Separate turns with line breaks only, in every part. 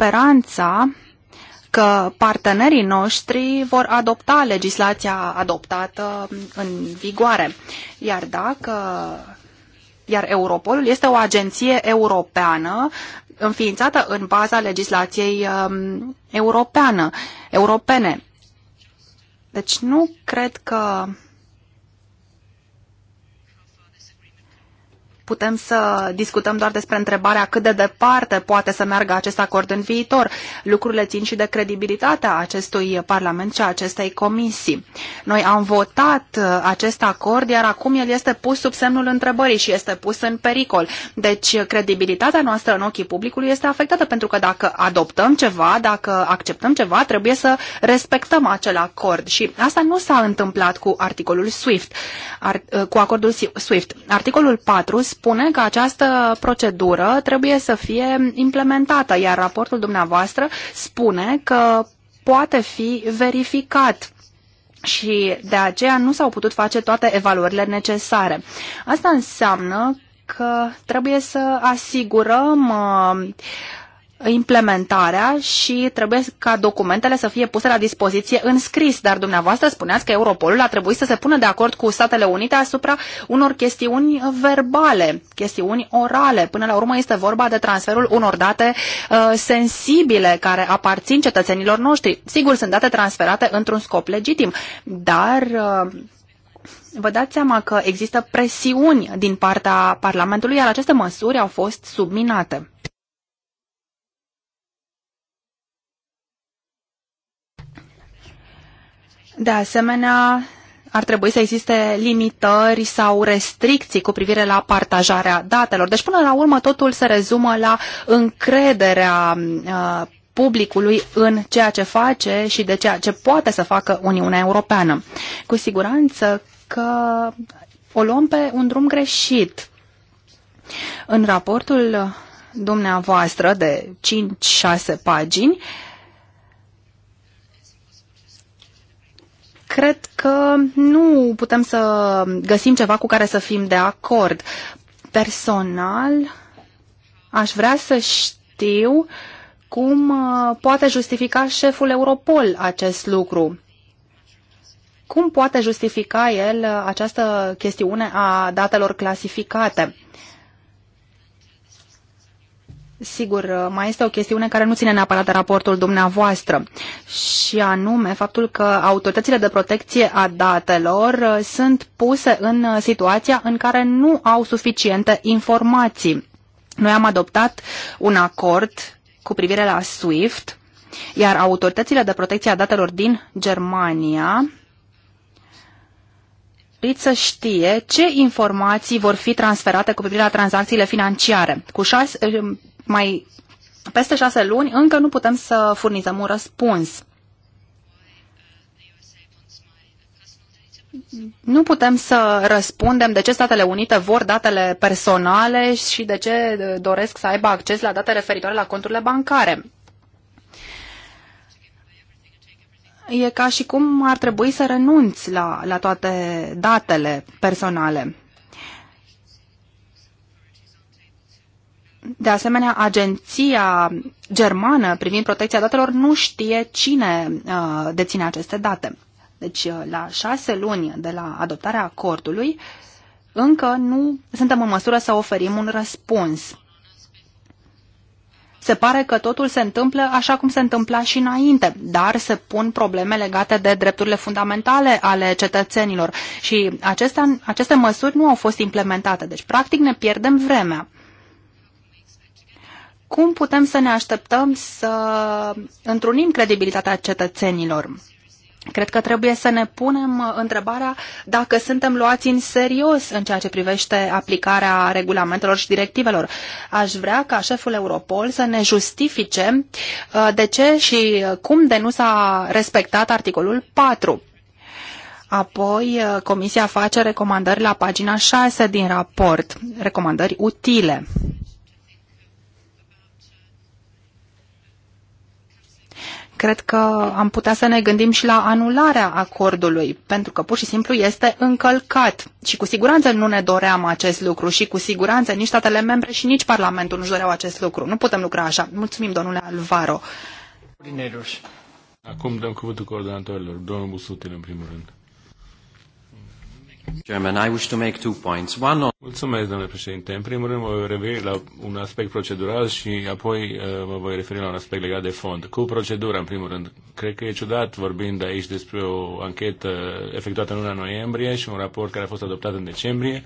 speranța că partenerii noștri vor adopta legislația adoptată în vigoare. Iar dacă iar Europolul este o agenție europeană înființată în baza legislației um, europeană, europene. Deci nu cred că putem să discutăm doar despre întrebarea cât de departe poate să meargă acest acord în viitor. Lucrurile țin și de credibilitatea acestui Parlament și a acestei comisii. Noi am votat uh, acest acord, iar acum el este pus sub semnul întrebării și este pus în pericol. Deci credibilitatea noastră în ochii publicului este afectată pentru că dacă adoptăm ceva, dacă acceptăm ceva, trebuie să respectăm acel acord. Și asta nu s-a întâmplat cu articolul SWIFT, ar, uh, cu acordul SWIFT. Articolul 4 spune că această procedură trebuie să fie implementată, iar raportul dumneavoastră spune că poate fi verificat și de aceea nu s-au putut face toate evaluările necesare. Asta înseamnă că trebuie să asigurăm uh, implementarea și trebuie ca documentele să fie puse la dispoziție în scris, dar dumneavoastră spuneați că Europolul a trebuit să se pună de acord cu Statele Unite asupra unor chestiuni verbale, chestiuni orale. Până la urmă este vorba de transferul unor date uh, sensibile care aparțin cetățenilor noștri. Sigur, sunt date transferate într-un scop legitim, dar uh, Vă dați seama că există presiuni din partea Parlamentului, iar aceste măsuri au fost subminate. De asemenea, ar trebui să existe limitări sau restricții cu privire la partajarea datelor. Deci, până la urmă, totul se rezumă la încrederea uh, publicului în ceea ce face și de ceea ce poate să facă Uniunea Europeană. Cu siguranță că o luăm pe un drum greșit. În raportul dumneavoastră de 5-6 pagini, uh, cred că nu putem să găsim ceva cu care să fim de acord. Personal, aș vrea să știu cum uh, poate justifica șeful Europol acest lucru. Cum poate justifica el uh, această chestiune a datelor clasificate? Sigur, uh, mai este o chestiune care nu ține neapărat de raportul dumneavoastră și anume faptul că autoritățile de protecție a datelor uh, sunt puse în uh, situația în care nu au suficiente informații. Noi am adoptat un acord cu privire la SWIFT, iar autoritățile de protecție a datelor din Germania trebuie să știe ce informații vor fi transferate cu privire la tranzacțiile financiare. Cu șase, mai peste șase luni, încă nu putem să furnizăm un răspuns. Nu putem să răspundem de ce Statele Unite vor datele personale și de ce doresc să aibă acces la date referitoare la conturile bancare. E ca și cum ar trebui să renunți la, la toate datele personale. De asemenea, agenția germană privind protecția datelor nu știe cine uh, deține aceste date. Deci, uh, la șase luni de la adoptarea acordului, încă nu suntem în măsură să oferim un răspuns. Se pare că totul se întâmplă așa cum se întâmpla și înainte, dar se pun probleme legate de drepturile fundamentale ale cetățenilor și aceste aceste măsuri nu au fost implementate, deci practic ne pierdem vremea cum putem să ne așteptăm să întrunim credibilitatea cetățenilor? Cred că trebuie să ne punem întrebarea dacă suntem luați în serios în ceea ce privește aplicarea regulamentelor și directivelor. Aș vrea ca șeful Europol să ne justifice uh, de ce și cum de nu s-a respectat articolul 4. Apoi, uh, Comisia face recomandări la pagina 6 din raport, recomandări utile. cred că am putea să ne gândim și la anularea acordului, pentru că pur și simplu este încălcat. Și cu siguranță nu ne doream acest lucru și cu siguranță nici statele membre și nici Parlamentul nu-și doreau acest lucru. Nu putem lucra așa. Mulțumim, domnule Alvaro.
Acum dăm cuvântul coordonatorilor. Domnul Busutin, în primul rând. Chairman, I wish to make two points. One on... Mulțumesc, domnule președinte. În primul rând, mă voi referi la un aspect procedural și apoi uh, mă voi referi la un aspect legat de fond. Cu procedura, în primul rând. Cred că e ciudat vorbind aici despre o anchetă efectuată în luna noiembrie și un raport care a fost adoptat în decembrie,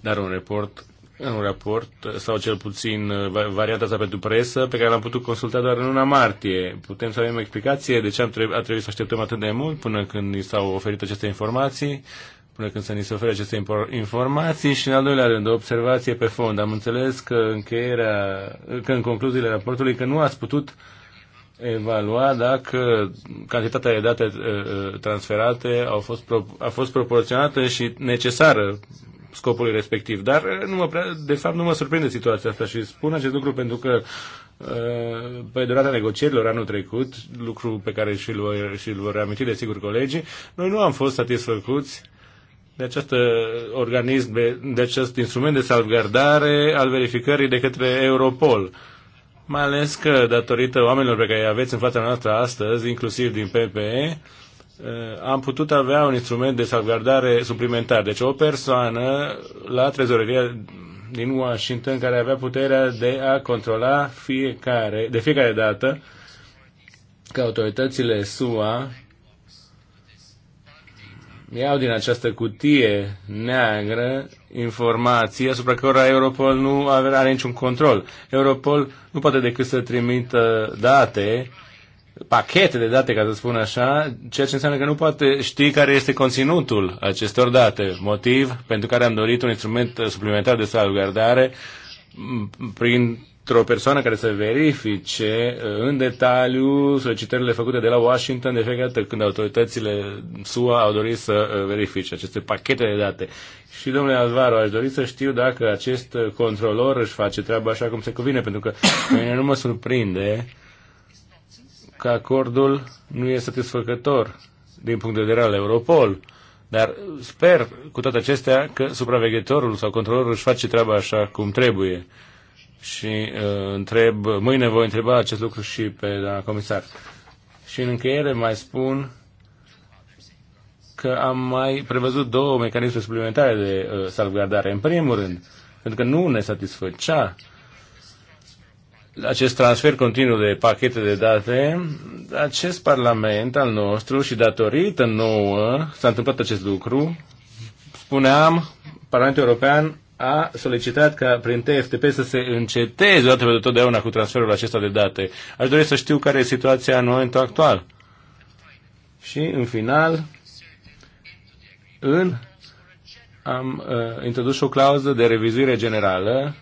dar un raport un raport, sau cel puțin uh, varianta asta pentru presă, pe care l-am putut consulta doar în luna martie. Putem să avem explicație de ce am treb- a trebuit să așteptăm atât de mult până când ni s-au oferit aceste informații, până când să ni se ofere aceste informații și, în al doilea rând, o observație pe fond. Am înțeles că, încheierea, că în concluziile raportului că nu ați putut evalua dacă cantitatea de date uh, uh, transferate au fost, a fost proporționată și necesară scopului respectiv. Dar, eh, nu mă prea, de fapt, nu mă surprinde situația asta și spun acest lucru pentru că eh, pe durata negocierilor anul trecut, lucru pe care și-l vor, și vor aminti desigur colegii, noi nu am fost satisfăcuți de acest organism, de acest instrument de salvgardare al verificării de către Europol. Mai ales că, datorită oamenilor pe care îi aveți în fața noastră astăzi, inclusiv din PPE, Eh, am putut avea un instrument de salvgardare suplimentar. Deci o persoană la trezoreria din Washington care avea puterea de a controla fiecare, de fiecare dată că autoritățile SUA iau din această cutie neagră informații asupra cărora Europol nu are, are niciun control. Europol nu poate decât să trimită date pachete de date, ca să spun așa, ceea ce înseamnă că nu poate ști care este conținutul acestor date, motiv pentru care am dorit un instrument suplimentar de salvgardare prin o persoană care să verifice uh, în detaliu solicitările făcute de la Washington de fiecare dată când autoritățile SUA au dorit să uh, verifice aceste pachete de date. Și, domnule Alvaro, aș dori să știu dacă acest controlor își face treaba așa cum se cuvine, pentru că mine nu mă surprinde că acordul nu e satisfăcător din punct de vedere al Europol, dar sper cu toate acestea că supraveghetorul sau controlorul își face treaba așa cum trebuie. Și uh, întreb, mâine voi întreba acest lucru și pe doamna comisar. Și în încheiere mai spun că am mai prevăzut două mecanisme suplimentare de uh, salvgardare. În primul rând, pentru că nu ne satisfăcea uh, acest transfer continuu de pachete de date, acest Parlament al nostru și datorită nouă s-a întâmplat acest lucru, spuneam, Parlamentul European a solicitat ca prin TFTP să se înceteze odată pentru totdeauna cu transferul acesta de date. Aș dori să știu care e situația în momentul actual. Și, în final, în, am uh, introdus o clauză de revizuire generală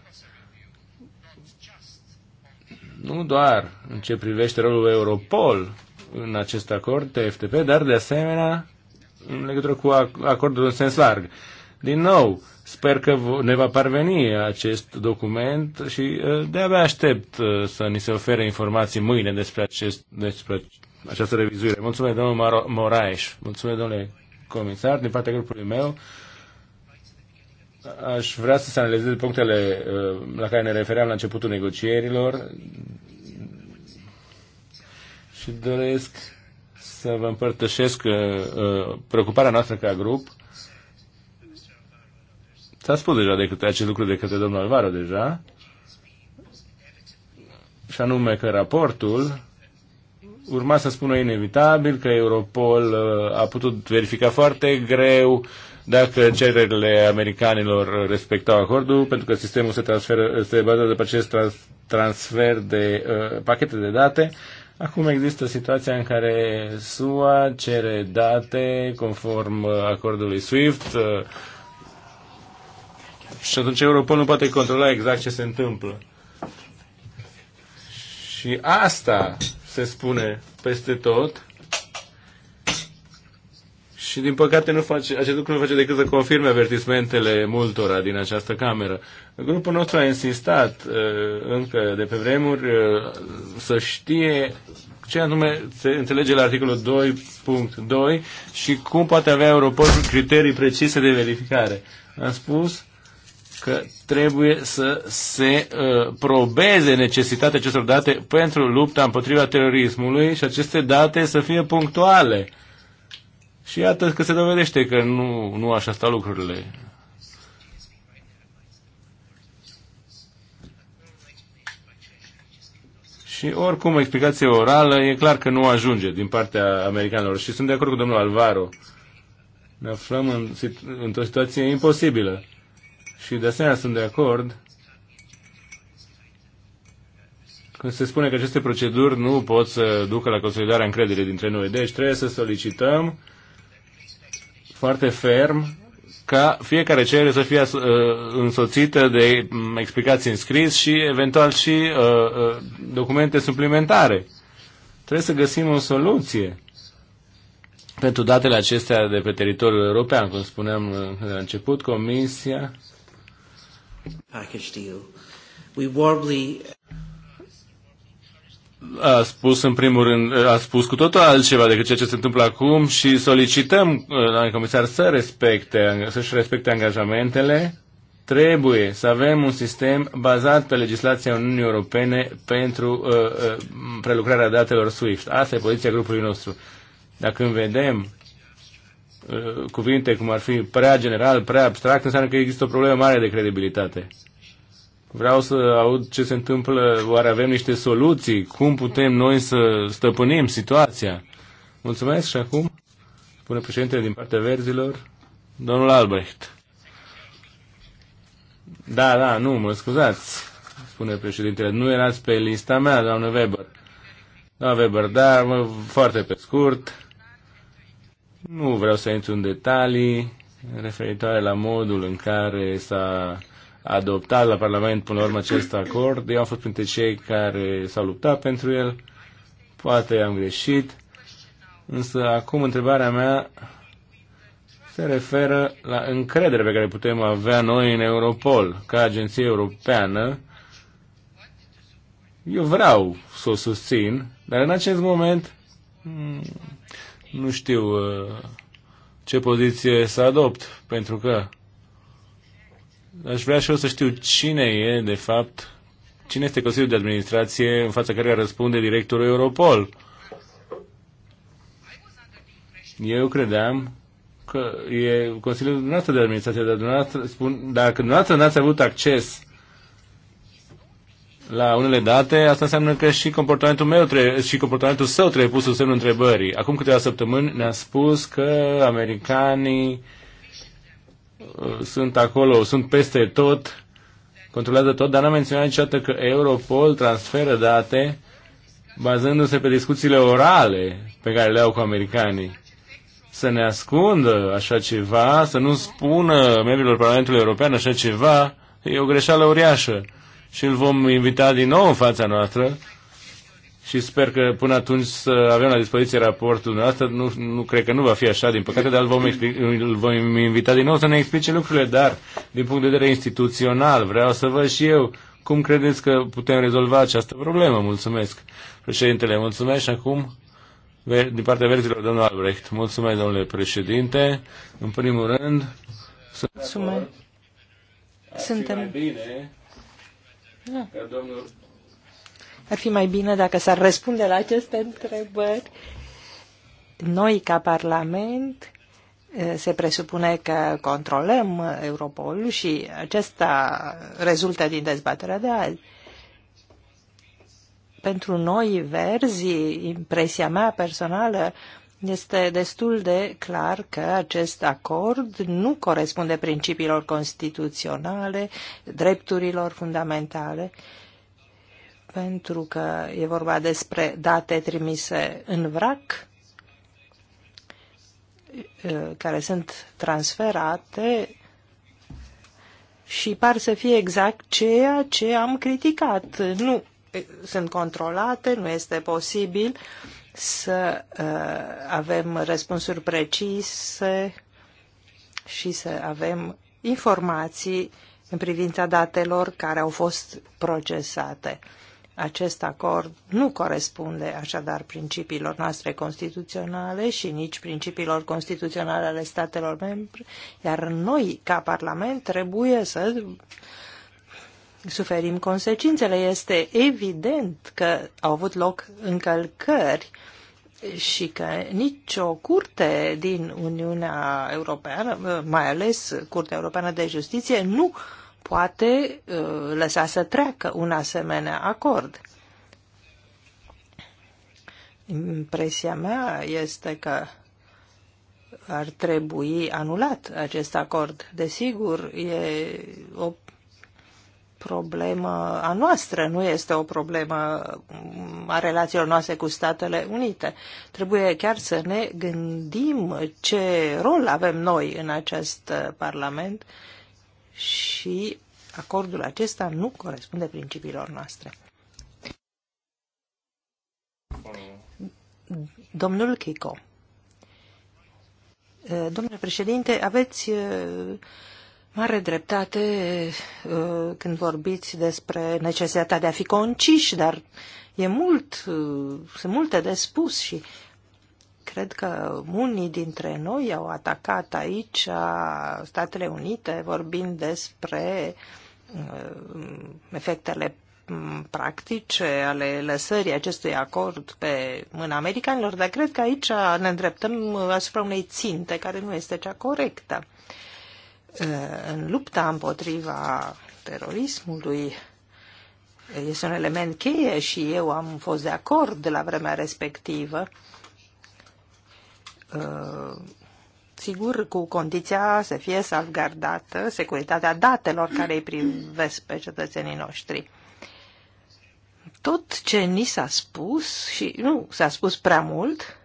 nu doar în ce privește rolul Europol în acest acord TFTP, dar de asemenea în legătură cu acordul în sens larg. Din nou, sper că ne va parveni acest document și uh, de-abia aștept uh, să ni se ofere informații mâine despre, acest, despre această revizuire. Mulțumesc, domnul Moraes. Mulțumesc, domnule comisar, din partea grupului meu aș vrea să se analizeze punctele uh, la care ne refeream la începutul negocierilor și doresc să vă împărtășesc uh, uh, preocuparea noastră ca grup. S-a spus deja de câte acest lucru de către domnul Alvaro deja, și anume că raportul urma să spună inevitabil că Europol a putut verifica foarte greu uh, dacă cererile americanilor respectau acordul, pentru că sistemul se, transferă, se bazează pe acest transfer de uh, pachete de date, Acum există situația în care SUA cere date conform uh, acordului SWIFT uh, și atunci Europol nu poate controla exact ce se întâmplă. Și asta se spune peste tot și din păcate nu face, acest lucru nu face decât să confirme avertismentele multora din această cameră. Grupul nostru a insistat uh, încă de pe vremuri uh, să știe ce anume se înțelege la articolul 2.2 și cum poate avea aeroportul criterii precise de verificare. Am spus că trebuie să se uh, probeze necesitatea acestor date pentru lupta împotriva terorismului și aceste date să fie punctuale. Uh, și iată că se dovedește că nu, nu așa stau lucrurile. Și oricum, explicație orală e clar că nu ajunge din partea americanilor. Și sunt de acord cu domnul Alvaro. Ne aflăm în, într-o situație imposibilă. Și de asemenea sunt de acord când se spune că aceste proceduri nu pot să ducă la consolidarea încrederii dintre noi. Deci trebuie să solicităm foarte ferm ca fiecare cerere să fie uh, însoțită de mm, explicații în scris și eventual și uh, uh, documente suplimentare. Trebuie să găsim o soluție pentru datele acestea de pe teritoriul european, cum spuneam la început, Comisia.
Package deal. We warbly
a spus în primul rând, a spus cu totul altceva decât ceea ce se întâmplă acum și solicităm la uh, comisar să respecte, să-și respecte angajamentele. Trebuie să avem un sistem bazat pe legislația Uniunii Europene pentru uh, uh, prelucrarea datelor SWIFT. Asta e poziția grupului nostru. Dacă când vedem uh, cuvinte cum ar fi prea general, prea abstract, înseamnă că există o problemă mare de credibilitate. Vreau să aud ce se întâmplă, oare avem niște soluții, cum putem noi să stăpânim situația. Mulțumesc și acum, spune președintele din partea verzilor, domnul Albrecht. Da, da, nu, mă scuzați, spune președintele, nu erați pe lista mea, doamnă Weber. Doamnă Weber, da, mă, foarte pe scurt, nu vreau să intru în detalii referitoare la modul în care s-a adoptat la Parlament până la urmă acest acord. Eu am fost printre cei care s-au luptat pentru el. Poate am greșit. Însă acum întrebarea mea se referă la încredere pe care putem avea noi în Europol, ca agenție europeană. Eu vreau să o susțin, dar în acest moment mm, nu știu uh, ce poziție să adopt, pentru că aș vrea și eu să știu cine e, de fapt, cine este Consiliul de Administrație în fața căruia răspunde directorul Europol. Eu credeam că e Consiliul dumneavoastră de Administrație, dar dumneavoastră spun, dacă dumneavoastră n-ați avut acces la unele date, asta înseamnă că și comportamentul meu trebuie, și comportamentul său trebuie pus sub în semnul întrebării. Acum câteva săptămâni ne-a spus că americanii uh, sunt acolo, sunt peste tot, controlează tot, dar n-am menționat niciodată că Europol transferă date bazându-se pe discuțiile orale pe care le au cu americanii. Să ne ascundă așa ceva, să nu spună membrilor Parlamentului European așa ceva, e o greșeală uriașă. Și îl vom invita din nou în fața noastră și sper că până atunci să avem la dispoziție raportul dumneavoastră. Nu, nu cred că nu va fi așa, din păcate, dar îl vom, îl vom invita din nou să ne explice lucrurile. Dar, din punct de vedere instituțional, vreau să văd și eu cum credeți că putem rezolva această problemă. Mulțumesc. Președintele, mulțumesc și acum din partea verzilor, domnul Albrecht. Mulțumesc, domnule președinte. În primul rând, sunt mulțumesc. Suntem. Bine. Da. Că domnul
ar fi mai bine dacă s-ar răspunde la aceste întrebări. Noi, ca Parlament, se presupune că controlăm Europol și acesta rezultă din dezbaterea de azi. Pentru noi, verzi, impresia mea personală este destul de clar că acest acord nu corespunde principiilor constituționale, drepturilor fundamentale pentru că e vorba despre date trimise în vrac, care sunt transferate și par să fie exact ceea ce am criticat. Nu sunt controlate, nu este posibil să uh, avem răspunsuri precise și să avem informații în privința datelor care au fost procesate. Acest acord nu corespunde așadar principiilor noastre constituționale și nici principiilor constituționale ale statelor membre, iar noi, ca Parlament, trebuie să suferim consecințele. Este evident că au avut loc încălcări și că nicio curte din Uniunea Europeană, mai ales Curtea Europeană de Justiție, nu uh, poate uh, lăsa să treacă un asemenea acord. Impresia mea este că ar trebui anulat acest acord. Desigur, e o problemă a noastră, nu este o problemă a relațiilor noastre cu Statele Unite. Trebuie chiar să ne gândim ce rol avem noi în acest uh, Parlament și acordul acesta nu corespunde principiilor noastre. Domnul Chico. Domnule președinte, aveți uh, mare dreptate uh, când vorbiți despre necesitatea de a fi conciși, dar e mult, uh, sunt multe de spus și Cred că unii dintre noi au atacat aici Statele Unite vorbind despre uh, efectele practice ale lăsării acestui acord pe mâna americanilor, dar cred că aici ne îndreptăm asupra unei ținte care nu este cea corectă. Uh, în lupta împotriva terorismului este un element cheie și eu am fost de acord de la vremea respectivă Uh, sigur, cu condiția să fie salvgardată securitatea datelor care îi privesc pe cetățenii noștri. Tot ce ni s-a spus, și nu s-a spus prea mult,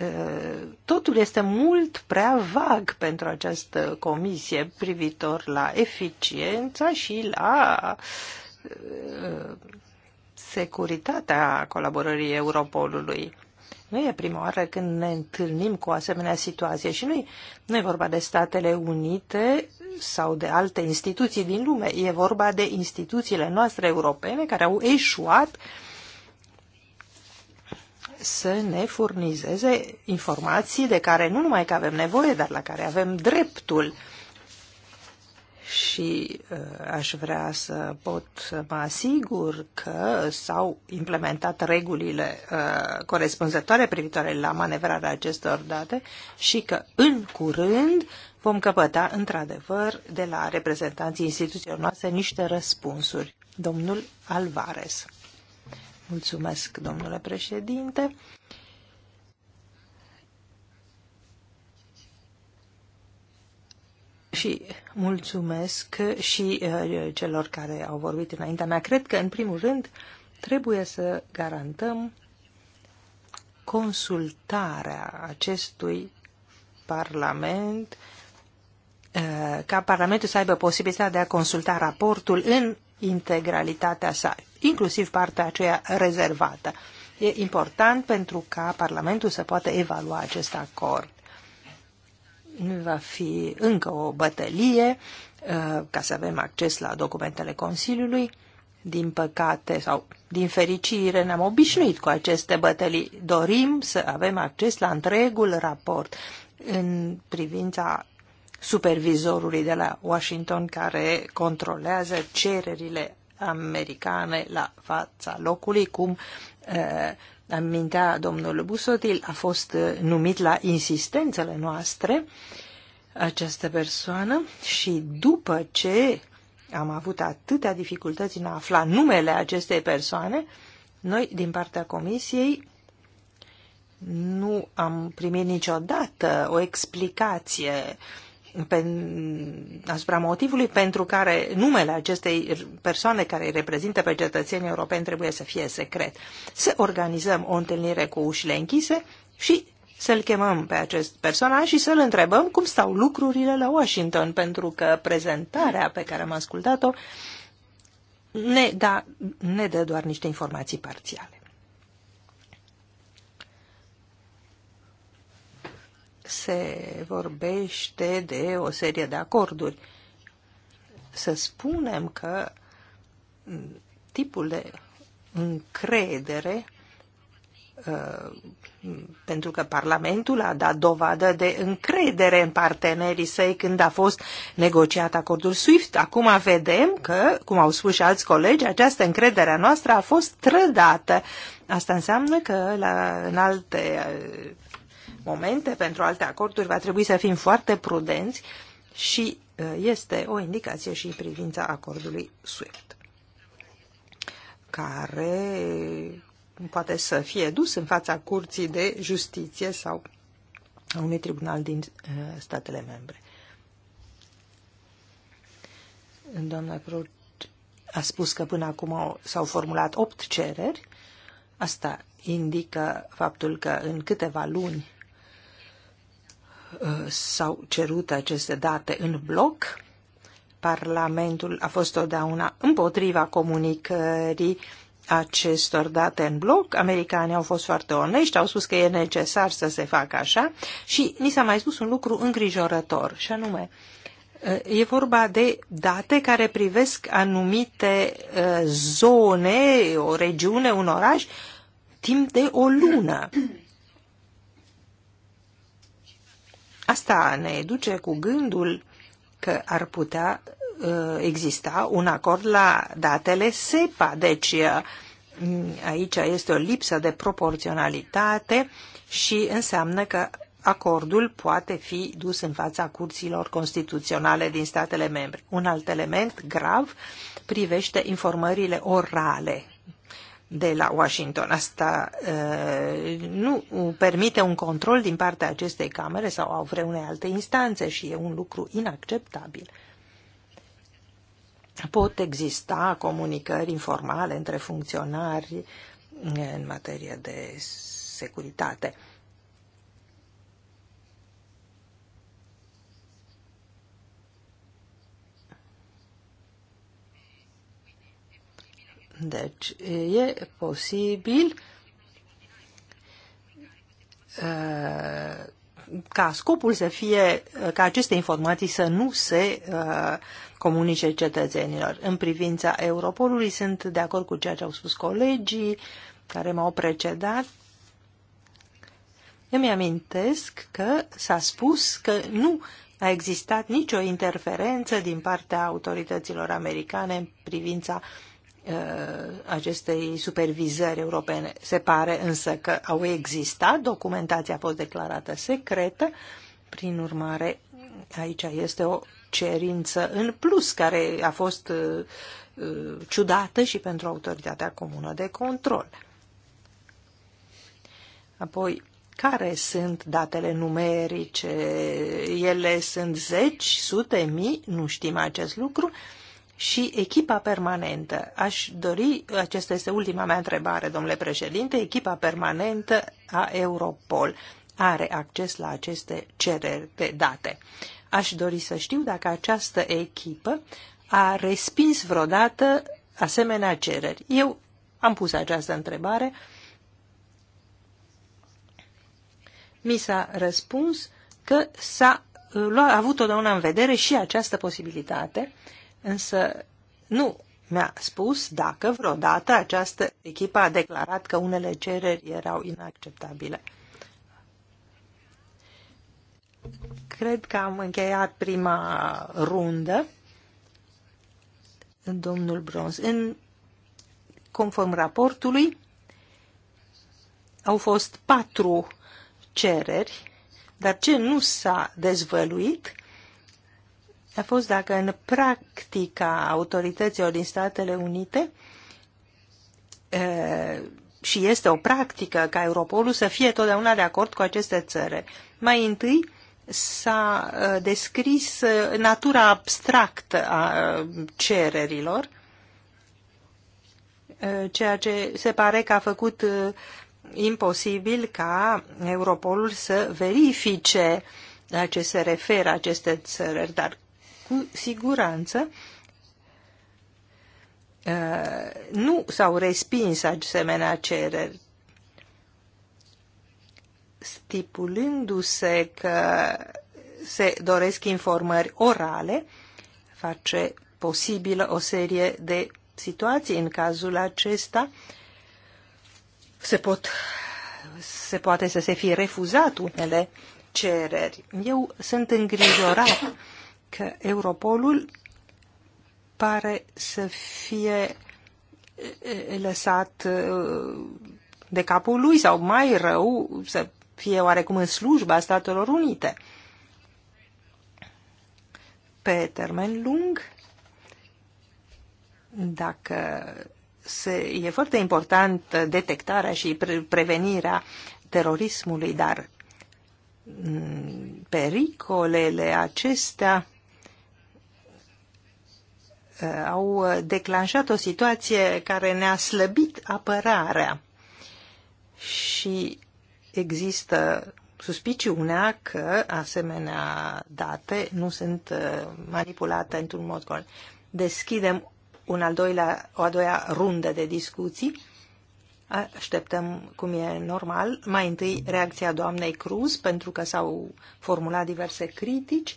uh, totul este mult prea vag pentru această comisie privitor la eficiența și la uh, securitatea colaborării Europolului nu e prima oară când ne întâlnim cu o asemenea situație și nu e, nu e vorba de Statele Unite sau de alte instituții din lume. E vorba de instituțiile noastre europene care au eșuat să ne furnizeze informații de care nu numai că avem nevoie, dar la care avem dreptul și uh, aș vrea să pot să mă asigur că s-au implementat regulile uh, corespunzătoare privitoare la manevrarea acestor date și că în curând vom căpăta într-adevăr de la reprezentanții instituțiilor noastre niște răspunsuri. Domnul Alvarez. Mulțumesc, domnule președinte. și mulțumesc și uh, celor care au vorbit înaintea mea. Cred că, în primul rând, trebuie să garantăm consultarea acestui Parlament uh, ca Parlamentul să aibă posibilitatea de a consulta raportul în integralitatea sa, inclusiv partea aceea rezervată. E important pentru ca Parlamentul să poată evalua acest acord va fi încă o bătălie uh, ca să avem acces la documentele Consiliului. Din păcate sau din fericire ne-am obișnuit cu aceste bătălii. Dorim să avem acces la întregul raport în privința supervizorului de la Washington care controlează cererile americane la fața locului, cum uh, amintea domnul Busotil, a fost uh, numit la insistențele noastre această persoană și după ce am avut atâtea dificultăți în a afla numele acestei persoane, noi, din partea comisiei, nu am primit niciodată o explicație pe, asupra motivului pentru care numele acestei persoane care îi reprezintă pe cetățenii europeni trebuie să fie secret. Să organizăm o întâlnire cu ușile închise și să-l chemăm pe acest personaj și să-l întrebăm cum stau lucrurile la Washington, pentru că prezentarea pe care am ascultat-o ne, da, ne dă doar niște informații parțiale. se vorbește de o serie de acorduri. Să spunem că tipul de încredere uh, pentru că Parlamentul a dat dovadă de încredere în partenerii săi când a fost negociat acordul SWIFT. Acum vedem că, cum au spus și alți colegi, această încredere a noastră a fost trădată. Asta înseamnă că la, în alte momente, pentru alte acorduri, va trebui să fim foarte prudenți și uh, este o indicație și în privința acordului SWIFT, care poate să fie dus în fața curții de justiție sau a unui tribunal din uh, statele membre. Doamna Crut a spus că până acum s-au formulat opt cereri. Asta indică faptul că în câteva luni Uh, s-au cerut aceste date în bloc. Parlamentul a fost totdeauna împotriva comunicării acestor date în bloc. Americanii au fost foarte onești, au spus că e necesar să se facă așa și ni s-a mai spus un lucru îngrijorător și anume uh, E vorba de date care privesc anumite uh, zone, o regiune, un oraș, timp de o lună. Asta ne duce cu gândul că ar putea uh, exista un acord la datele SEPA. Deci uh, aici este o lipsă de proporționalitate și înseamnă că acordul poate fi dus în fața curților constituționale din statele membre. Un alt element grav privește informările orale de la Washington. Asta uh, nu permite un control din partea acestei camere sau a vreunei alte instanțe și e un lucru inacceptabil. Pot exista comunicări informale între funcționari uh, în materie de securitate. Deci, e posibil uh, ca scopul să fie ca aceste informații să nu se uh, comunice cetățenilor. În privința Europolului sunt de acord cu ceea ce au spus colegii care m-au precedat. Îmi amintesc că s-a spus că nu a existat nicio interferență din partea autorităților americane în privința uh, Uh, acestei supervizări europene. Se pare însă că au existat, documentația a fost declarată secretă, prin urmare aici este o cerință în plus care a fost uh, uh, ciudată și pentru autoritatea comună de control. Apoi, care sunt datele numerice? Ele sunt zeci, sute, mii? Nu știm acest lucru. Uh, și echipa permanentă. Aș dori, aceasta este ultima mea întrebare, domnule președinte, echipa permanentă a Europol are acces la aceste cereri de date. Aș dori să știu dacă această echipă a respins vreodată asemenea cereri. Eu am pus această întrebare. Mi s-a răspuns că s-a l-a avut totdeauna în vedere și această posibilitate însă nu mi-a spus dacă vreodată această echipă a declarat că unele cereri erau inacceptabile. Cred că am încheiat prima rundă. Domnul Bronz, în conform raportului, au fost patru cereri, dar ce nu s-a dezvăluit a fost dacă în practica autorităților din Statele Unite și este o practică ca Europolul să fie totdeauna de acord cu aceste țări. Mai întâi s-a descris natura abstractă a cererilor, ceea ce se pare că a făcut imposibil ca Europolul să verifice la ce se referă aceste țări, dar cu siguranță uh, nu s-au respins asemenea cereri, stipulându-se că se doresc informări orale, face posibilă o serie de situații. În cazul acesta se, pot, se poate să se fie refuzat unele cereri. Eu sunt îngrijorat că Europolul pare să fie lăsat de capul lui sau mai rău să fie oarecum în slujba Statelor Unite. Pe termen lung, dacă se, e foarte important detectarea și pre prevenirea terorismului, dar pericolele acestea Uh, au declanșat o situație care ne-a slăbit apărarea și există suspiciunea că asemenea date nu sunt uh, manipulate într-un mod corect. Deschidem un al doilea, o a doua rundă de discuții. Așteptăm, cum e normal, mai întâi reacția doamnei Cruz, pentru că s-au formulat diverse critici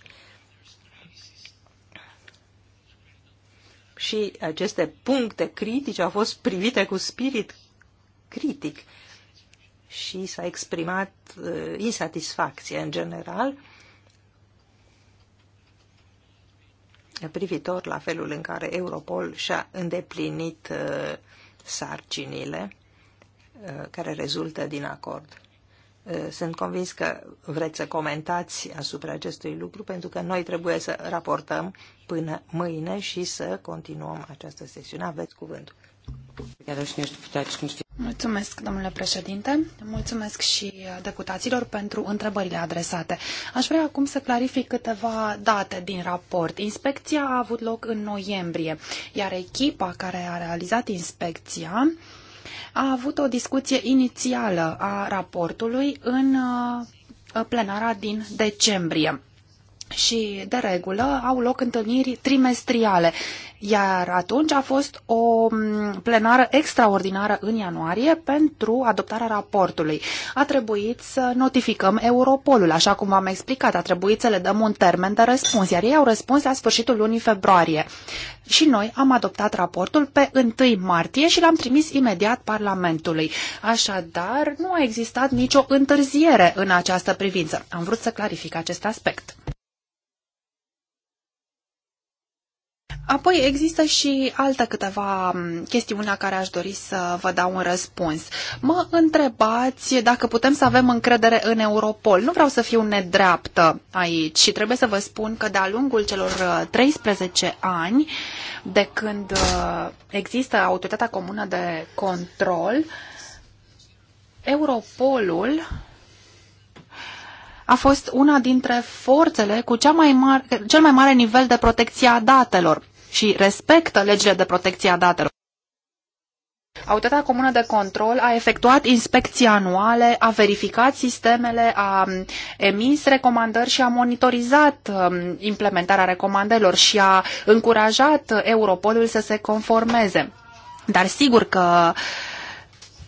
și aceste puncte critice au fost privite cu spirit critic și s-a exprimat uh, insatisfacție în general privitor la felul în care Europol și-a îndeplinit uh, sarcinile uh, care rezultă din acord. Eh, sunt convins că vreți să comentați asupra acestui lucru, pentru că noi trebuie să raportăm până mâine și să continuăm această sesiune. Aveți cuvântul.
Mulțumesc, domnule președinte. Mulțumesc și eh, deputaților pentru întrebările adresate. Aș vrea acum să clarific câteva date din raport. Inspecția a avut loc în noiembrie, iar echipa care a realizat inspecția a avut o discuție inițială a raportului în uh, plenara din decembrie și, de regulă, au loc întâlniri trimestriale, iar atunci a fost o plenară extraordinară în ianuarie pentru adoptarea raportului. A trebuit să notificăm Europolul, așa cum v-am explicat, a trebuit să le dăm un termen de răspuns, iar ei au răspuns la sfârșitul lunii februarie. Și noi am adoptat raportul pe 1 martie și l-am trimis imediat Parlamentului. Așadar, nu a existat nicio întârziere în această privință. Am vrut să clarific acest aspect. Apoi există și altă câteva chestiuni la care aș dori să vă dau un răspuns. Mă întrebați dacă putem să avem încredere în Europol. Nu vreau să fiu nedreaptă aici și trebuie să vă spun că de-a lungul celor 13 uh, ani de când uh, există Autoritatea Comună de Control, Europolul a fost una dintre forțele cu cea mai mare, cel mai mare nivel de protecție a datelor și respectă legile de protecție a datelor. Autoritatea Comună de Control a efectuat inspecții anuale, a verificat sistemele, a emis recomandări și a monitorizat implementarea recomandărilor și a încurajat Europolul să se conformeze. Dar sigur că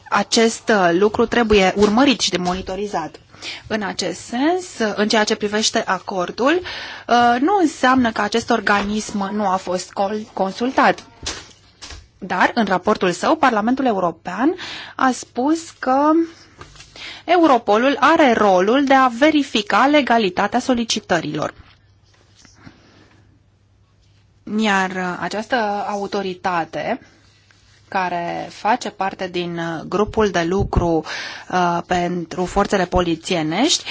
acest lucru trebuie urmărit și de monitorizat. În acest sens, în ceea ce privește acordul, uh, nu înseamnă că acest organism nu a fost consultat. Dar, în raportul său, Parlamentul European a spus că Europolul are rolul de a verifica legalitatea solicitărilor. Iar uh, această autoritate care face parte din uh, grupul de lucru uh, pentru forțele polițienești,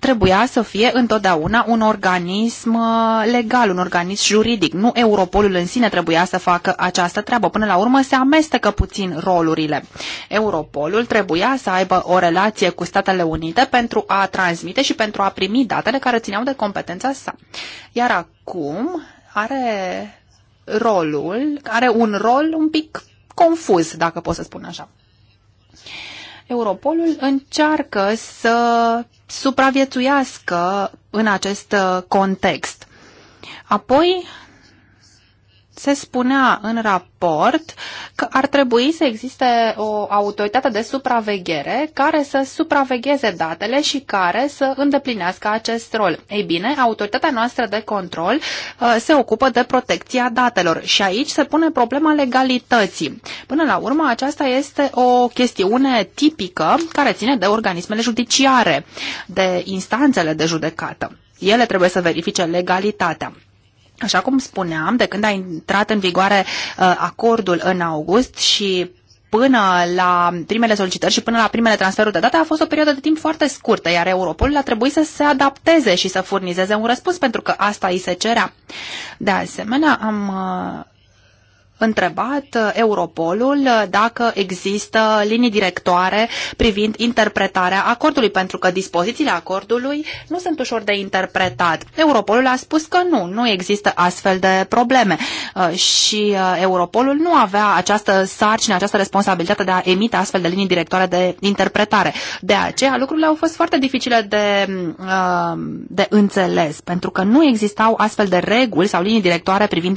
trebuia să fie întotdeauna un organism uh, legal, un organism juridic. Nu Europolul în sine trebuia să facă această treabă. Până la urmă se amestecă puțin rolurile. Europolul trebuia să aibă o relație cu Statele Unite pentru a transmite și pentru a primi datele care țineau de competența sa. Iar acum are rolul, are un rol un pic confuz, dacă pot să spun așa. Europolul încearcă să supraviețuiască în acest uh, context. Apoi se spunea în raport că ar trebui să existe o autoritate de supraveghere care să supravegheze datele și care să îndeplinească acest rol. Ei bine, autoritatea noastră de control uh, se ocupă de protecția datelor și aici se pune problema legalității. Până la urmă, aceasta este o chestiune tipică care ține de organismele judiciare, de instanțele de judecată. Ele trebuie să verifice legalitatea. Așa cum spuneam, de când a intrat în vigoare uh, acordul în august și până la primele solicitări și până la primele transferuri de date a fost o perioadă de timp foarte scurtă, iar Europol a trebuit să se adapteze și să furnizeze un răspuns pentru că asta îi se cerea. De asemenea, am uh, întrebat uh, Europolul uh, dacă există linii directoare privind interpretarea acordului, pentru că dispozițiile acordului nu sunt ușor de interpretat. Europolul a spus că nu, nu există astfel de probleme uh, și Europolul nu avea această sarcină, această responsabilitate de a emite astfel de linii directoare de interpretare. De aceea lucrurile au fost foarte dificile de, de înțeles, pentru că nu existau astfel de reguli sau linii directoare privind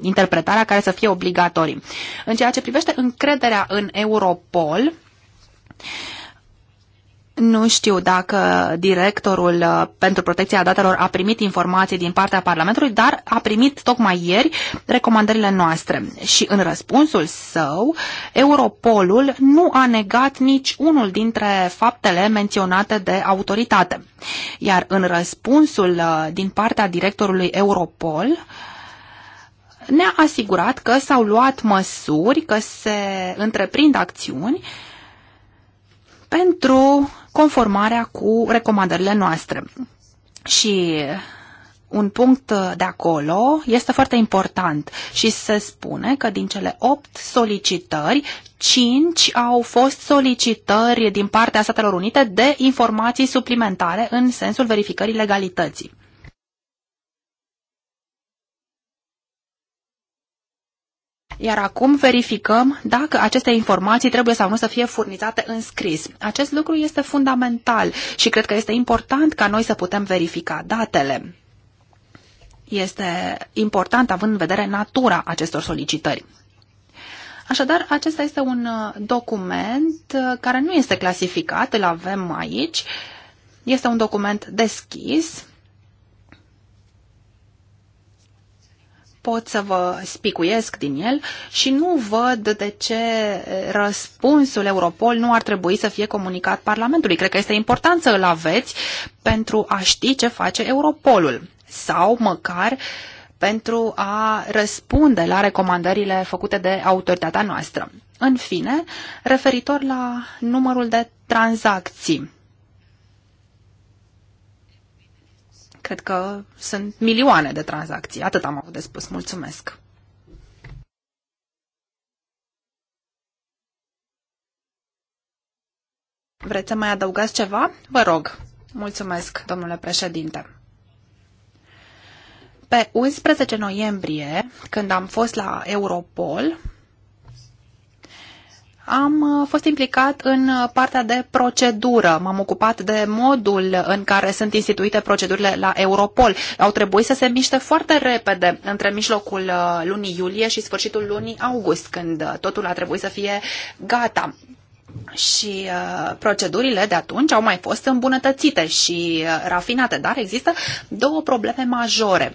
interpretarea care să fie obligatorii. În ceea ce privește încrederea în Europol, nu știu dacă directorul uh, pentru protecția datelor a primit informații din partea Parlamentului, dar a primit tocmai ieri recomandările noastre. Și în răspunsul său, Europolul nu a negat nici unul dintre faptele menționate de autoritate. Iar în răspunsul uh, din partea directorului Europol, ne-a asigurat că s-au luat măsuri, că se întreprind acțiuni pentru conformarea cu recomandările noastre. Și un punct de acolo este foarte important și se spune că din cele 8 solicitări, 5 au fost solicitări din partea Statelor Unite de informații suplimentare în sensul verificării legalității. Iar acum verificăm dacă aceste informații trebuie sau nu să fie furnizate în scris. Acest lucru este fundamental și cred că este important ca noi să putem verifica datele. Este important având în vedere natura acestor solicitări. Așadar, acesta este un uh, document uh, care nu este clasificat, îl avem aici. Este un document deschis pot să vă spicuiesc din el și nu văd de ce răspunsul Europol nu ar trebui să fie comunicat Parlamentului. Cred că este important să îl aveți pentru a ști ce face Europolul sau măcar pentru a răspunde la recomandările făcute de autoritatea noastră. În fine, referitor la numărul de tranzacții. Cred că sunt milioane de tranzacții. Atât am avut de spus. Mulțumesc! Vreți să mai adăugați ceva? Vă rog. Mulțumesc, domnule președinte. Pe 11 noiembrie, când am fost la Europol, am uh, fost implicat în uh, partea de procedură. M-am ocupat de modul în care sunt instituite procedurile la Europol. Au trebuit să se miște foarte repede între mijlocul uh, lunii iulie și sfârșitul lunii august, când totul a trebuit să fie gata. Și uh, procedurile de atunci au mai fost îmbunătățite și uh, rafinate, dar există două probleme majore.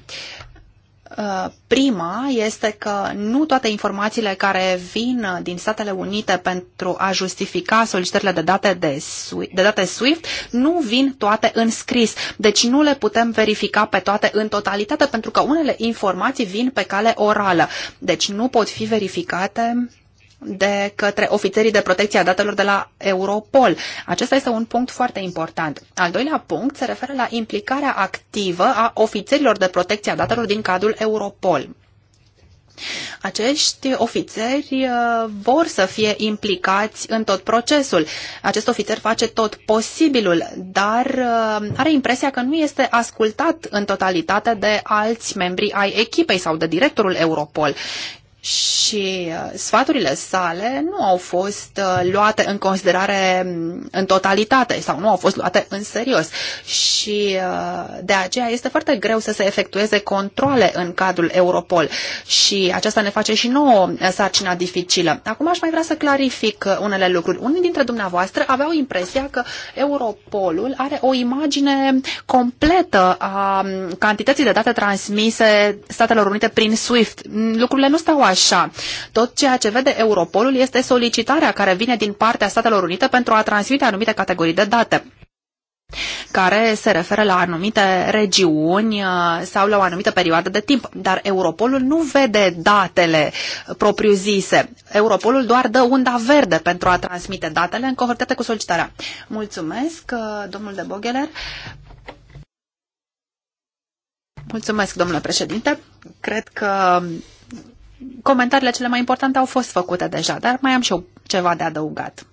Uh, prima este că nu toate informațiile care vin din Statele Unite pentru a justifica solicitările de date, de, SWIFT, de date SWIFT nu vin toate în scris. Deci nu le putem verifica pe toate în totalitate pentru că unele informații vin pe cale orală. Deci nu pot fi verificate de către ofițerii de protecție a datelor de la Europol. Acesta este un punct foarte important. Al doilea punct se referă la implicarea activă a ofițerilor de protecție a datelor din cadrul Europol. Acești ofițeri uh, vor să fie implicați în tot procesul. Acest ofițer face tot posibilul, dar uh, are impresia că nu este ascultat în totalitate de alți membri ai echipei sau de directorul Europol și uh, sfaturile sale nu au fost uh, luate în considerare mm, în totalitate sau nu au fost luate în serios și uh, de aceea este foarte greu să se efectueze controle în cadrul Europol și aceasta ne face și nouă sarcina dificilă. Acum aș mai vrea să clarific unele lucruri. Unii dintre dumneavoastră aveau impresia că Europolul are o imagine completă a mm, cantității de date transmise Statelor Unite prin SWIFT. Lucrurile nu stau așa așa. Tot ceea ce vede Europolul este solicitarea care vine din partea Statelor Unite pentru a transmite anumite categorii de date care se referă la anumite regiuni uh, sau la o anumită perioadă de timp. Dar Europolul nu vede datele propriu-zise. Europolul doar dă unda verde pentru a transmite datele în cohortate cu solicitarea. Mulțumesc, uh, domnul de Bogeler. Mulțumesc, domnule președinte. Cred că comentariile cele mai importante au fost făcute deja, dar mai am și eu ceva de adăugat.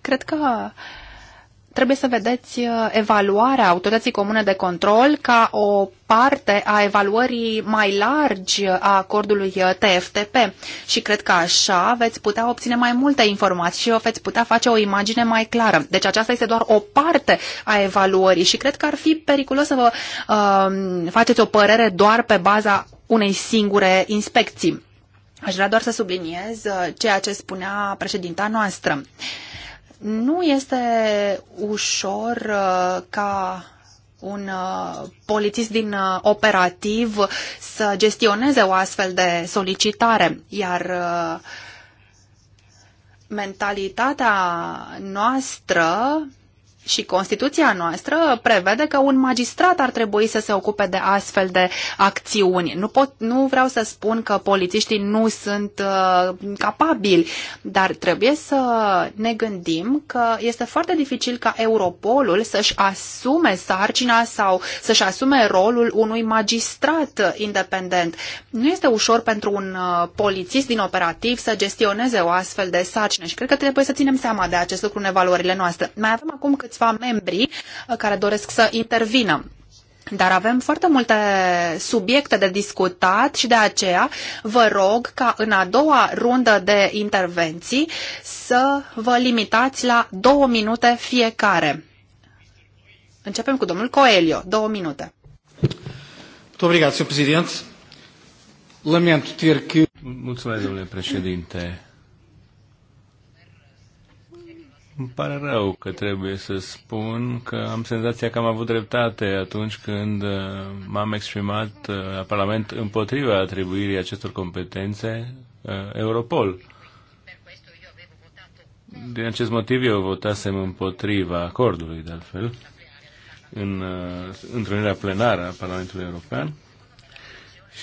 Cred că trebuie să vedeți uh, evaluarea autorității comune de control ca o parte a evaluării mai largi a acordului uh, TFTP și cred că așa veți putea obține mai multe informații și veți putea face o imagine mai clară. Deci aceasta este doar o parte a evaluării și cred că ar fi periculos să vă uh, faceți o părere doar pe baza unei singure inspecții. Aș vrea doar să subliniez uh, ceea ce spunea președinta noastră. Uh, nu este ușor uh, ca un uh, polițist din uh, operativ să gestioneze o astfel de solicitare, iar mentalitatea noastră și Constituția noastră prevede că un magistrat ar trebui să se ocupe de astfel de acțiuni. Nu, pot, nu vreau să spun că polițiștii nu sunt uh, capabili, dar trebuie să ne gândim că este foarte dificil ca Europolul să-și asume sarcina sau să-și asume rolul unui magistrat independent. Nu este ușor pentru un uh, polițist din operativ să gestioneze o astfel de sarcină și cred că trebuie să ținem seama de acest lucru în evaluările noastre. Mai avem acum câți câțiva membri uh, care doresc să intervină. Dar avem foarte multe subiecte de discutat și de aceea vă rog ca în a doua rundă de intervenții să vă limitați la două minute fiecare. Începem cu domnul Coelio. Două minute.
Mulțumesc, domnule președinte. Îmi pare rău că trebuie să spun că am senzația că am avut dreptate atunci când uh, m-am exprimat uh, la Parlament împotriva atribuirii acestor competențe uh, Europol. Din acest motiv eu votasem împotriva acordului, de altfel, în întrunirea plenară a Parlamentului European.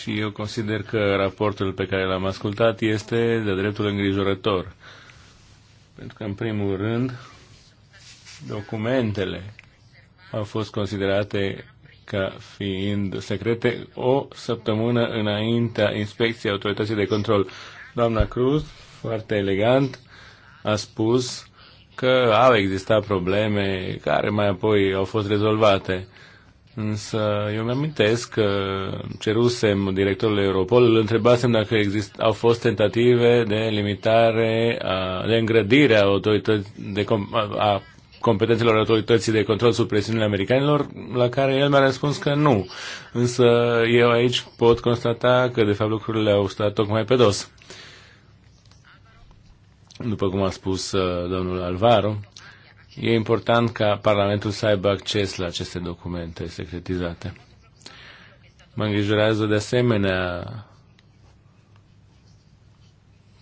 Și eu consider că raportul pe care l-am ascultat este de dreptul îngrijorător pentru că, în primul rând, documentele au fost considerate ca fiind secrete o săptămână înaintea inspecției autorității de control. Doamna Cruz, foarte elegant, a spus că au existat probleme care mai apoi au fost rezolvate. Însă eu mi-amintesc că cerusem directorul Europol, îl întrebasem dacă exist, au fost tentative de limitare, a, de îngrădire a, de, com, a competențelor autorității de control sub presiunile americanilor, la care el mi-a răspuns că nu. Însă eu aici pot constata că de fapt lucrurile au stat tocmai pe dos. După cum a spus uh, domnul Alvaro, E important ca Parlamentul să aibă acces la aceste documente secretizate. Mă îngrijorează de asemenea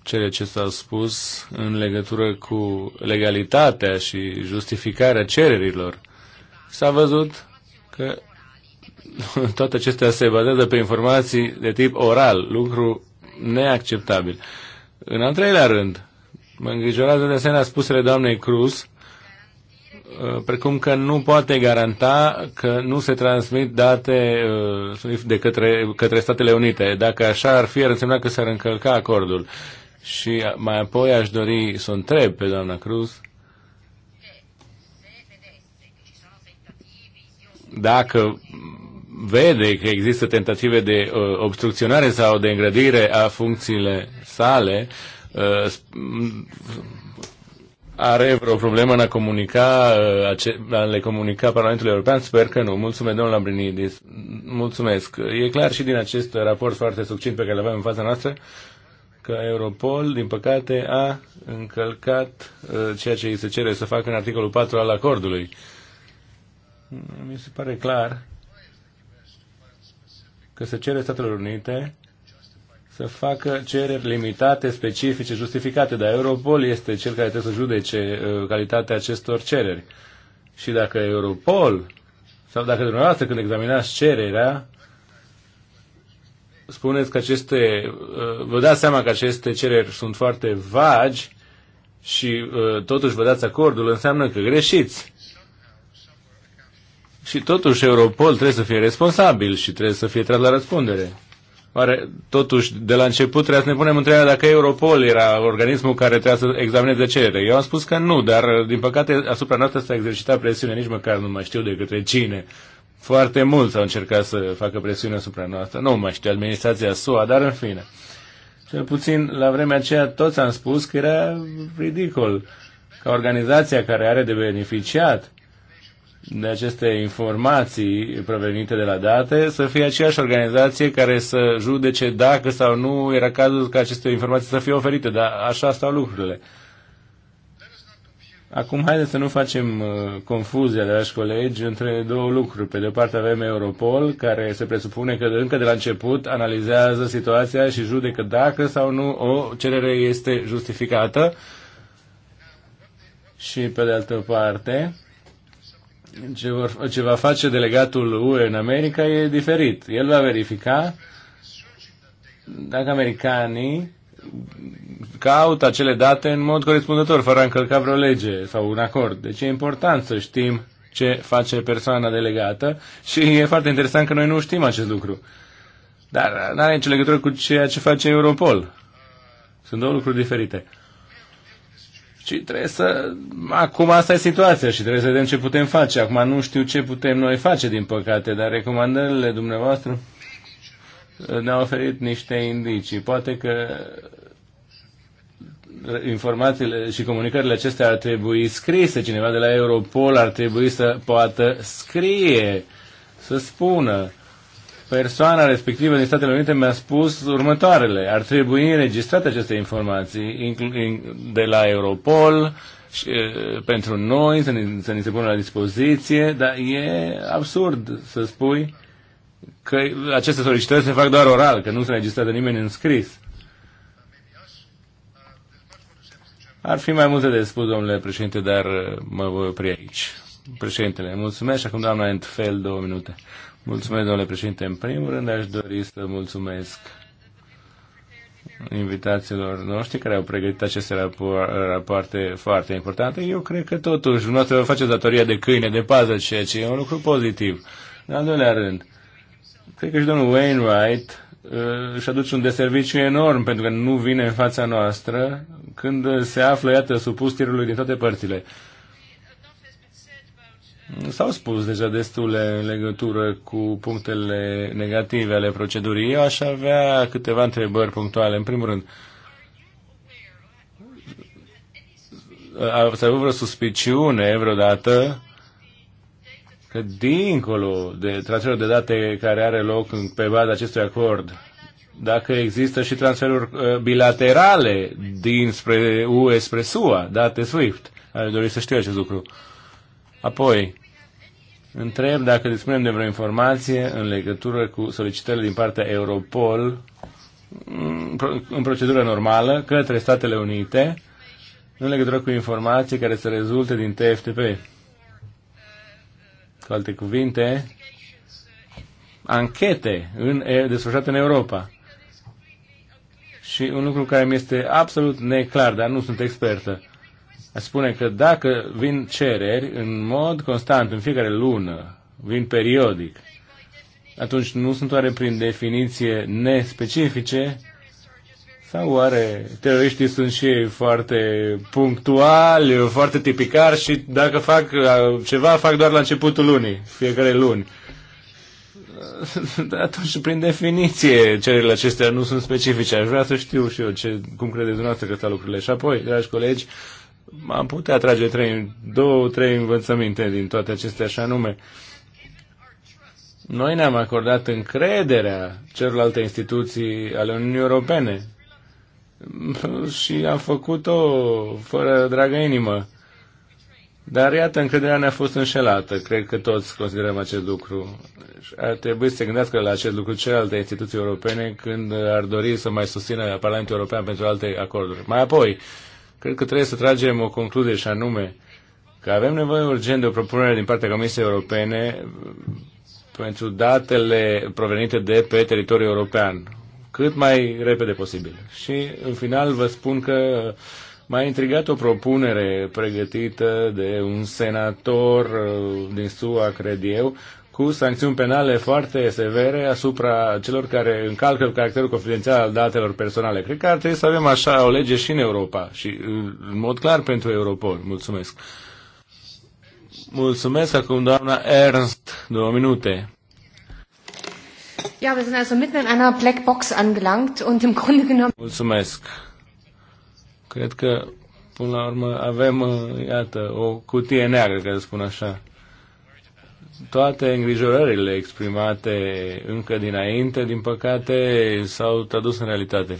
cele ce s-au spus în legătură cu legalitatea și justificarea cererilor. S-a văzut că toate acestea se bazează pe informații de tip oral, lucru neacceptabil. În al treilea rând, mă îngrijorează de asemenea spusele doamnei Cruz Uh, precum că nu poate garanta că nu se transmit date uh, de către, către Statele Unite. Dacă așa ar fi, ar însemna că s-ar încălca acordul. Și mai apoi aș dori să o întreb pe doamna Cruz dacă vede că există tentative de uh, obstrucționare sau de îngrădire a funcțiile sale, uh, are vreo problemă în a, comunica, uh, a le comunica Parlamentului European? Sper că nu. Mulțumesc, domnul Lambrinidis. Mulțumesc. E clar și din acest raport foarte succint pe care îl avem în fața noastră că Europol, din păcate, a încălcat uh, ceea ce îi se cere să facă în articolul 4 al acordului. Mi se pare clar că se cere Statelor Unite să facă cereri limitate, specifice, justificate, dar Europol este cel care trebuie să judece uh, calitatea acestor cereri. Și dacă Europol, sau dacă dumneavoastră când examinați cererea, spuneți că aceste, uh, vă dați seama că aceste cereri sunt foarte vagi și uh, totuși vă dați acordul, înseamnă că greșiți. Și totuși Europol trebuie să fie responsabil și trebuie să fie tras la răspundere. Oare, totuși, de la început trebuia să ne punem întrebarea dacă Europol era organismul care trebuia să examineze cerere. Eu am spus că nu, dar, din păcate, asupra noastră s-a exercitat presiune, nici măcar nu mai știu de către cine. Foarte mulți au încercat să facă presiune asupra noastră. Nu mai știu, administrația SUA, dar în fine. Cel puțin, la vremea aceea, toți am spus că era ridicol ca organizația care are de beneficiat de aceste informații provenite de la date să fie aceeași organizație care să judece dacă sau nu era cazul ca aceste informații să fie oferite, dar așa stau lucrurile. Acum haideți să nu facem uh, confuzia, dragi colegi, între două lucruri. Pe de o parte avem Europol, care se presupune că încă de la început analizează situația și judecă dacă sau nu o cerere este justificată. Și pe de altă parte, ce, vor, ce va face delegatul UE în America e diferit. El va verifica dacă americanii caută acele date în mod corespunzător, fără a încălca vreo lege sau un acord. Deci e important să știm ce face persoana delegată și e foarte interesant că noi nu știm acest lucru. Dar nu are nicio legătură cu ceea ce face Europol. Sunt două lucruri diferite. Și trebuie să... Acum asta e situația și trebuie să vedem ce putem face. Acum nu știu ce putem noi face, din păcate, dar recomandările dumneavoastră uh, ne-au oferit niște indicii. Poate că uh, informațiile și comunicările acestea ar trebui scrise. Cineva de la Europol ar trebui să poată scrie, să spună persoana respectivă din Statele Unite mi-a spus următoarele. Ar trebui înregistrate aceste informații de la Europol și, pentru noi, să ni, să ni se pună la dispoziție, dar e absurd să spui că aceste solicitări se fac doar oral, că nu se înregistrează nimeni în scris. Ar fi mai multe de spus, domnule președinte, dar mă voi opri aici. Președintele, mulțumesc și acum doamna Entfel, două minute. Mulțumesc, domnule președinte. În primul rând, aș dori să mulțumesc invitațiilor noștri care au pregătit aceste rapoarte foarte importante. Eu cred că totuși dumneavoastră vă face datoria de câine, de pază, ceea ce e un lucru pozitiv. În al doilea rând, cred că și domnul Wainwright uh, își aduce un deserviciu enorm pentru că nu vine în fața noastră când se află, iată, supus tirului din toate părțile. S-au spus deja destule în legătură cu punctele negative ale procedurii. Eu aș avea câteva întrebări punctuale. În primul rând, ați avut vreo suspiciune vreodată că dincolo de transferul de date care are loc pe baza acestui acord, dacă există și transferuri uh, bilaterale dinspre UE spre SUA, date SWIFT, aș dori să știu acest lucru. Uh, Apoi, întreb dacă dispunem de vreo informație în legătură cu solicitările din partea Europol mm, în procedură normală către Statele Unite în legătură cu informații care să rezulte din TFTP. Cu alte cuvinte, anchete în, desfășurate în Europa. Și un lucru care mi este absolut neclar, dar nu sunt expertă a spune că dacă vin cereri în mod constant, în fiecare lună, vin periodic, atunci nu sunt oare prin definiție nespecifice? Sau oare teroriștii sunt și ei foarte punctuali, foarte tipicari și dacă fac uh, ceva, fac doar la începutul lunii, fiecare luni? Atunci, prin definiție, cererile acestea nu sunt specifice. Aș vrea să știu și eu ce, cum credeți dumneavoastră că stau lucrurile. Și apoi, dragi colegi, am putea trage trei, două, trei învățăminte din toate acestea, așa nume. Noi ne-am acordat încrederea celorlalte instituții ale Uniunii Europene și am făcut-o fără dragă inimă. Dar iată, încrederea ne-a fost înșelată. Cred că toți considerăm acest lucru. Ar trebui să se gândească la acest lucru celelalte instituții europene când ar dori să mai susțină Parlamentul European pentru alte acorduri. Mai apoi, uh, cred că trebuie să tragem o concluzie și anume că avem nevoie urgent de o propunere din partea Comisiei Europene pentru datele provenite de pe teritoriul european, cât mai repede posibil. Și în final vă spun că m-a intrigat o propunere pregătită de un senator uh, din SUA, cred eu, cu sancțiuni penale foarte severe asupra celor care încalcă caracterul confidențial al datelor personale. Cred că ar trebui să avem așa o lege și în Europa și în mod clar pentru Europol. Mulțumesc. Mulțumesc acum doamna Ernst, două minute.
Ja, wir sind also mitten in einer Black Box angelangt und im Grunde genommen...
Mulțumesc. Cred că, până la urmă, avem, uh, iată, o cutie neagră, ca să spun așa toate îngrijorările exprimate încă dinainte, din păcate, s-au tradus în realitate.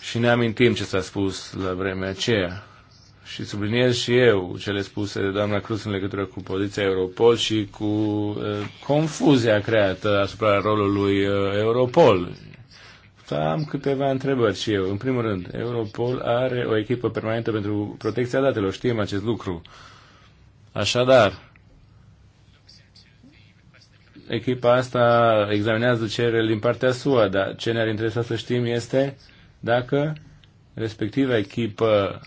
Și ne amintim ce s-a spus la vremea aceea. Și subliniez și eu cele spuse de doamna Cruz în legătură cu poziția Europol și cu uh, confuzia creată asupra rolului uh, Europol. Am câteva întrebări și eu. În primul rând, Europol are o echipă permanentă pentru protecția datelor. Știm acest lucru. Așadar, echipa asta examinează cerere din partea sua, dar ce ne-ar interesa să știm este dacă respectiva echipă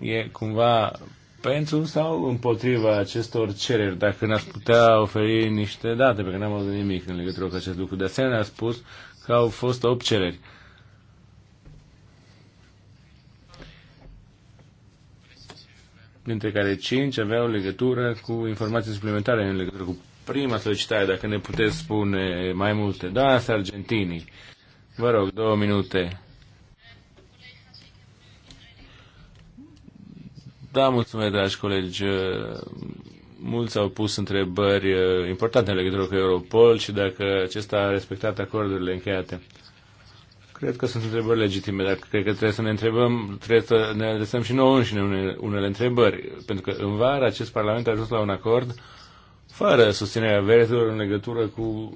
e cumva pentru sau împotriva acestor cereri, dacă ne-ați putea oferi niște date, pentru că n-am văzut nimic în legătură cu acest lucru. De asemenea, a spus că au fost 8 cereri. dintre care 5 aveau legătură cu informații suplimentare în legătură cu prima solicitare, dacă ne puteți spune mai multe. Da, Sargentini, vă rog, două minute. Da, mulțumesc, dragi colegi. Mulți au pus întrebări importante în legătură cu Europol și dacă acesta a respectat acordurile încheiate. Cred că sunt întrebări legitime, dar cred că trebuie să ne întrebăm, trebuie să ne adresăm și nouă înșine unele, întrebări, pentru că în vară acest Parlament a ajuns la un acord fără susținerea verzilor în legătură cu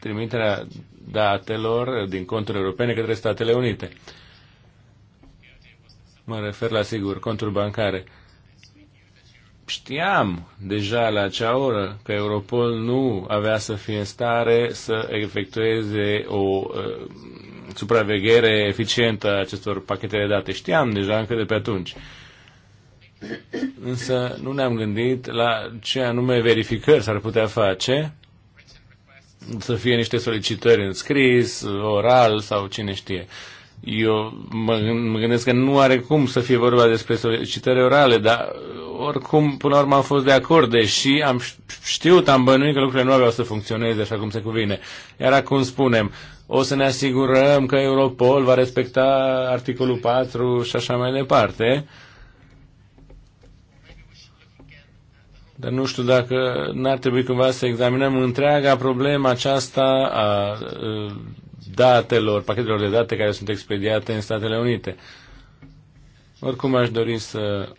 trimiterea datelor din conturi europene către Statele Unite. Mă refer la, sigur, conturi bancare știam deja la acea oră că Europol nu avea să fie în stare să efectueze o uh, supraveghere eficientă a acestor pachete de date. Știam deja încă de pe atunci. Însă nu ne-am gândit la ce anume verificări s-ar putea face, să fie niște solicitări în scris, oral sau cine știe. Uh, eu mă gândesc că nu are cum să fie vorba despre solicitări orale, dar oricum, până la urmă, am fost de acord, deși am știut, am bănuit că lucrurile nu aveau să funcționeze așa cum se cuvine. Iar acum spunem, o să ne asigurăm că Europol va respecta articolul 4 și așa mai departe. Dar nu știu dacă n-ar trebui cumva să examinăm întreaga problemă aceasta a, a uh, datelor, pachetelor de date care sunt expediate în Statele Unite. Oricum aș dori să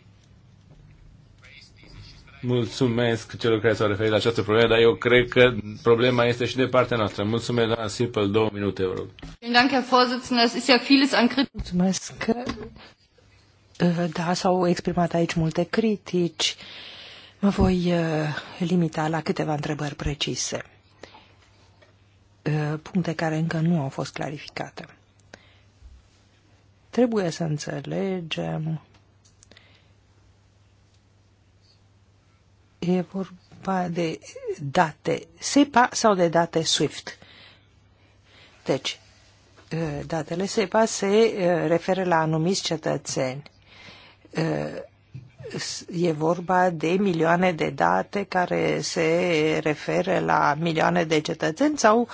mulțumesc celor care s-au referit la această problemă, dar eu cred că problema este și de partea noastră. Mulțumesc, doamna Sipel, două minute, vă rog.
Mulțumesc. Eh, da, s-au exprimat aici multe critici. Mă voi eh, limita la câteva întrebări precise. Uh, puncte care încă nu au fost clarificate. Trebuie să înțelegem e vorba de date SEPA sau de date SWIFT. Deci, uh, datele SEPA se uh, referă la anumiți cetățeni e vorba de milioane de date care se referă la milioane de cetățeni sau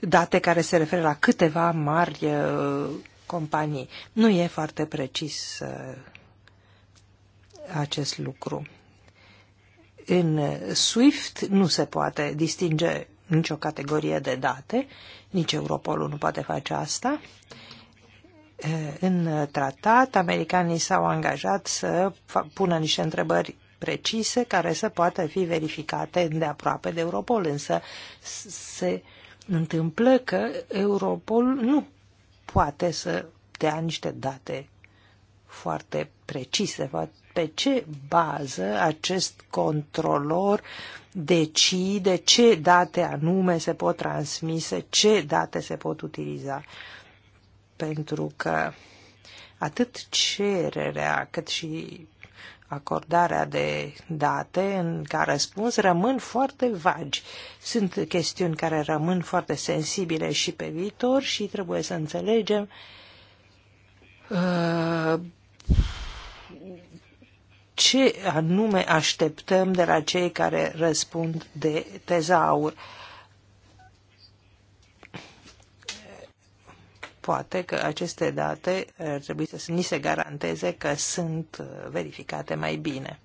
date care se referă la câteva mari uh, companii. Nu e foarte precis uh, acest lucru. În SWIFT nu se poate distinge nicio categorie de date, nici Europolul nu poate face asta. Eh, în tratat, americanii s-au angajat să pună niște întrebări precise care să poată fi verificate de aproape de Europol, însă se întâmplă că Europol nu poate să dea niște date foarte precise. Pe ce bază acest controlor decide ce date anume se pot transmise, ce date se pot utiliza? Uh, pentru că atât cererea cât și acordarea de date în care răspuns rămân foarte vagi. Sunt chestiuni care rămân foarte sensibile și pe viitor și trebuie să înțelegem uh, ce anume așteptăm de la cei care răspund de tezaur. Poate că aceste date ar trebui să ni se garanteze că sunt uh, verificate mai bine.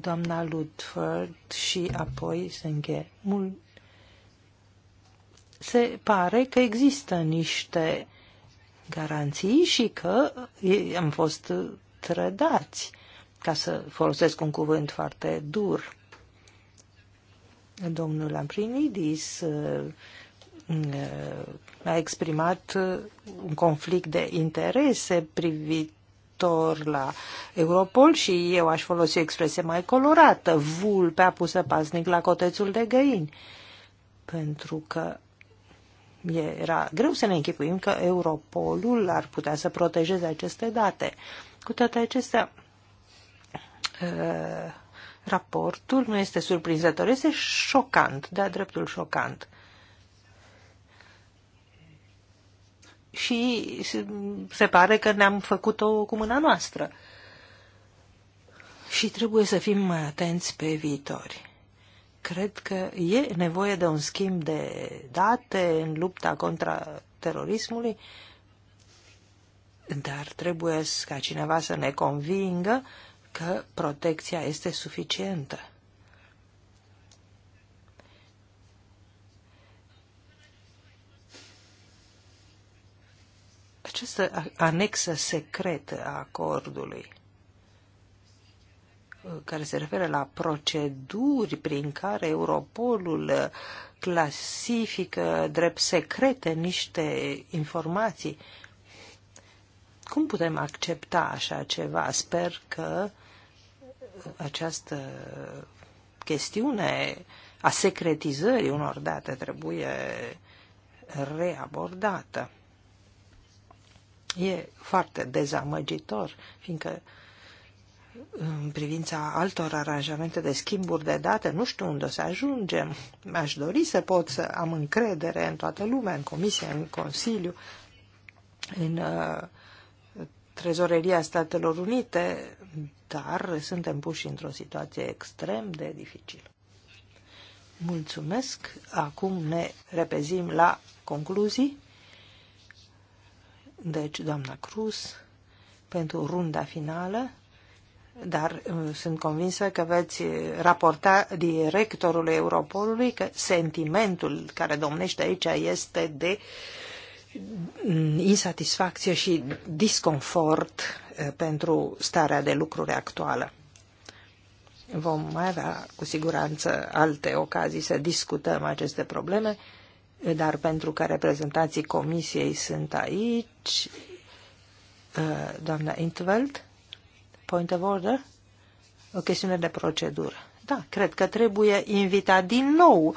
Doamna Ludford și apoi se încheie. Se pare că există niște garanții și că am fost trădați, ca să folosesc un cuvânt foarte dur. Domnul Lamprinidis uh, a exprimat uh, un conflict de interese privit la Europol și eu aș folosi o expresie mai colorată, vulpea pusă paznic la cotețul de găini. Pentru că era greu să ne închipuim că Europolul ar putea să protejeze aceste date. Cu toate acestea, uh, Raportul nu este surprinzător, este șocant, de-a dreptul șocant. Și se pare că ne-am făcut-o cu mâna noastră. Și trebuie să fim mai atenți pe viitori cred că e nevoie de un schimb de date în lupta contra terorismului, dar trebuie ca cineva să ne convingă că protecția este suficientă. Această anexă secretă a acordului care se referă la proceduri prin care Europolul clasifică drept secrete niște informații cum putem accepta așa ceva? Sper că această chestiune a secretizării unor date trebuie reabordată. E foarte dezamăgitor, fiindcă în privința altor aranjamente de schimburi de date, nu știu unde o să ajungem. Aș dori să pot să am încredere în toată lumea, în Comisie, în Consiliu, în uh, trezoreria Statelor Unite, dar suntem puși într-o situație extrem de dificilă. Mulțumesc. Acum ne repezim la concluzii. Deci, doamna Cruz, pentru runda finală, dar uh, sunt convinsă că veți raporta directorului Europolului că sentimentul care domnește aici este de uh, Mm, insatisfacție și disconfort pentru starea de lucruri actuală. Vom mai avea cu siguranță alte ocazii să discutăm aceste probleme, dar pentru că reprezentanții comisiei sunt aici, doamna Intveld, point of order, o chestiune de procedură. Da, cred că trebuie invitat din nou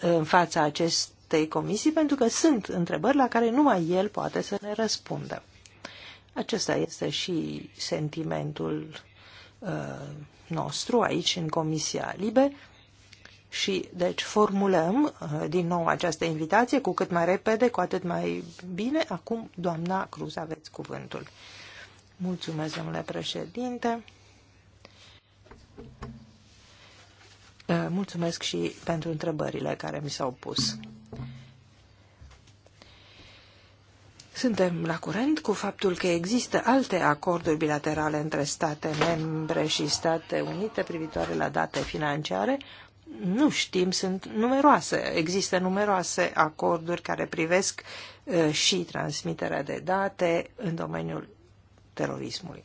în fața acest acestei comisii, pentru că sunt întrebări la care numai el poate să ne răspundă. Acesta este și sentimentul uh, nostru aici în Comisia Libe și deci formulăm uh, din nou această invitație cu cât mai repede, cu atât mai bine. Acum, doamna Cruz, aveți cuvântul. Mulțumesc, domnule președinte. Uh, mulțumesc și pentru întrebările care mi s-au pus. Suntem la curent cu faptul că există alte acorduri bilaterale între state membre și State Unite privitoare la date financiare. Nu știm, sunt numeroase, există numeroase acorduri care privesc uh, și transmiterea de date în domeniul terorismului.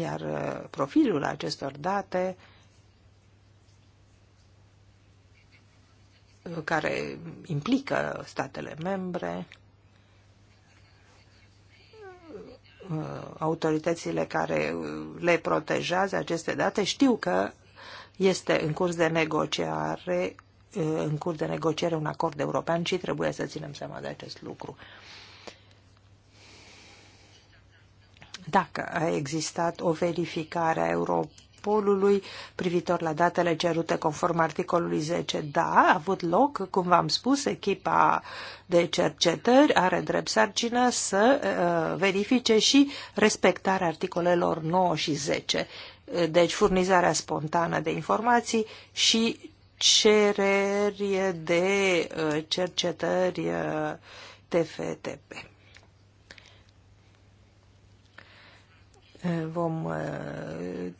Iar uh, profilul acestor date uh, care implică statele membre, uh, autoritățile care le protejează aceste date știu că este în curs de negociare uh, în curs de negociere un acord european și trebuie să ținem seama de acest lucru. Dacă a existat o verificare a Europei polului privitor la datele cerute conform articolului 10. Da, a avut loc, cum v-am spus, echipa de cercetări are drept sarcină să uh, verifice și respectarea articolelor 9 și 10, deci furnizarea spontană de informații și cereri de uh, cercetări uh, TFTP. vom uh,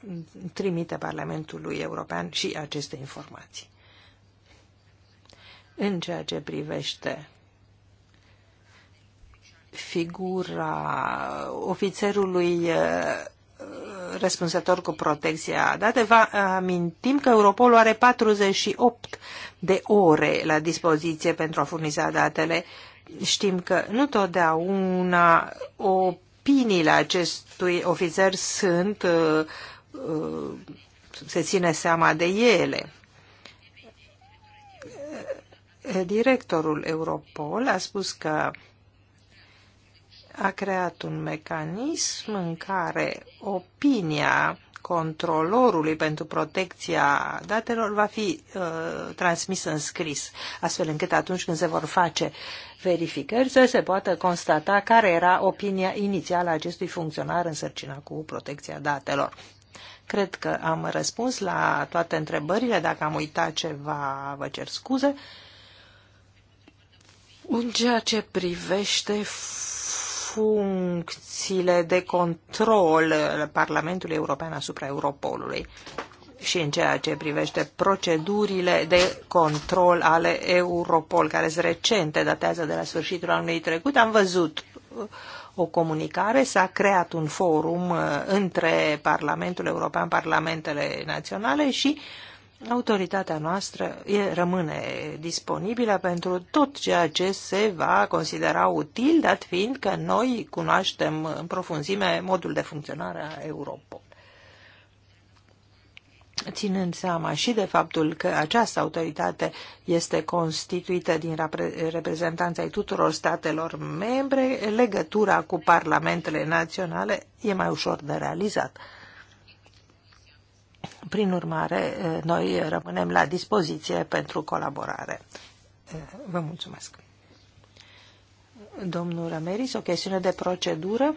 trimite Parlamentului European și aceste informații. În ceea ce privește figura ofițerului uh, răspunsător cu protecția date, vă amintim că Europol are 48 de ore la dispoziție pentru a furniza datele. Știm că nu totdeauna o opiniile acestui ofițer sunt, uh, uh, se ține seama de ele. Directorul Europol a spus că a creat un mecanism în care opinia controlorului pentru protecția datelor va fi uh, transmis în scris, astfel încât atunci când se vor face verificări să se poată constata care era opinia inițială a acestui funcționar în cu protecția datelor. Cred că am răspuns la toate întrebările. Dacă am uitat ceva, vă cer scuze. În ceea ce privește funcțiile de control al Parlamentului European asupra Europolului și în ceea ce privește procedurile de control ale Europol, care sunt recente, datează de la sfârșitul anului trecut, am văzut uh, o comunicare, s-a creat un forum uh, între Parlamentul European, Parlamentele Naționale și uh, autoritatea noastră e, rămâne disponibilă pentru tot ceea ce se va considera util, dat fiind că noi cunoaștem în profunzime modul de funcționare a Europol. Ținând seama și de faptul că această autoritate este constituită din reprezentanța ai tuturor statelor membre, legătura cu parlamentele naționale e mai ușor de realizat. Prin urmare, eh, noi rămânem la dispoziție pentru colaborare. Eh, vă mulțumesc. Domnul Rameris, o chestiune de procedură?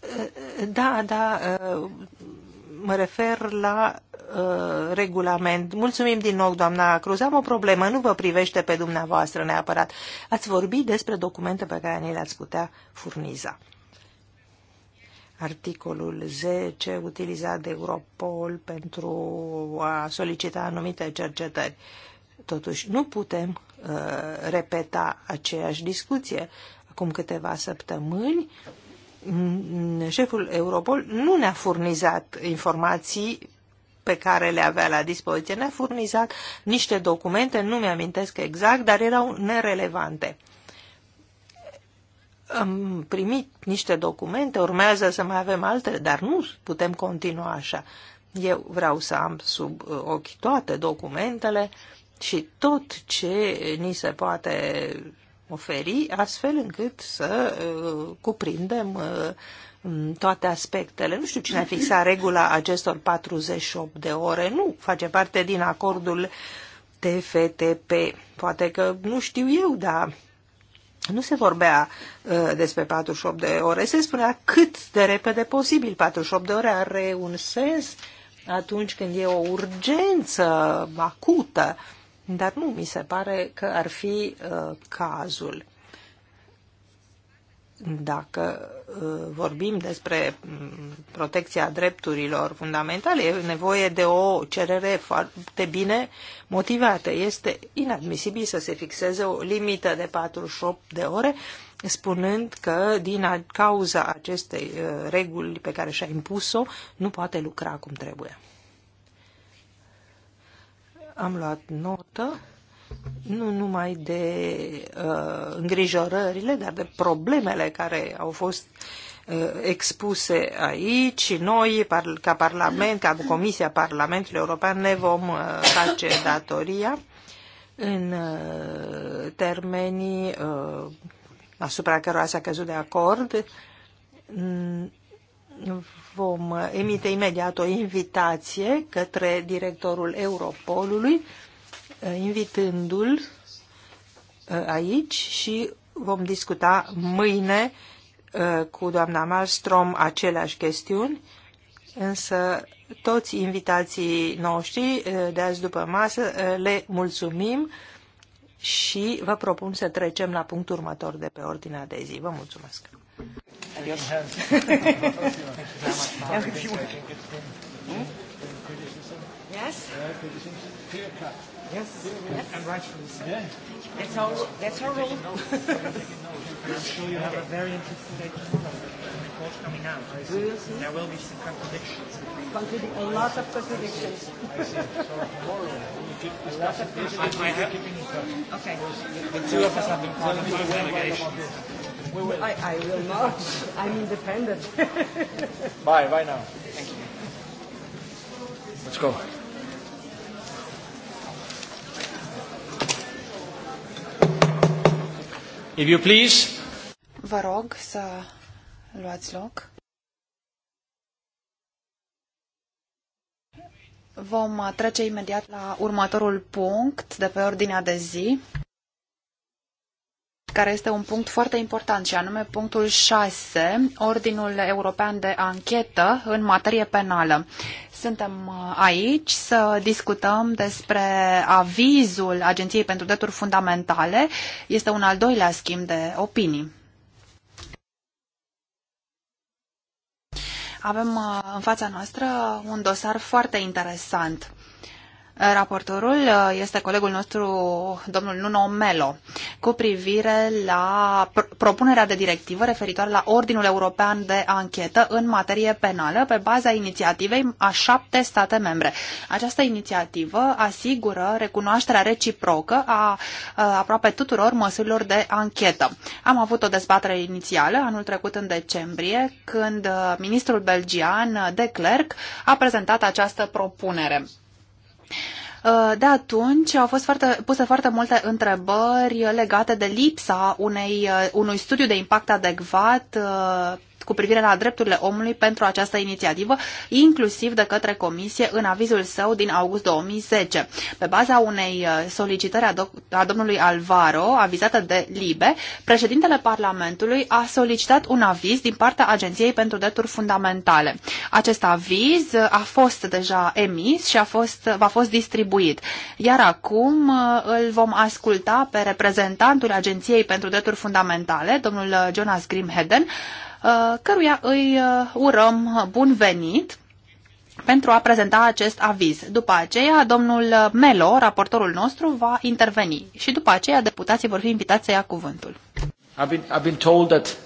Eh, da, da, mă refer la regulament. Mulțumim din nou, doamna Cruz. Am o problemă, nu vă privește pe dumneavoastră neapărat. Ați vorbit despre documente pe care ni le-ați putea furniza articolul 10 utilizat de Europol pentru a solicita anumite cercetări. Totuși, nu putem uh, repeta aceeași discuție. Acum câteva săptămâni, mm, șeful Europol nu ne-a furnizat informații pe care le avea la dispoziție. Ne-a furnizat niște documente, nu mi-amintesc exact, dar erau nerelevante am primit niște documente, urmează să mai avem altele, dar nu putem continua așa. Eu vreau să am sub uh, ochi toate documentele și tot ce ni se poate oferi, astfel încât să uh, cuprindem uh, toate aspectele. Nu știu cine a fixat regula acestor 48 de ore. Nu, face parte din acordul TFTP. Poate că nu știu eu, dar nu se vorbea uh, despre 48 de ore, se spunea cât de repede posibil. 48 de ore are un sens atunci când e o urgență acută, dar nu mi se pare că ar fi uh, cazul. Dacă uh, vorbim despre mm, protecția drepturilor fundamentale, e nevoie de o cerere foarte bine motivată. Este inadmisibil să se fixeze o limită de 48 de ore, spunând că din cauza acestei uh, reguli pe care și-a impus-o, nu poate lucra cum trebuie. Am luat notă nu numai de uh, îngrijorările, dar de problemele care au fost uh, expuse aici și noi, par, ca Parlament, ca Comisia Parlamentului European, ne vom uh, face datoria în uh, termenii uh, asupra cărora s-a căzut de acord. Vom uh, emite imediat o invitație către directorul Europolului Uh, invitându-l uh, aici și vom discuta mâine uh, cu doamna Malmström aceleași chestiuni, însă toți invitații noștri de azi după masă le mulțumim și vă propun să trecem la punctul următor de pe ordinea de zi. Vă mulțumesc! yes? Yes, yes. and rightfully so. Yeah. That's our,
that's our role. I'm
sure you have a very interesting day tomorrow. Reports coming out. I see. Will see? There will be some contradictions. Contradic a lot of contradictions. I see. So tomorrow we keep discussing this. have. Okay. The two of us have been part of my delegation. We will. I, I will not. I'm independent. bye. Bye now. Thank you. Let's go.
If you please.
Vă rog să luați loc. Vom trece imediat la următorul punct de pe ordinea de zi care este un punct foarte important, și anume punctul 6, Ordinul European de Anchetă în materie penală. Suntem uh, aici să discutăm despre avizul Agenției pentru Drepturi Fundamentale. Este un al doilea schimb de opinii. Avem uh, în fața noastră un dosar foarte interesant. Raportorul uh, este colegul nostru, domnul Nuno Melo, cu privire la propunerea de directivă referitoare la Ordinul European de Anchetă în materie penală pe baza inițiativei a șapte state membre. Această inițiativă asigură recunoașterea reciprocă a, a uh, aproape tuturor măsurilor de anchetă. Am avut o dezbatere inițială anul trecut în decembrie, când uh, ministrul belgian de Klerk a prezentat această propunere. Uh, de atunci au fost foarte, puse foarte multe întrebări legate de lipsa unei, uh, unui studiu de impact adecvat uh, cu privire la drepturile omului pentru această inițiativă, inclusiv de către Comisie în avizul său din august 2010. Pe baza unei uh, solicitări a, do- a domnului Alvaro, avizată de LIBE, președintele Parlamentului a solicitat un aviz din partea Agenției pentru Drepturi Fundamentale. Acest aviz uh, a fost deja emis și a fost, va fost distribuit. Iar acum uh, îl vom asculta pe reprezentantul Agenției pentru Drepturi Fundamentale, domnul Jonas Grimheden, Uh, căruia îi uh, urăm uh, bun venit pentru a prezenta acest aviz. După aceea, domnul Melo, raportorul nostru, va interveni și după aceea deputații vor fi invitați să ia cuvântul.
I've been, I've been told that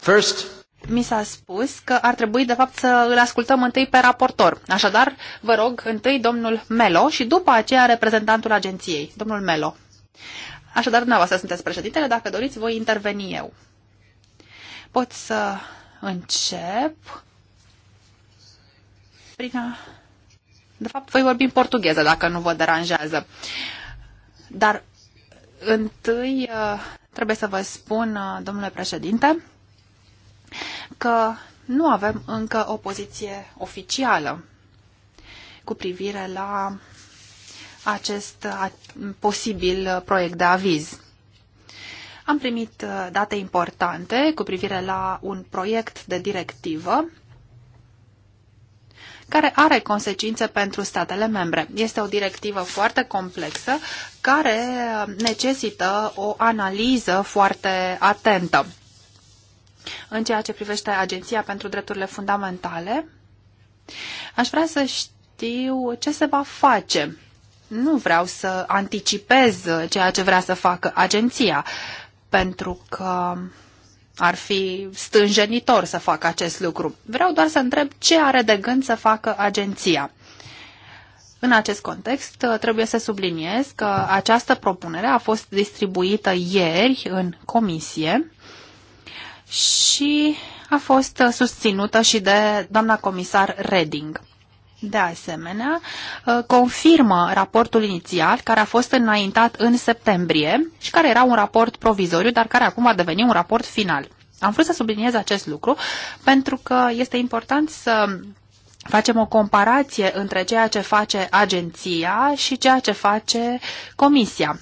first...
Mi s-a spus că ar trebui, de fapt, să îl ascultăm întâi pe raportor. Așadar, vă rog, întâi domnul Melo și după aceea reprezentantul agenției, domnul Melo. Așadar, dumneavoastră sunteți președintele, dacă doriți, voi interveni eu. Pot să încep prin a... De fapt, voi vorbi în portugheză, dacă nu vă deranjează. Dar întâi uh, trebuie să vă spun, uh, domnule președinte, că nu avem încă o poziție oficială cu privire la acest uh, posibil proiect de aviz. Am primit uh, date importante cu privire la un proiect de directivă care are consecințe pentru statele membre. Este o directivă foarte complexă care necesită o analiză foarte atentă. În ceea ce privește Agenția pentru Drepturile Fundamentale, aș vrea să știu ce se va face. Nu vreau să anticipez ceea ce vrea să facă agenția pentru că ar fi stânjenitor să facă acest lucru. Vreau doar să întreb ce are de gând să facă agenția. În acest context, uh, trebuie să subliniez că această propunere a fost distribuită ieri în comisie și a fost uh, susținută și de doamna comisar Reding. De asemenea, uh, confirmă raportul inițial care a fost înaintat în septembrie și care era un raport provizoriu, dar care acum va deveni un raport final. Am vrut să subliniez acest lucru pentru că este important să facem o comparație între ceea ce face agenția și ceea ce face comisia.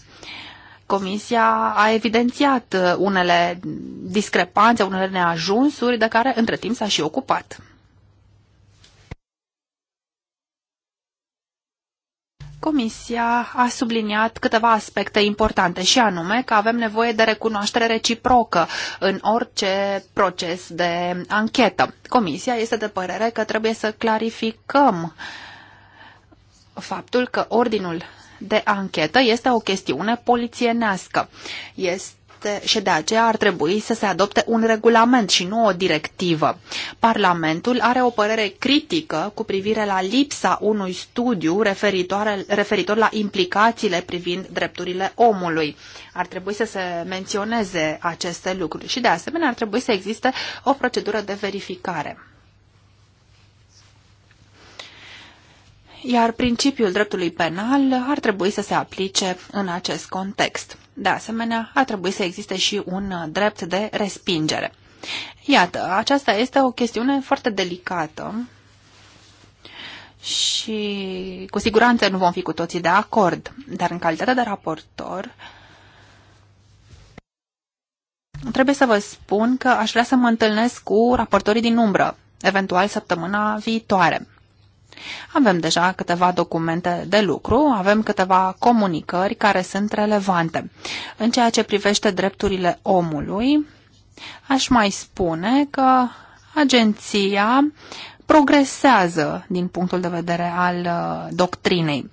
Comisia a evidențiat uh, unele discrepanțe, unele neajunsuri de care între timp s-a și ocupat. Comisia a subliniat câteva aspecte importante și anume că avem nevoie de recunoaștere reciprocă în orice proces de anchetă. Comisia este de părere că trebuie să clarificăm faptul că ordinul de anchetă este o chestiune polițienească. Este și de aceea ar trebui să se adopte un regulament și nu o directivă. Parlamentul are o părere critică cu privire la lipsa unui studiu referitor la implicațiile privind drepturile omului. Ar trebui să se menționeze aceste lucruri și de asemenea ar trebui să existe o procedură de verificare. iar principiul dreptului penal ar trebui să se aplice în acest context. De asemenea, ar trebui să existe și un uh, drept de respingere. Iată, aceasta este o chestiune foarte delicată și cu siguranță nu vom fi cu toții de acord, dar în calitate de raportor trebuie să vă spun că aș vrea să mă întâlnesc cu raportorii din umbră, eventual săptămâna viitoare. Avem deja câteva documente de lucru, avem câteva comunicări care sunt relevante. În ceea ce privește drepturile omului, aș mai spune că agenția progresează din punctul de vedere al uh, doctrinei.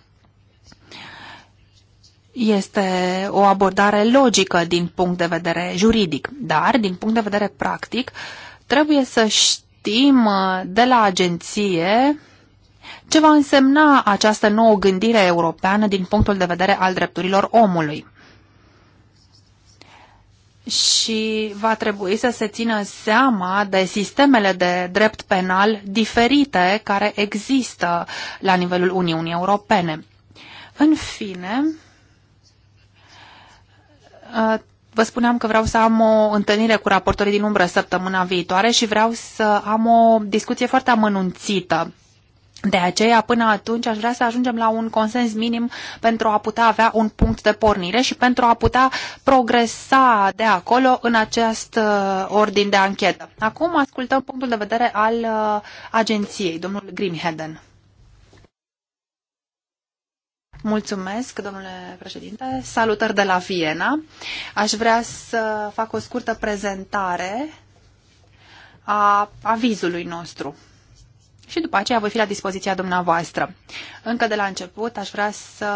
Este o abordare logică din punct de vedere juridic, dar din punct de vedere practic trebuie să știm uh, de la agenție ce va însemna această nouă gândire europeană din punctul de vedere al drepturilor omului? și va trebui să se țină seama de sistemele de drept penal diferite care există la nivelul Uniunii Europene. În fine, ă, vă spuneam că vreau să am o întâlnire cu raportorii din umbră săptămâna viitoare și vreau să am o discuție foarte amănunțită de aceea, până atunci, aș vrea să ajungem la un consens minim pentru a putea avea un punct de pornire și pentru a putea progresa de acolo în acest uh, ordin de anchetă. Acum ascultăm punctul de vedere al uh, agenției, domnul Grimheden. Mulțumesc, domnule președinte. Salutări de la Viena. Aș vrea să fac o scurtă prezentare a avizului nostru și după aceea voi fi la dispoziția dumneavoastră. Încă de la început aș vrea să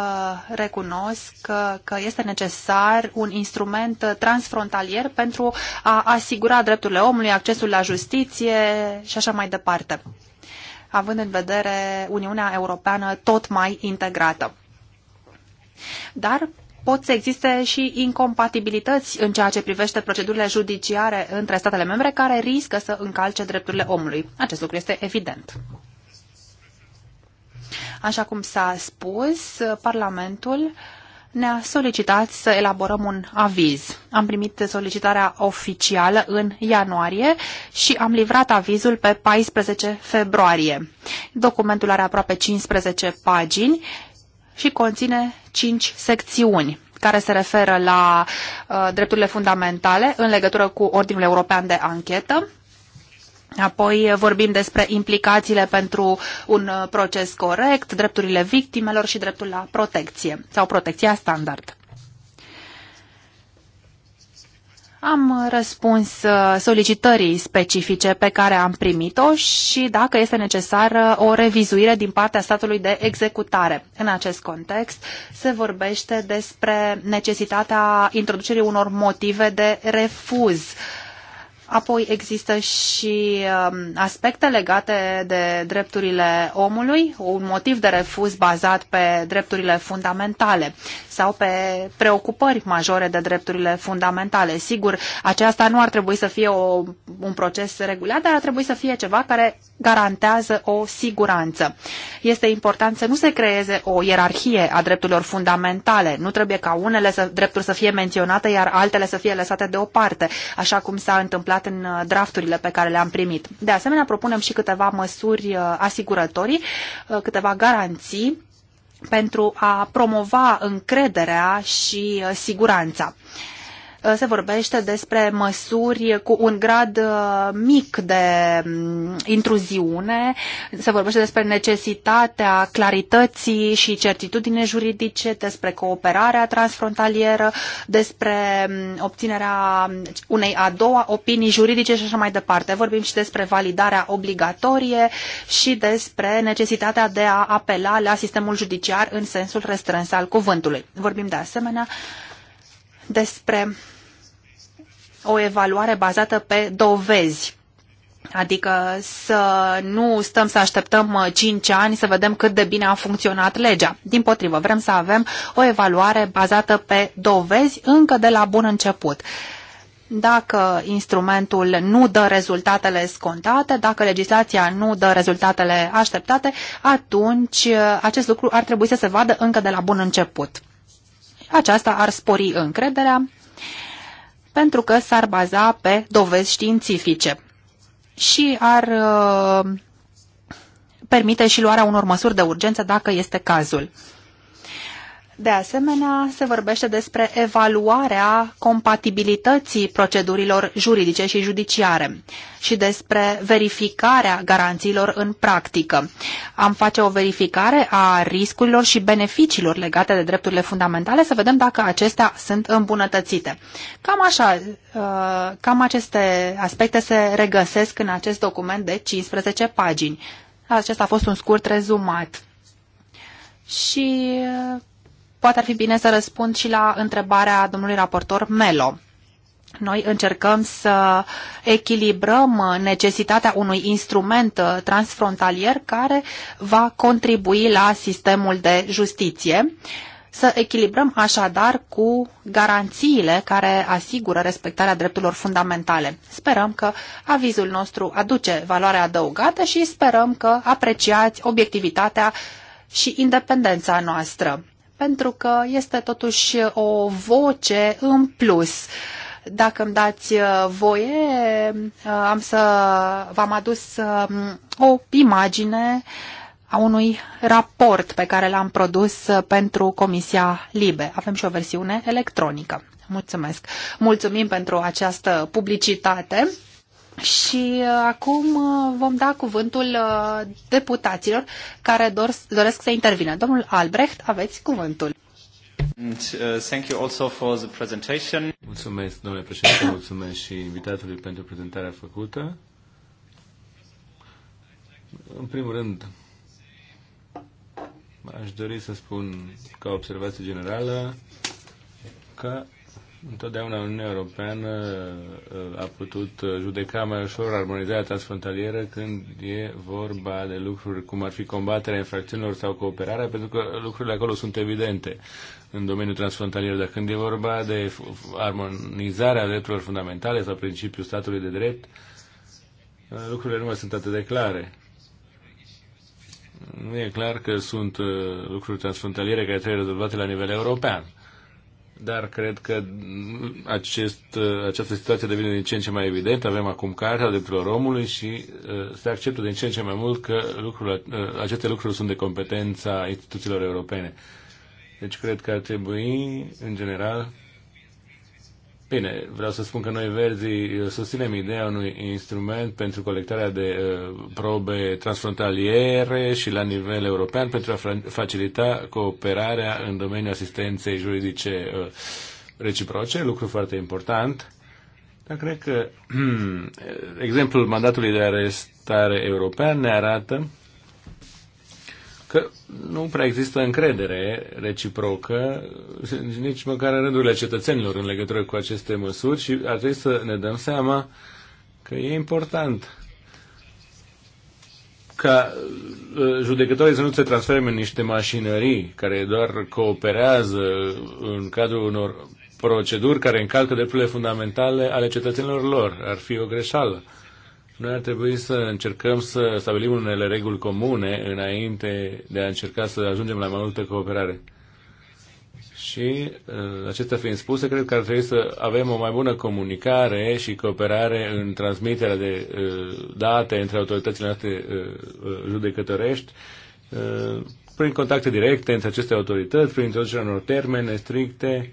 recunosc că, că este necesar un instrument transfrontalier pentru a asigura drepturile omului, accesul la justiție și așa mai departe, având în vedere Uniunea Europeană tot mai integrată. Dar pot să existe și incompatibilități în ceea ce privește procedurile judiciare între statele membre care riscă să încalce drepturile omului. Acest lucru este evident. Așa cum s-a spus, Parlamentul ne-a solicitat să elaborăm un aviz. Am primit solicitarea oficială în ianuarie și am livrat avizul pe 14 februarie. Documentul are aproape 15 pagini și conține cinci secțiuni care se referă la uh, drepturile fundamentale în legătură cu Ordinul European de Anchetă. Apoi vorbim despre implicațiile pentru un uh, proces corect, drepturile victimelor și dreptul la protecție sau protecția standard. Am răspuns uh, solicitării specifice pe care am primit-o și dacă este necesară o revizuire din partea statului de executare. În acest context se vorbește despre necesitatea introducerii unor motive de refuz uh, Apoi există și um, aspecte legate de drepturile omului, un motiv de refuz bazat pe drepturile fundamentale sau pe preocupări majore de drepturile fundamentale. Sigur, aceasta nu ar trebui să fie o, un proces regulat, dar ar trebui să fie ceva care garantează o siguranță. Este important să nu se creeze o ierarhie a drepturilor fundamentale. Nu trebuie ca unele să, drepturi să fie menționate, iar altele să fie lăsate deoparte, așa cum s-a întâmplat în uh, drafturile pe care le-am primit. De asemenea, propunem și câteva măsuri uh, asigurătorii, uh, câteva garanții pentru a promova încrederea și siguranța. Uh, se vorbește despre măsuri cu un grad uh, mic de mm, intruziune, se vorbește despre necesitatea clarității și certitudine juridice, despre cooperarea transfrontalieră, despre mm, obținerea unei a doua opinii juridice și așa mai departe. Vorbim și despre validarea obligatorie și despre necesitatea de a apela la sistemul judiciar în sensul restrâns al cuvântului. Vorbim de asemenea despre o evaluare bazată pe dovezi. Adică să nu stăm să așteptăm 5 ani să vedem cât de bine a funcționat legea. Din potrivă, vrem să avem o evaluare bazată pe dovezi încă de la bun început. Dacă instrumentul nu dă rezultatele scontate, dacă legislația nu dă rezultatele așteptate, atunci uh, acest lucru ar trebui să se vadă încă de la bun început. Aceasta ar spori încrederea pentru că s-ar baza pe dovezi științifice și ar uh, permite și luarea unor măsuri de urgență dacă este cazul. De asemenea, se vorbește despre evaluarea compatibilității procedurilor juridice și judiciare și despre verificarea garanțiilor în practică. Am face o verificare a riscurilor și beneficiilor legate de drepturile fundamentale să vedem dacă acestea sunt îmbunătățite. Cam așa, uh, cam aceste aspecte se regăsesc în acest document de 15 pagini. Acesta a fost un scurt rezumat. Și uh, Poate ar fi bine să răspund și la întrebarea domnului raportor Melo. Noi încercăm să echilibrăm necesitatea unui instrument transfrontalier care va contribui la sistemul de justiție. Să echilibrăm așadar cu garanțiile care asigură respectarea drepturilor fundamentale. Sperăm că avizul nostru aduce valoare adăugată și sperăm că apreciați obiectivitatea și independența noastră pentru că este totuși o voce în plus. Dacă îmi dați uh, voie, uh, am să v-am adus um, o imagine a unui raport pe care l-am produs uh, pentru Comisia Libe. Avem și o versiune electronică. Mulțumesc. Mulțumim pentru această publicitate. Și uh, acum uh, vom da cuvântul uh, deputaților care doresc să intervină. Domnul Albrecht, aveți cuvântul.
Thank you also for the presentation. Mulțumesc, domnule președinte, mulțumesc și invitatului pentru prezentarea făcută. În primul rând, aș dori să spun ca observație generală că întotdeauna Uniunea Europeană uh, a putut uh, judeca mai ușor armonizarea transfrontalieră când e vorba de lucruri cum ar fi combaterea infracțiunilor sau cooperarea, pentru că lucrurile acolo sunt evidente în domeniul transfrontalier, dar când e vorba de armonizarea drepturilor fundamentale sau principiul statului de drept, uh, lucrurile nu mai sunt atât de clare. Nu e clar că sunt lucruri transfrontaliere care trebuie rezolvate la nivel european dar cred că acest, această situație devine din ce în ce mai evidentă. Avem acum cartea Drepturilor Omului și uh, se acceptă din ce în ce mai mult că lucrurile, uh, aceste lucruri sunt de competența instituțiilor europene. Deci cred că ar trebui, în general, Bine, vreau să spun că noi verzii uh, susținem ideea unui instrument pentru colectarea de uh, probe transfrontaliere și la nivel european pentru a facilita cooperarea în domeniul asistenței juridice uh, reciproce, lucru foarte important. Dar cred că exemplul mandatului de arestare european ne arată că nu prea există încredere reciprocă, nici măcar în rândurile cetățenilor în legătură cu aceste măsuri și ar trebui să ne dăm seama că e important ca uh, judecătorii să nu se transforme în niște mașinării care doar cooperează în cadrul unor proceduri care încalcă drepturile fundamentale ale cetățenilor lor. Ar fi o greșeală. Noi ar trebui să încercăm să stabilim unele reguli comune înainte de a încerca să ajungem la mai multă cooperare. Și uh, acestea fiind spuse, cred că ar trebui să avem o mai bună comunicare și cooperare în transmiterea de uh, date între autoritățile noastre uh, judecătorești prin contacte directe între aceste autorități, prin introducerea unor termene stricte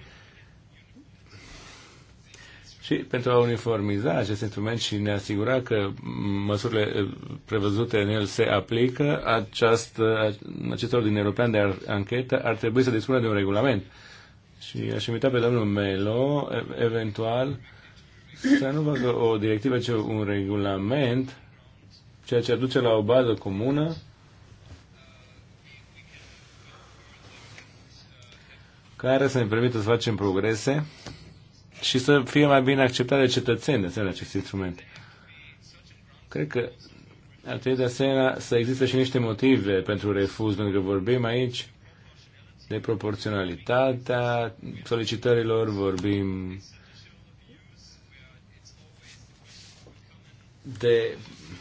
și pentru a uniformiza acest instrument și ne asigura că măsurile eh, prevăzute în el se aplică, acest acest ordin european de anchetă ar trebui să dispună de un regulament. Și aș invita pe domnul Melo, eh, eventual, să nu facă o directivă, ci un regulament, ceea ce aduce la o bază comună care să ne permită să facem progrese și să fie mai bine acceptat de cetățeni de țările acest instrument. Cred că ar trebui de asemenea să există și niște motive pentru refuz, pentru că vorbim aici de proporționalitatea solicitărilor, vorbim de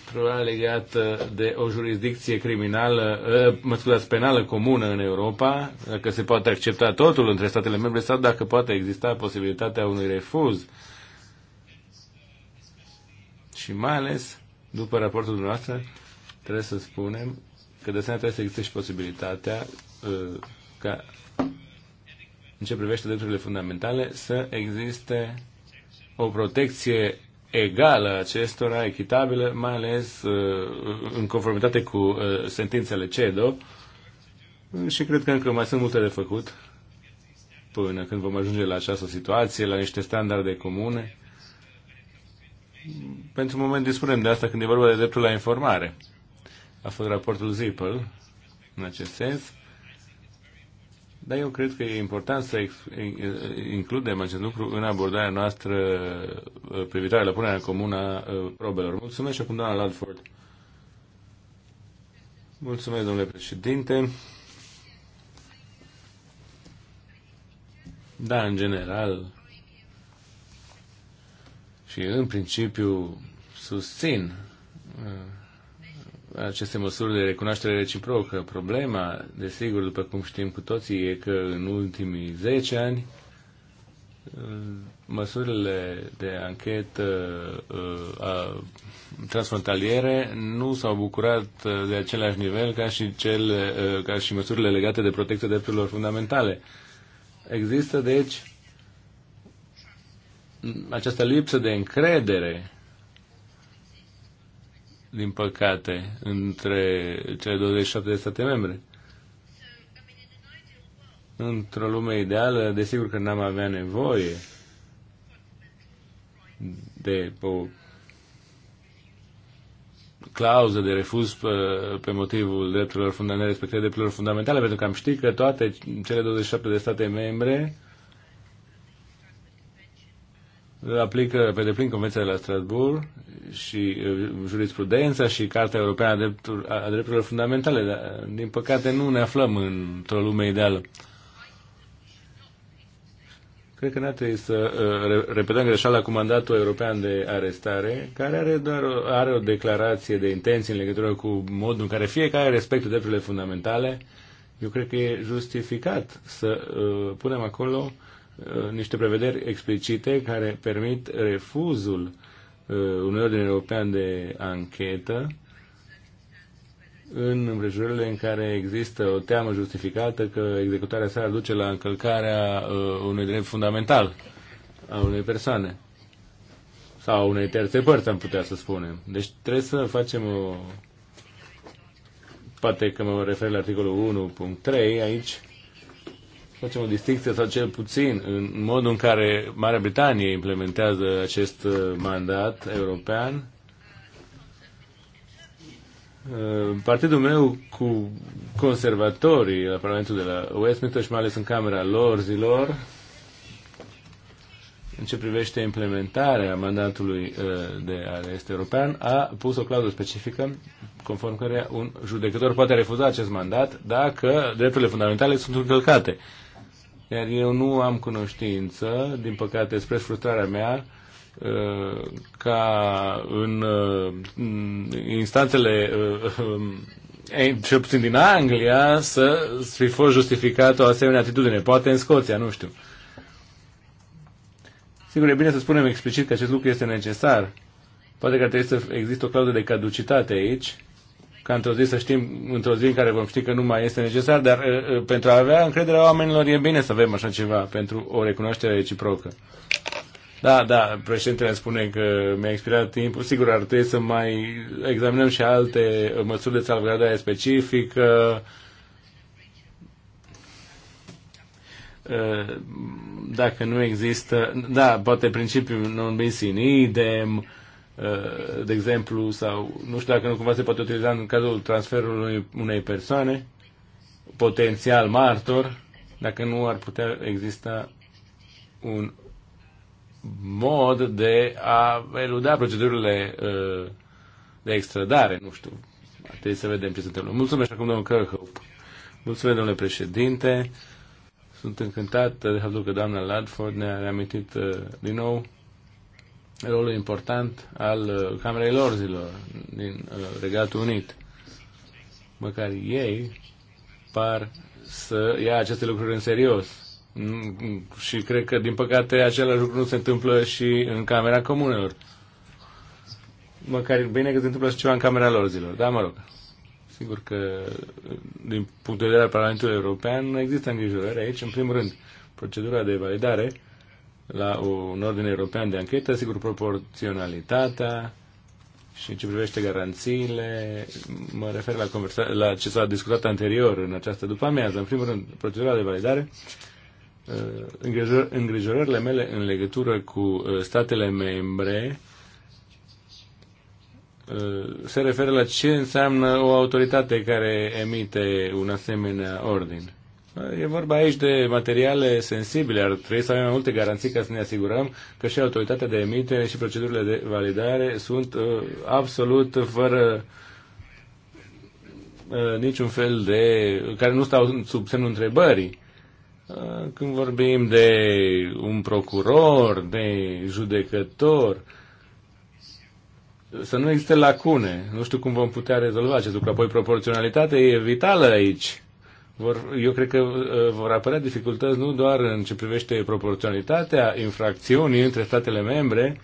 structura legată de o jurisdicție criminală, eh, mă scuzați, penală comună în Europa, dacă se poate accepta totul între statele membre sau dacă poate exista posibilitatea unui refuz. Și mai ales, după raportul dumneavoastră, trebuie să spunem că de asemenea trebuie să existe și posibilitatea eh, ca în ce privește drepturile fundamentale să existe o protecție egală acestora, echitabilă, mai ales uh, în conformitate cu uh, sentințele CEDO și cred că încă mai sunt multe de făcut până când vom ajunge la această situație, la niște standarde comune. Pentru moment dispunem de asta când e vorba de dreptul la informare. A fost raportul Zippel în acest sens dar eu cred că e important să includem acest lucru în abordarea noastră uh, privitoare la punerea în comun a uh, probelor. Mulțumesc și acum doamna Ladford. Mulțumesc, domnule președinte. Da, în general și în principiu susțin uh, aceste măsuri de recunoaștere reciprocă. Problema, desigur, după cum știm cu toții, e că în ultimii 10 ani uh, măsurile de anchetă uh, a transfrontaliere nu s-au bucurat uh, de același nivel ca și, cele, ca și măsurile legate de protecția drepturilor fundamentale. Există, deci, această lipsă de încredere din păcate, între cele 27 de state membre. Într-o lume ideală, desigur că n-am avea nevoie de o clauză de refuz pe, pe motivul drepturilor fundamentale, respectiv drepturilor fundamentale, pentru că am ști că toate cele 27 de state membre aplică pe deplin Convenția de la Strasbourg și uh, jurisprudența și Cartea Europeană a, Drepturilor Fundamentale, dar uh, din păcate nu ne aflăm într-o lume ideală. Cred că n a trebuit să uh, repetăm greșeala cu mandatul european de arestare, care are doar o, are o declarație de intenții în legătură cu modul în care fiecare respectă drepturile fundamentale. Eu cred că e justificat să uh, punem acolo uh, niște prevederi explicite care permit refuzul Uh, un ordine european de anchetă în împrejurările în care există o teamă justificată că executarea sa duce la încălcarea uh, unui drept fundamental a unei persoane sau unei terțe părți, am putea să spunem. Deci trebuie să facem o... Poate că mă refer la articolul 1.3 aici, facem o distinție sau cel puțin în modul în care Marea Britanie implementează acest uh, mandat european. Uh, partidul meu cu conservatorii la Parlamentul de la Westminster și mai ales în Camera lor zilor, în ce privește implementarea mandatului uh, de este european, a pus o clauză specifică conform căreia un judecător poate refuza acest mandat dacă drepturile fundamentale sunt încălcate. Iar eu nu am cunoștință, din păcate, spre frustrarea mea, uh, ca în uh, instanțele uh, cel puțin din Anglia, să fi fost justificată o asemenea atitudine. Poate în Scoția, nu știu. Sigur, e bine să spunem explicit că acest lucru este necesar. Poate că trebuie să există o clauză de caducitate aici, ca într-o zi să știm, într-o zi în care vom ști că nu mai este necesar, dar uh, uh, pentru a avea încrederea oamenilor e bine să avem așa ceva pentru o recunoaștere reciprocă. Da, da, președintele spune că mi-a expirat timpul. Sigur, ar trebui să mai examinăm și alte măsuri de salvgardare specifică. Uh, dacă nu există, da, poate principiul non bis in idem, Eh, de exemplu, sau nu știu dacă nu cumva se poate utiliza în cazul transferului unei persoane, potențial martor, dacă nu ar putea exista un mod de a eluda procedurile eh, de extradare, nu știu. Trebuie să vedem ce se întâmplă. Mulțumesc acum, domnul Kirkhope. Mulțumesc, domnule președinte. Sunt încântat de faptul că doamna Ladford ne-a reamintit eh, din nou rolul important al uh, Camerei Lorzilor din uh, Regatul Unit. Măcar ei par să ia aceste lucruri în serios. Mm, mm, și cred că, din păcate, același lucru nu se întâmplă și în Camera Comunelor. Măcar bine că se întâmplă și ceva în Camera Lorzilor. Da, mă rog. Sigur că, din punct de vedere al Parlamentului European, există îngrijorări aici, în primul rând. Procedura de validare la un ordin european de anchetă, sigur, proporționalitatea și în ce privește garanțiile, mă refer la, conversa- la ce s-a discutat anterior în această după amiază. În primul rând, procedura de validare, uh, îngrijorările mele în legătură cu uh, statele membre uh, se referă la ce înseamnă o autoritate care emite un asemenea ordin. E vorba aici de materiale sensibile, ar trebui să avem mai multe garanții ca să ne asigurăm că și autoritatea de emitere și procedurile de validare sunt uh, absolut fără uh, niciun fel de... care nu stau sub semnul întrebării. Uh, când vorbim de un procuror, de judecător, să nu existe lacune. Nu știu cum vom putea rezolva acest lucru. Apoi proporționalitatea e vitală aici vor, eu cred că uh, vor apărea dificultăți nu doar în ce privește proporționalitatea infracțiunii între statele membre,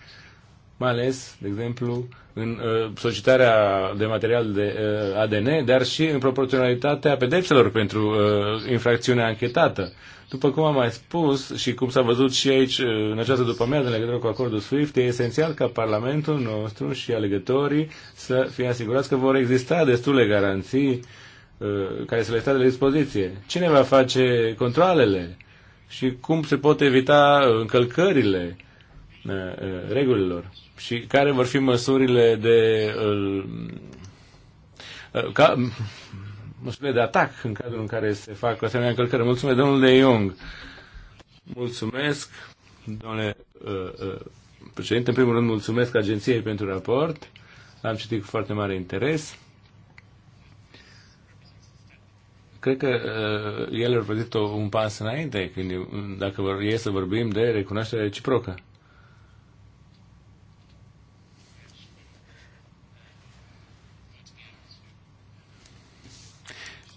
mai ales, de exemplu, în uh, solicitarea de material de uh, ADN, dar și în proporționalitatea pedepselor pentru uh, infracțiunea anchetată. După cum am mai spus și cum s-a văzut și aici uh, în această după-amiază în legătură cu acordul SWIFT, e esențial ca Parlamentul nostru și alegătorii să fie asigurați că vor exista destule garanții Uh, care să le stea de dispoziție? Cine va face controlele? Și cum se pot evita încălcările uh, uh, regulilor? Și care vor fi măsurile de ca, măsurile de atac în cadrul în care se fac asemenea încălcări? Mulțumesc, domnul De Jung. Mulțumesc, domnule președinte. În primul rând, mulțumesc agenției pentru raport. L-am citit cu foarte mare interes. Cred că uh, ele reprezintă un pas înainte când, dacă vor, e să vorbim de recunoaștere reciprocă.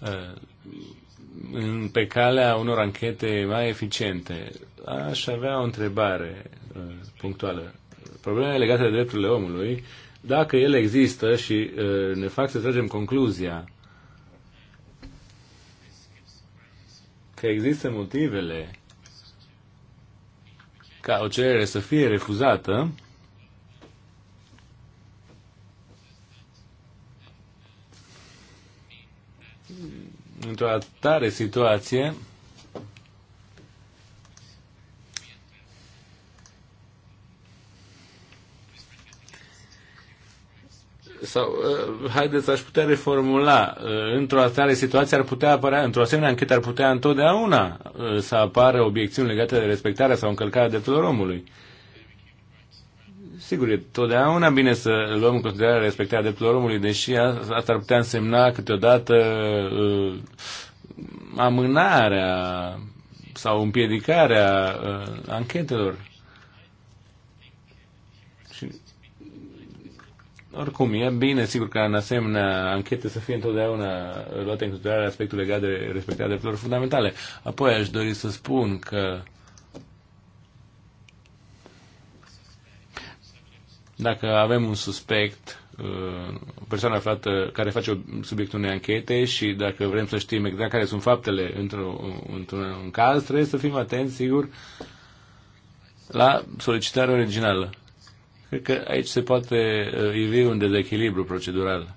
Uh, pe calea unor anchete mai eficiente, aș avea o întrebare uh, punctuală. Problemele legate de drepturile omului, dacă ele există și uh, ne fac să tragem concluzia că există motivele ca o cerere să fie refuzată, într-o atare situație, sau uh, haideți, aș putea reformula, uh, într-o atare situație ar putea apărea, într-o asemenea încât ar putea întotdeauna uh, să apară obiecțiuni legate de respectarea sau încălcarea drepturilor omului. Sigur, e totdeauna bine să luăm în considerare respectarea drepturilor omului, deși asta ar putea însemna câteodată uh, amânarea sau împiedicarea uh, anchetelor Oricum, e bine, sigur, ca în asemenea anchete să fie întotdeauna luate în considerare aspectul legat de respectarea drepturilor fundamentale. Apoi aș dori să spun că dacă avem un suspect, o uh, persoană aflată care face subiectul unei anchete și dacă vrem să știm exact care sunt faptele într-un, într-un caz, trebuie să fim atenți, sigur, la solicitarea originală. Cred că aici se poate uh, ivi un dezechilibru procedural.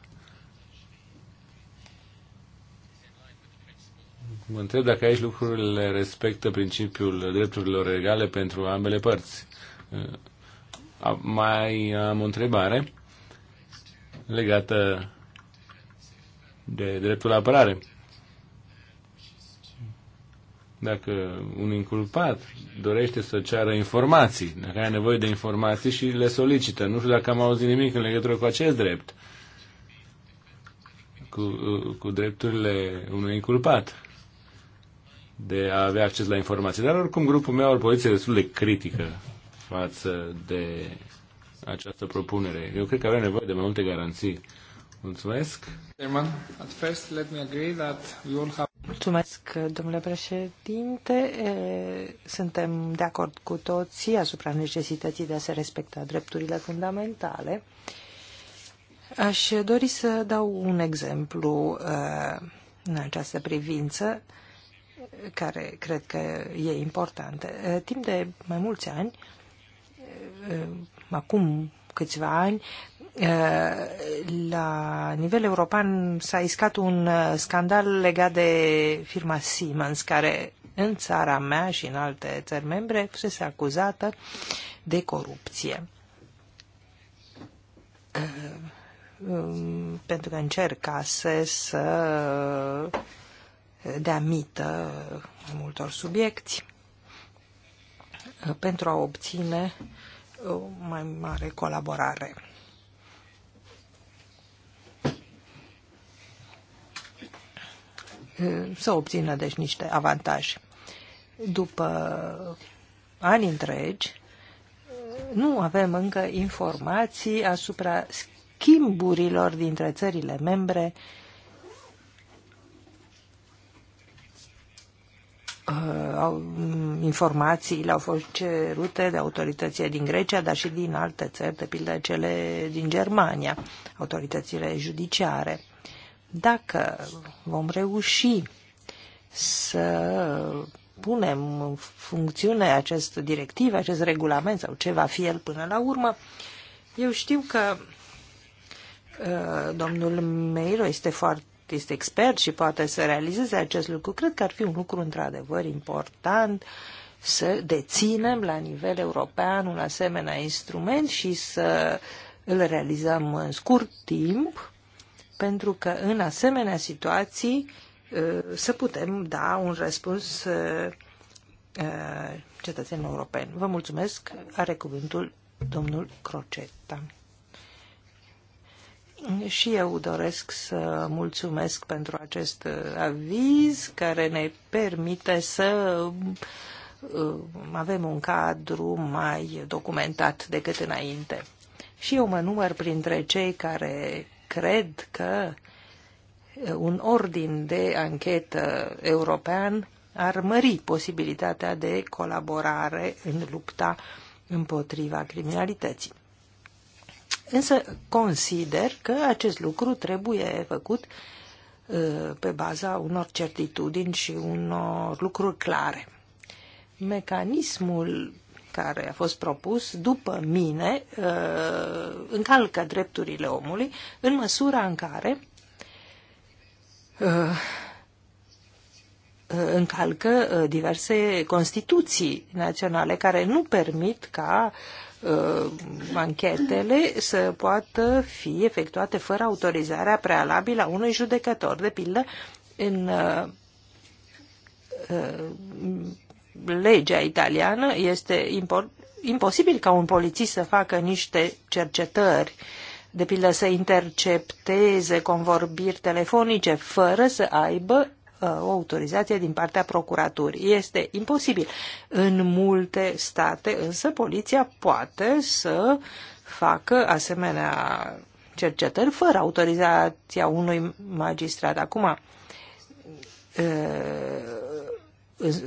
Mă întreb dacă aici lucrurile respectă principiul drepturilor egale pentru ambele părți. Uh, mai am o întrebare legată de dreptul la apărare. Dacă un inculpat dorește să ceară informații, dacă are nevoie de informații și le solicită, nu știu dacă am auzit nimic în legătură cu acest drept, cu, cu drepturile unui inculpat de a avea acces la informații. Dar oricum grupul meu are o poziție destul de critică față de această propunere. Eu cred că avem nevoie de mai multe garanții. Mulțumesc. Chairman, at first let me agree that we all have
Mulțumesc, domnule președinte. Suntem de acord cu toții asupra necesității de a se respecta drepturile fundamentale. Aș dori să dau un exemplu în această privință care cred că e important. Timp de mai mulți ani, acum câțiva ani, Eh, la nivel european s-a iscat un eh, scandal legat de firma Siemens, care în țara mea și în alte țări membre fusese acuzată de corupție. Eh, um, pentru că încercase să dea mită multor subiecti pentru a obține o mai mare colaborare. să obțină deci niște avantaje. După ani întregi, nu avem încă informații asupra schimburilor dintre țările membre uh, mm, informațiile au fost cerute de autoritățile din Grecia, dar și din alte țări, de pildă cele din Germania, autoritățile judiciare. Dacă vom reuși să punem în funcțiune acest directiv, acest regulament sau ce va fi el până la urmă, eu știu că uh, domnul Meiro este foarte este expert și poate să realizeze acest lucru. Cred că ar fi un lucru într-adevăr important să deținem la nivel european un asemenea instrument și să îl realizăm în scurt timp pentru că în asemenea situații uh, să putem da un răspuns uh, uh, cetățenilor europeni. Vă mulțumesc. Are cuvântul domnul Crocetta. Și eu doresc să mulțumesc pentru acest aviz care ne permite să avem un cadru mai documentat decât înainte. Și eu mă număr printre cei care cred că uh, un ordin de anchetă european ar mări posibilitatea de colaborare în lupta împotriva criminalității. Însă consider că acest lucru trebuie făcut uh, pe baza unor certitudini și unor lucruri clare. Mecanismul care a fost propus după mine uh, încalcă drepturile omului în măsura în care uh, uh, încalcă diverse constituții naționale care nu permit ca anchetele să poată fi efectuate fără autorizarea prealabilă a unui judecător. De pildă, în legea italiană este imposibil ca un polițist să facă niște cercetări, de pildă să intercepteze convorbiri telefonice fără să aibă uh, o autorizație din partea procuraturii. Este imposibil. În multe state, însă, poliția poate să facă asemenea cercetări fără autorizația unui magistrat. Acum, uh,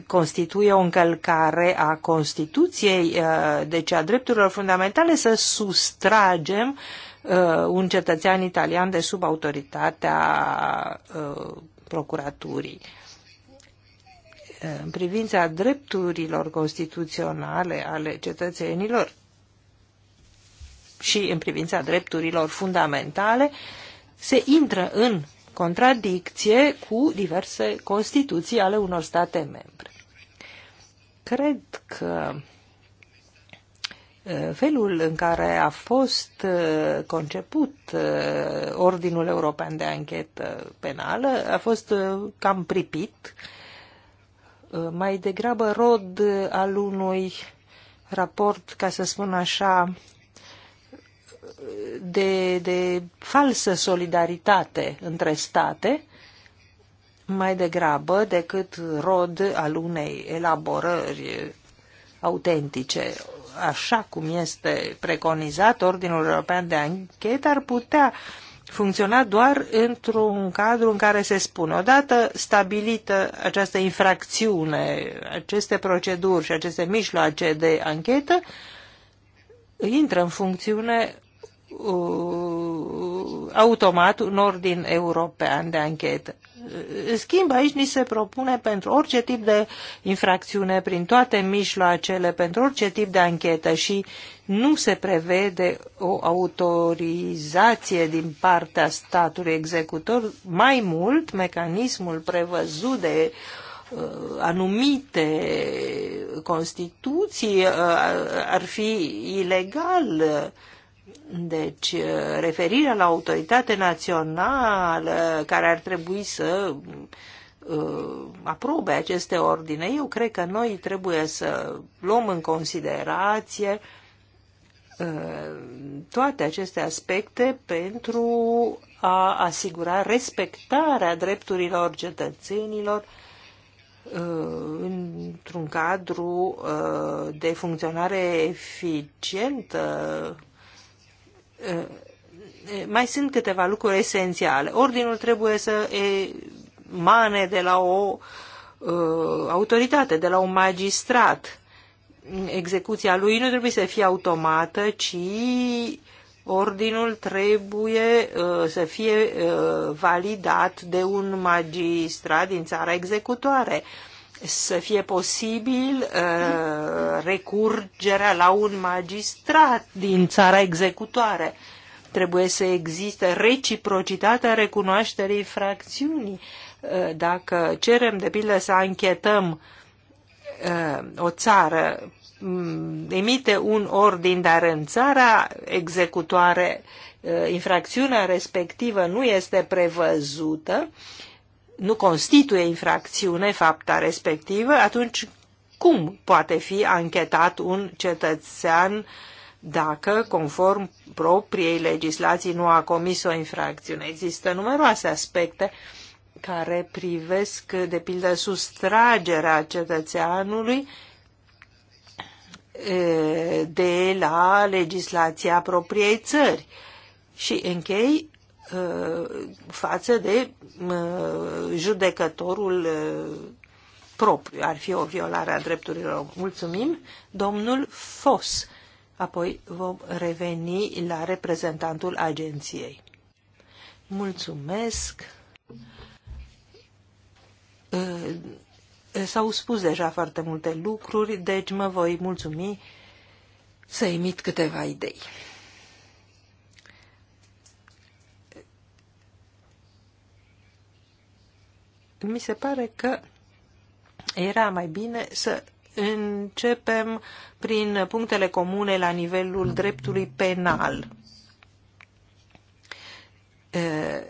constituie o încălcare a Constituției, uh, deci a drepturilor fundamentale, să sustragem uh, un cetățean italian de sub autoritatea uh, procuraturii. În privința drepturilor constituționale ale cetățenilor și în privința drepturilor fundamentale, se intră în contradicție cu diverse constituții ale unor state membre. Cred că uh, felul în care a fost uh, conceput uh, Ordinul European de Anchetă Penală a fost cam pripit, mai degrabă rod al unui raport, ca să spun așa, de, de falsă solidaritate între state, mai degrabă decât rod al unei elaborări autentice. Așa cum este preconizat, Ordinul European de Anchetă ar putea funcționa doar într-un cadru în care se spune, odată stabilită această infracțiune, aceste proceduri și aceste mijloace de anchetă, intră în funcțiune Uh, automat un ordin european de anchetă. În schimb, aici ni se propune pentru orice tip de infracțiune, prin toate mijloacele, pentru orice tip de anchetă și nu se prevede o autorizație din partea statului executor. Mai mult, mecanismul prevăzut de uh, anumite Constituții uh, ar fi ilegal uh, deci, uh, referirea la autoritate națională care ar trebui să uh, aprobe aceste ordine, eu cred că noi trebuie să luăm în considerație uh, toate aceste aspecte pentru a asigura respectarea drepturilor cetățenilor într-un cadru de funcționare eficientă Eh, eh, mai sunt câteva lucruri esențiale. Ordinul trebuie să emane de la o eh, autoritate, de la un magistrat. Execuția lui nu trebuie să fie automată, ci ordinul trebuie să fie validat de un magistrat din țara executoare să fie posibil uh, recurgerea la un magistrat din țara executoare. Trebuie să existe reciprocitatea recunoașterii fracțiunii. Uh, dacă cerem, de pildă, să anchetăm uh, o țară, mm, emite un ordin, dar în țara executoare uh, infracțiunea respectivă nu este prevăzută, nu constituie infracțiune fapta respectivă, atunci cum poate fi anchetat un cetățean dacă, conform propriei legislații, nu a comis o infracțiune? Există numeroase aspecte care privesc, de pildă, sustragerea cetățeanului de la legislația propriei țări. Și închei Uh, față de uh, judecătorul uh, propriu. Ar fi o violare a drepturilor. Mulțumim, domnul Fos. Apoi vom reveni la reprezentantul agenției. Mulțumesc. S-au spus deja foarte multe lucruri, deci mă voi mulțumi să emit câteva idei. Deci, mi se pare că era mai bine să începem prin punctele comune la nivelul dreptului penal. E,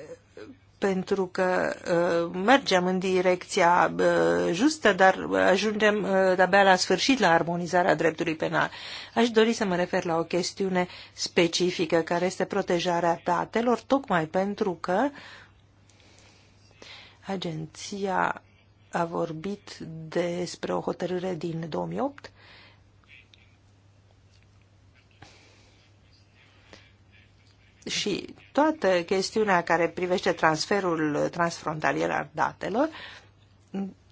pentru că uh, mergem în direcția uh, justă, dar ajungem uh, de-abia la sfârșit la armonizarea dreptului penal. Aș dori să mă refer la o chestiune specifică, care este protejarea datelor, tocmai pentru că uh, Agenția a vorbit despre o hotărâre din 2008 și toată chestiunea care privește transferul transfrontalier al datelor,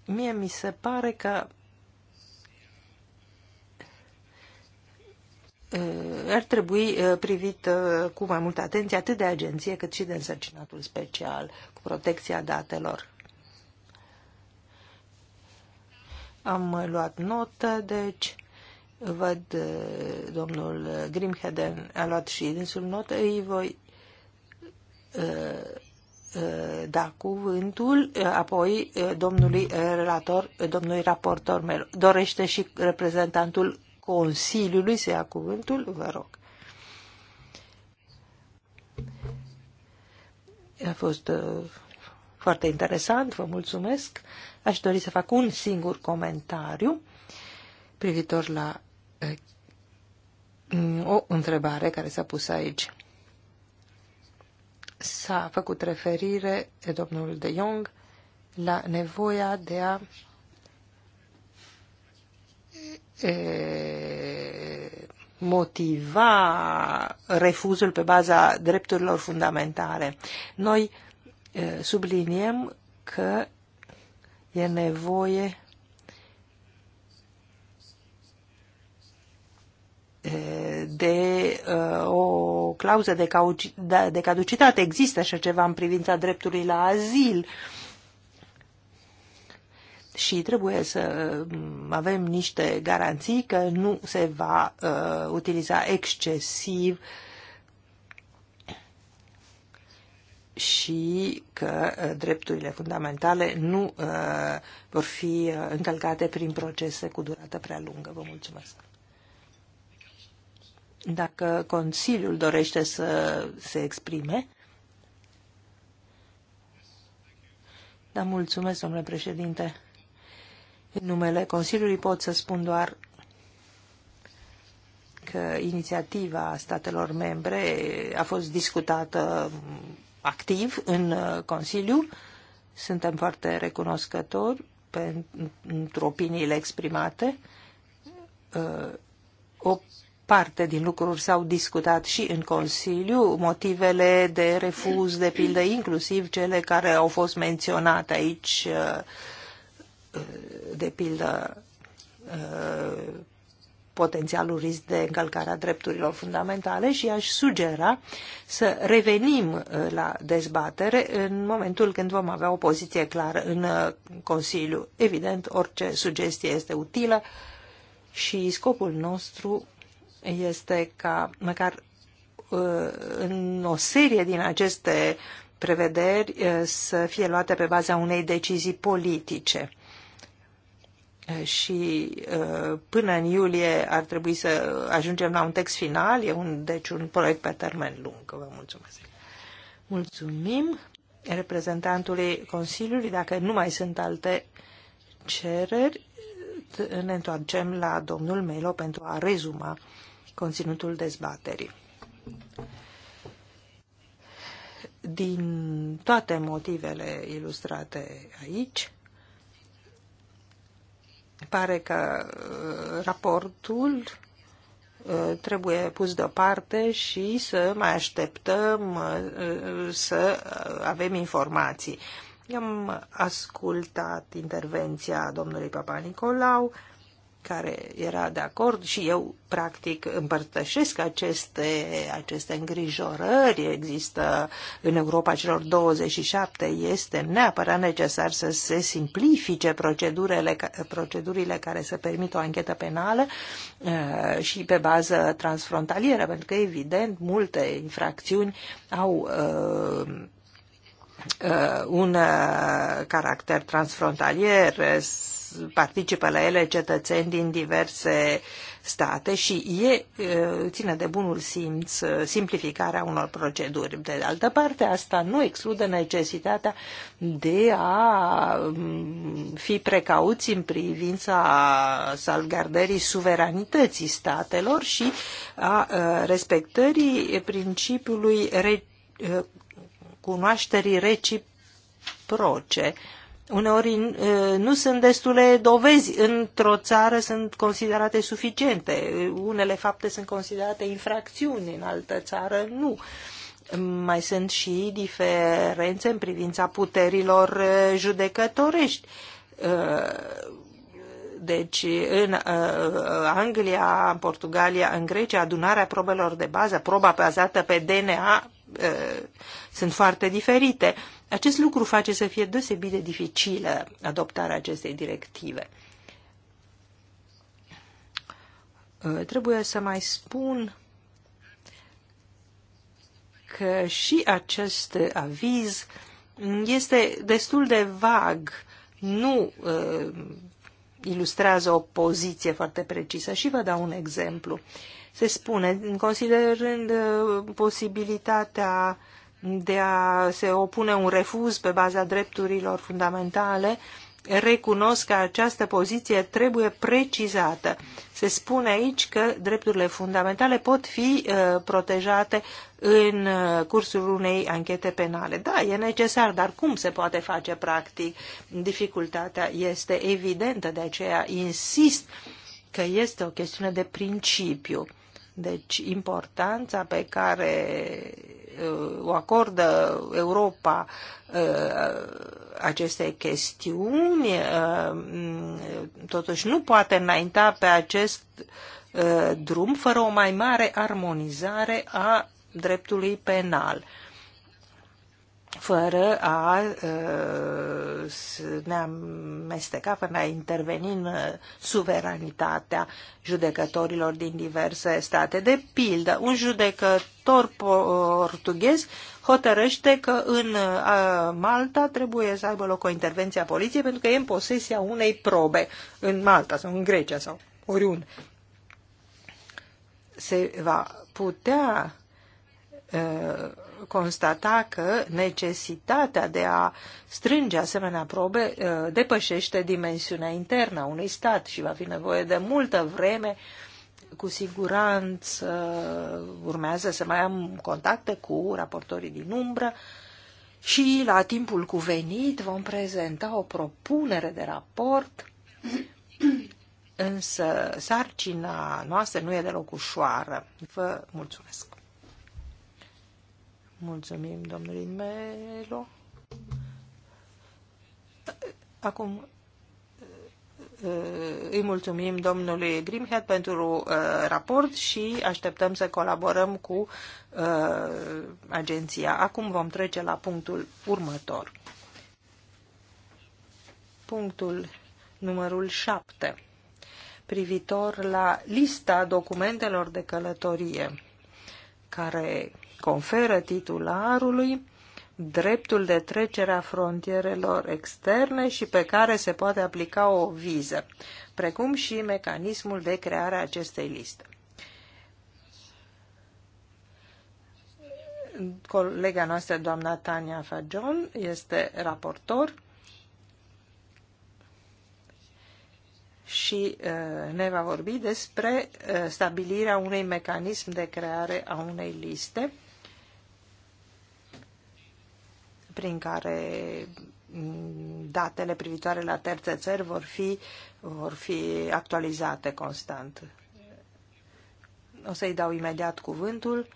mie mi se pare că uh, ar trebui uh, privit uh, cu mai multă atenție atât de agenție cât și de însărcinatul special protecția datelor. Am luat notă, deci văd eh, domnul Grimheden a luat și dânsul notă, îi voi eh, eh, da cuvântul, apoi domnului relator, domnului raportor meu. Dorește și reprezentantul Consiliului să ia cuvântul? Vă rog. A fost uh, foarte interesant, vă mulțumesc. Aș dori să fac un singur comentariu privitor la uh, o întrebare care s-a pus aici. S-a făcut referire, domnul de Jong, la nevoia de a motiva refuzul pe baza drepturilor fundamentale. Noi subliniem că e nevoie de uh, o clauză de, cauci, de, de caducitate. Există așa ceva în privința dreptului la azil. Uh, și trebuie să mm, avem niște garanții că nu se va uh, utiliza excesiv și că uh, drepturile fundamentale nu uh, vor fi uh, încălcate prin procese cu durată prea lungă. Vă mulțumesc. Dacă Consiliul dorește să se exprime. Da, mulțumesc, domnule președinte. În numele Consiliului pot să spun doar că inițiativa statelor membre a fost discutată activ în uh, Consiliu. Suntem foarte recunoscători pentru opiniile exprimate. Uh, o parte din lucruri s-au discutat și în Consiliu, motivele de refuz, de pildă, inclusiv cele care au fost menționate aici uh, de pildă, uh, potențialul risc de încălcare a drepturilor fundamentale și aș sugera să revenim uh, la dezbatere în momentul când vom avea o poziție clară în uh, Consiliu. Evident, orice sugestie este utilă și scopul nostru este ca măcar în o serie din aceste prevederi să fie luate pe baza unei decizii politice și uh, până în iulie ar trebui să ajungem la un text final, e un, deci un proiect pe termen lung. Vă mulțumesc. Mulțumim reprezentantului Consiliului. Dacă nu mai sunt alte cereri, ne întoarcem la domnul Melo pentru a rezuma conținutul dezbaterii. Din toate motivele ilustrate aici, pare că uh, raportul uh, trebuie pus deoparte și să mai așteptăm uh, să avem informații. Am ascultat intervenția domnului Papa Nicolau care era de acord și eu, practic, împărtășesc aceste, aceste îngrijorări. Există în Europa celor 27, este neapărat necesar să se simplifice procedurile, procedurile care să permită o anchetă penală uh, și pe bază transfrontalieră, pentru că, evident, multe infracțiuni au uh, uh, un caracter transfrontalier participă la ele cetățeni din diverse state și e, ține de bunul simț simplificarea unor proceduri. De altă parte, asta nu exclude necesitatea de a fi precauți în privința salvgardării suveranității statelor și a respectării principiului re, cunoașterii reciproce uneori nu sunt destule dovezi într-o țară, sunt considerate suficiente. Unele fapte sunt considerate infracțiuni, în altă țară nu. Mai sunt și diferențe în privința puterilor judecătorești. Deci, în Anglia, în Portugalia, în Grecia, adunarea probelor de bază, proba bazată pe DNA, sunt foarte diferite acest lucru face să fie deosebit de dificilă adoptarea acestei directive. Uh, trebuie să mai spun că și acest aviz este destul de vag, nu uh, ilustrează o poziție foarte precisă. Și vă dau un exemplu. Se spune, considerând uh, posibilitatea uh, de a se opune un refuz pe baza drepturilor fundamentale, recunosc că această poziție trebuie precizată. Se spune aici că drepturile fundamentale pot fi uh, protejate în uh, cursul unei anchete penale. Da, e necesar, dar cum se poate face practic? Dificultatea este evidentă, de aceea insist că este o chestiune de principiu. Deci importanța pe care Uh, o acordă Europa uh, aceste chestiuni, uh, mm, totuși nu poate înainta pe acest drum fără o mai mare armonizare a dreptului penal fără a uh, ne amesteca, fără a interveni în uh, suveranitatea judecătorilor din diverse state. De pildă, un judecător portughez hotărăște că în uh, Malta trebuie să aibă loc o intervenție a poliției pentru că e în posesia unei probe în Malta sau în Grecia sau oriunde. Se va putea uh, constata că necesitatea de a strânge asemenea probe uh, depășește dimensiunea internă a unui stat și va fi nevoie de multă vreme. Cu siguranță urmează să mai am contacte cu raportorii din umbră și la timpul cuvenit vom prezenta o propunere de raport însă sarcina noastră nu e deloc ușoară. Vă mulțumesc! Mulțumim domnului Melo. Acum eh, îi mulțumim domnului Grimhead pentru uh, raport și așteptăm să colaborăm cu uh, agenția. Acum vom trece la punctul următor. Punctul numărul 7 privitor la lista documentelor de călătorie care conferă titularului dreptul de trecere a frontierelor externe și pe care se poate aplica o viză, precum și mecanismul de creare a acestei liste. Colega noastră, doamna Tania Fajon, este raportor și uh, ne va vorbi despre uh, stabilirea unui mecanism de creare a unei liste prin care mm, datele privitoare la terțe țări vor fi, vor fi actualizate constant. O să-i dau imediat cuvântul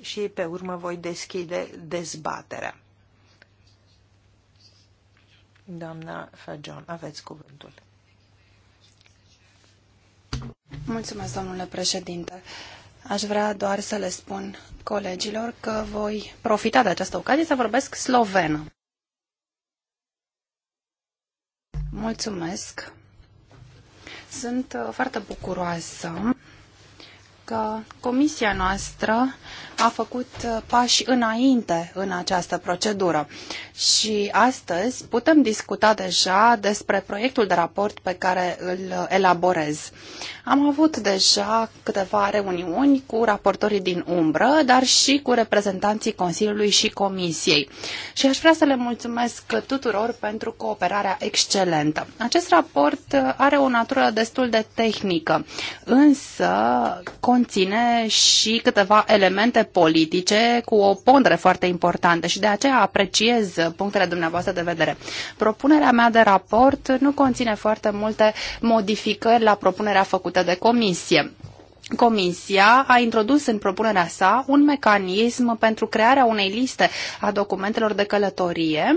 și pe urmă voi deschide dezbaterea. Doamna Fajon, aveți cuvântul. Mulțumesc, domnule președinte.
Aș vrea doar să le spun colegilor că voi profita de această ocazie să vorbesc slovenă. Mulțumesc! Sunt uh, foarte bucuroasă că comisia noastră a făcut uh, pași înainte în această procedură și astăzi putem discuta deja despre proiectul de raport pe care îl uh, elaborez. Am avut deja câteva reuniuni cu raportorii din umbră, dar și cu reprezentanții Consiliului și Comisiei. Și aș vrea să le mulțumesc tuturor pentru cooperarea excelentă. Acest raport uh, are o natură destul de tehnică, însă con conține și câteva elemente politice cu o pondere foarte importantă și de aceea apreciez punctele dumneavoastră de vedere. Propunerea mea de raport nu conține foarte multe modificări la propunerea făcută de comisie. Comisia a introdus în propunerea sa un mecanism pentru crearea unei liste a documentelor de călătorie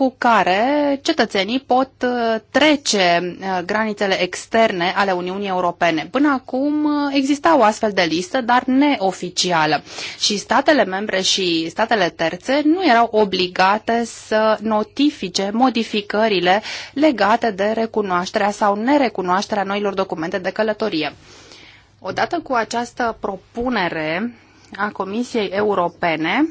cu care cetățenii pot uh, trece uh, granițele externe ale Uniunii Europene. Până acum uh, exista o astfel de listă, dar neoficială și statele membre și statele terțe nu erau obligate să notifice modificările legate de recunoașterea sau nerecunoașterea noilor documente de călătorie. Odată cu această propunere a Comisiei Europene,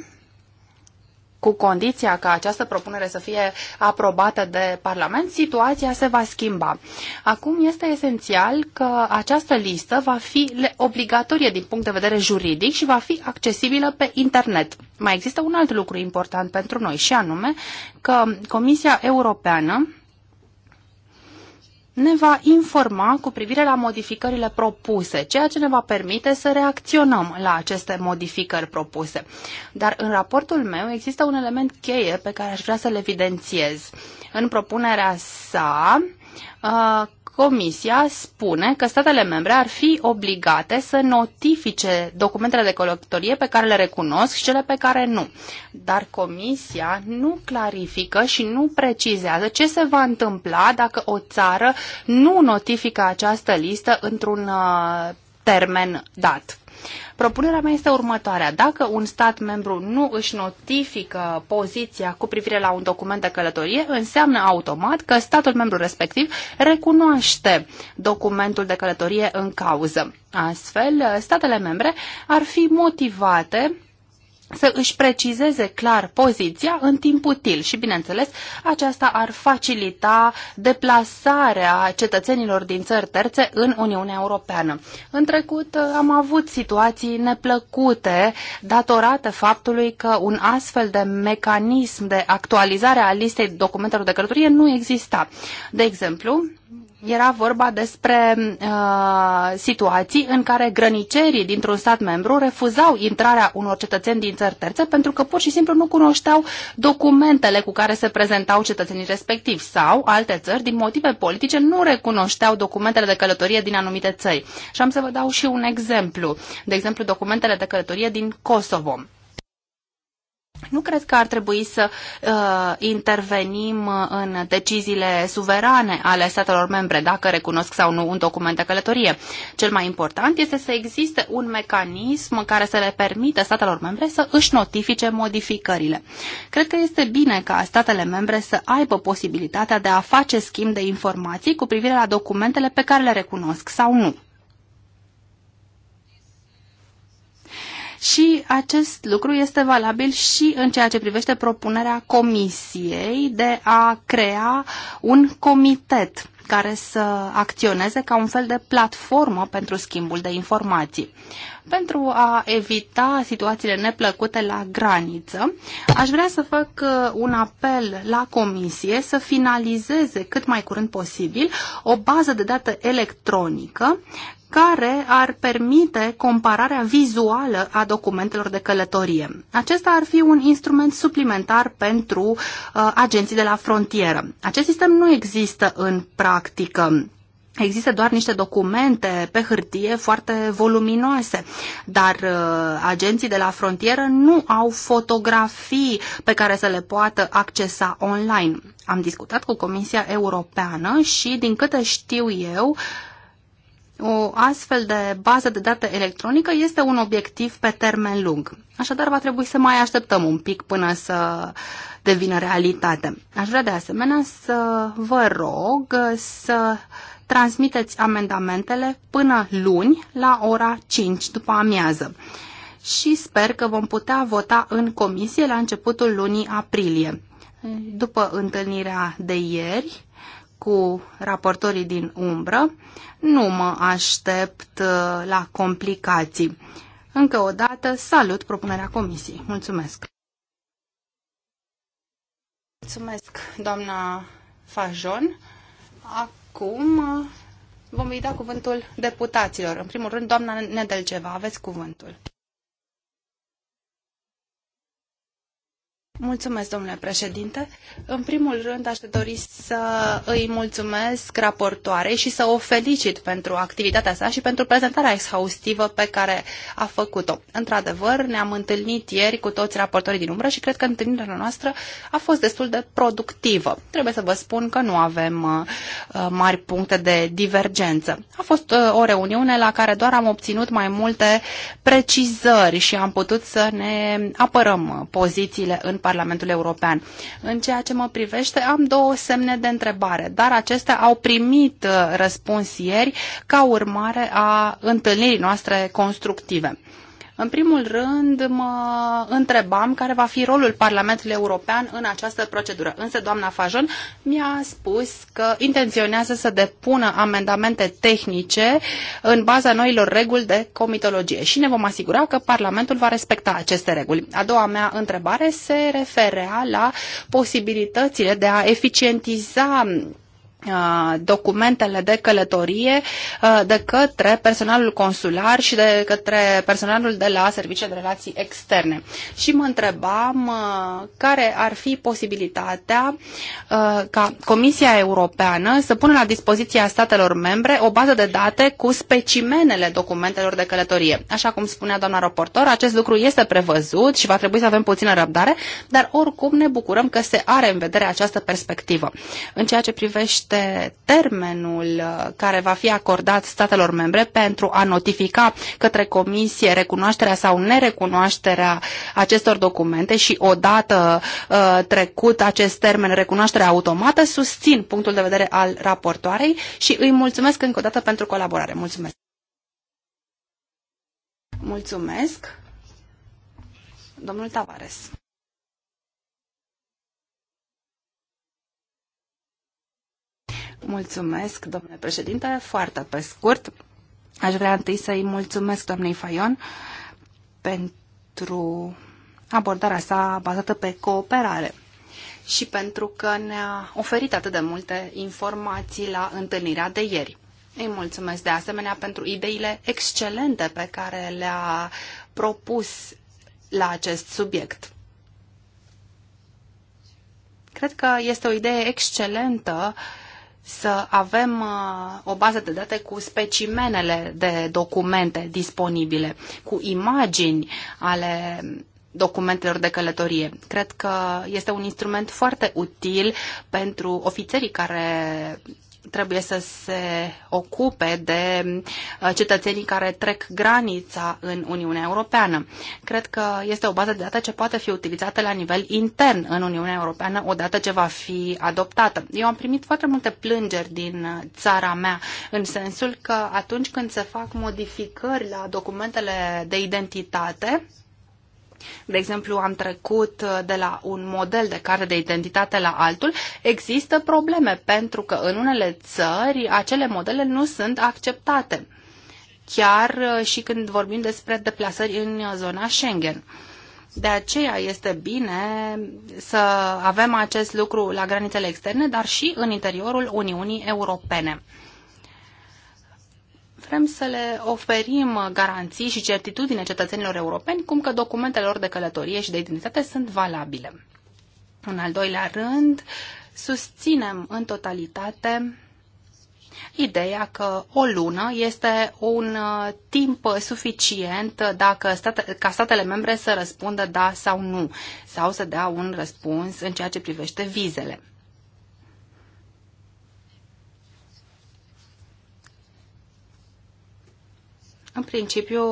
cu condiția ca această propunere să fie aprobată de Parlament, situația se va schimba. Acum este esențial că această listă va fi obligatorie din punct de vedere juridic și va fi accesibilă pe internet. Mai există un alt lucru important pentru noi și anume că Comisia Europeană ne va informa cu privire la modificările propuse, ceea ce ne va permite să reacționăm la aceste modificări propuse. Dar în raportul meu există un element cheie pe care aș vrea să-l evidențiez. În propunerea sa, uh, Comisia spune că statele membre ar fi obligate să notifice documentele de călătorie pe care le recunosc și cele pe care nu. Dar Comisia nu clarifică și nu precizează ce se va întâmpla dacă o țară nu notifică această listă într-un uh, termen dat. Propunerea mea este următoarea. Dacă un stat membru nu își notifică poziția cu privire la un document de călătorie, înseamnă automat că statul membru respectiv recunoaște documentul de călătorie în cauză. Astfel, statele membre ar fi motivate să își precizeze clar poziția în timp util și, bineînțeles, aceasta ar facilita deplasarea cetățenilor din țări terțe în Uniunea Europeană. În trecut uh, am avut situații neplăcute datorate faptului că un astfel de mecanism de actualizare a listei documentelor de călătorie nu exista. De exemplu, era vorba despre uh, situații în care grănicerii dintr-un stat membru refuzau intrarea unor cetățeni din țări terțe pentru că pur și simplu nu cunoșteau documentele cu care se prezentau cetățenii respectivi sau alte țări din motive politice nu recunoșteau documentele de călătorie din anumite țări. Și am să vă dau și un exemplu, de exemplu documentele de călătorie din Kosovo. Nu cred că ar trebui să uh, intervenim uh, în deciziile suverane ale statelor membre, dacă recunosc sau nu un document de călătorie. Cel mai important este să existe un mecanism care să le permită statelor membre să își notifice modificările. Cred că este bine ca statele membre să aibă posibilitatea de a face schimb de informații cu privire la documentele pe care le recunosc sau nu. și acest lucru este valabil și în ceea ce privește propunerea Comisiei de a crea un comitet care să acționeze ca un fel de platformă pentru schimbul de informații. Pentru a evita situațiile neplăcute la graniță, aș vrea să fac uh, un apel la Comisie să finalizeze cât mai curând posibil o bază de date electronică care ar permite compararea vizuală a documentelor de călătorie. Acesta ar fi un instrument suplimentar pentru uh, agenții de la frontieră. Acest sistem nu există în practică. Există doar niște documente pe hârtie foarte voluminoase, dar uh, agenții de la frontieră nu au fotografii pe care să le poată accesa online. Am discutat cu Comisia Europeană și, din câte știu eu, uh, o astfel de bază de date electronică este un obiectiv pe termen lung. Așadar, va trebui să mai așteptăm un pic până să devină realitate. Aș vrea de asemenea să vă rog să transmiteți amendamentele până luni la ora 5 după amiază și sper că vom putea vota în comisie la începutul lunii aprilie. După întâlnirea de ieri, cu raportorii din umbră, nu mă aștept uh, la complicații. Încă o dată, salut propunerea comisiei. Mulțumesc! Mulțumesc, doamna Fajon. Acum uh, vom da cuvântul deputaților. În primul rând, doamna Nedelceva, aveți cuvântul. Mulțumesc, domnule președinte. În primul rând, aș dori să îi mulțumesc raportoarei și să o felicit pentru activitatea sa și pentru prezentarea exhaustivă pe care a făcut-o. Într-adevăr, ne-am întâlnit ieri cu toți raportorii din umbră și cred că întâlnirea noastră a fost destul de productivă. Trebuie să vă spun că nu avem uh, uh, mari puncte de divergență. A fost uh, o reuniune la care doar am obținut mai multe precizări și am putut să ne apărăm pozițiile în Parlamentul European. În ceea ce mă privește, am două semne de întrebare, dar acestea au primit uh, răspuns ieri ca urmare a întâlnirii noastre constructive. În primul rând, mă întrebam care va fi rolul Parlamentului European în această procedură. Însă doamna Fajon mi-a spus că intenționează să depună amendamente tehnice în baza noilor reguli de comitologie și ne vom asigura că Parlamentul va respecta aceste reguli. A doua mea întrebare se referea la posibilitățile de a eficientiza Uh, documentele de călătorie uh, de către personalul consular și de către personalul de la Serviciul de Relații Externe. Și mă întrebam uh, care ar fi posibilitatea ca Comisia Europeană să pună la dispoziția statelor membre o bază de date cu specimenele documentelor de călătorie. Așa cum spunea doamna raportor, acest lucru este prevăzut și va trebui să avem puțină răbdare, dar oricum ne bucurăm că se are în vedere această perspectivă. În ceea ce privește privește termenul uh, care va fi acordat statelor membre pentru a notifica către comisie recunoașterea sau nerecunoașterea acestor documente și odată uh, trecut acest termen recunoașterea automată, susțin punctul de vedere al raportoarei și îi mulțumesc încă o dată pentru colaborare. Mulțumesc! Mulțumesc! Domnul Tavares. Mulțumesc, domnule președinte. Foarte pe scurt, aș vrea întâi să-i mulțumesc doamnei Faion pentru abordarea sa bazată pe cooperare și pentru că ne-a oferit atât de multe informații la întâlnirea de ieri. Îi mulțumesc de asemenea pentru ideile excelente pe care le-a propus la acest subiect. Cred că este o idee excelentă uh, să avem uh, o bază de date cu specimenele de documente disponibile, cu imagini ale documentelor de călătorie. Cred că este un instrument foarte util pentru ofițerii care trebuie să se ocupe de uh, cetățenii care trec granița în Uniunea Europeană. Cred că este o bază de date ce poate fi utilizată la nivel intern în Uniunea Europeană odată ce va fi adoptată. Eu am primit foarte multe plângeri din uh, țara mea în sensul că atunci când se fac modificări la documentele de identitate, de exemplu, am trecut uh, de la un model de carte de identitate la altul. Există probleme pentru că în unele țări acele modele nu sunt acceptate, chiar uh, și când vorbim despre deplasări în zona Schengen. De aceea este bine să avem acest lucru la granițele externe, dar și în interiorul Uniunii Europene vrem să le oferim garanții și certitudine cetățenilor europeni cum că documentele lor de călătorie și de identitate sunt valabile. În al doilea rând, susținem în totalitate ideea că o lună este un uh, timp suficient dacă state, ca statele membre să răspundă da sau nu, sau să dea un răspuns în ceea ce privește vizele. În principiu,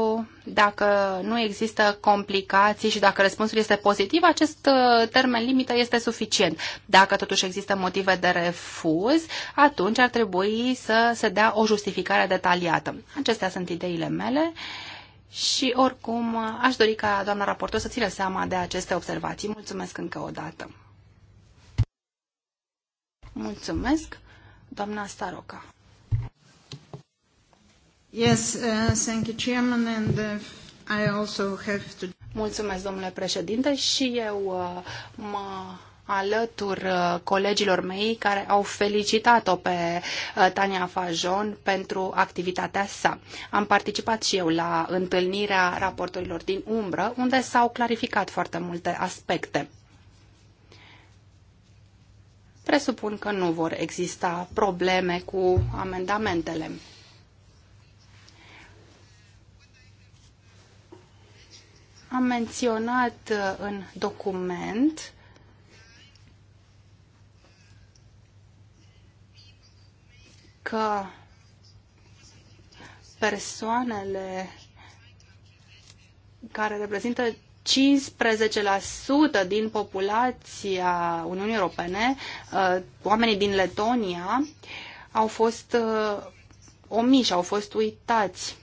dacă nu există complicații și dacă răspunsul este pozitiv, acest uh, termen limită este suficient. Dacă totuși există motive de refuz, atunci ar trebui să se dea o justificare detaliată. Acestea sunt ideile mele și oricum aș dori ca doamna raportor să țină seama de aceste observații. Mulțumesc încă o dată. Mulțumesc, doamna Staroca. Yes, uh, thank you, Chairman, and uh, I also have to... Mulțumesc, domnule președinte, și eu uh, mă alătur colegilor mei care au felicitat-o pe Tania Fajon pentru activitatea sa. Am participat și eu la întâlnirea raportorilor din umbră, unde s-au clarificat foarte multe aspecte. Presupun că nu vor exista probleme cu amendamentele. am menționat uh, în document că persoanele care reprezintă 15% din populația Uniunii Europene, uh, oamenii din Letonia, au fost uh, omiși, au fost uitați.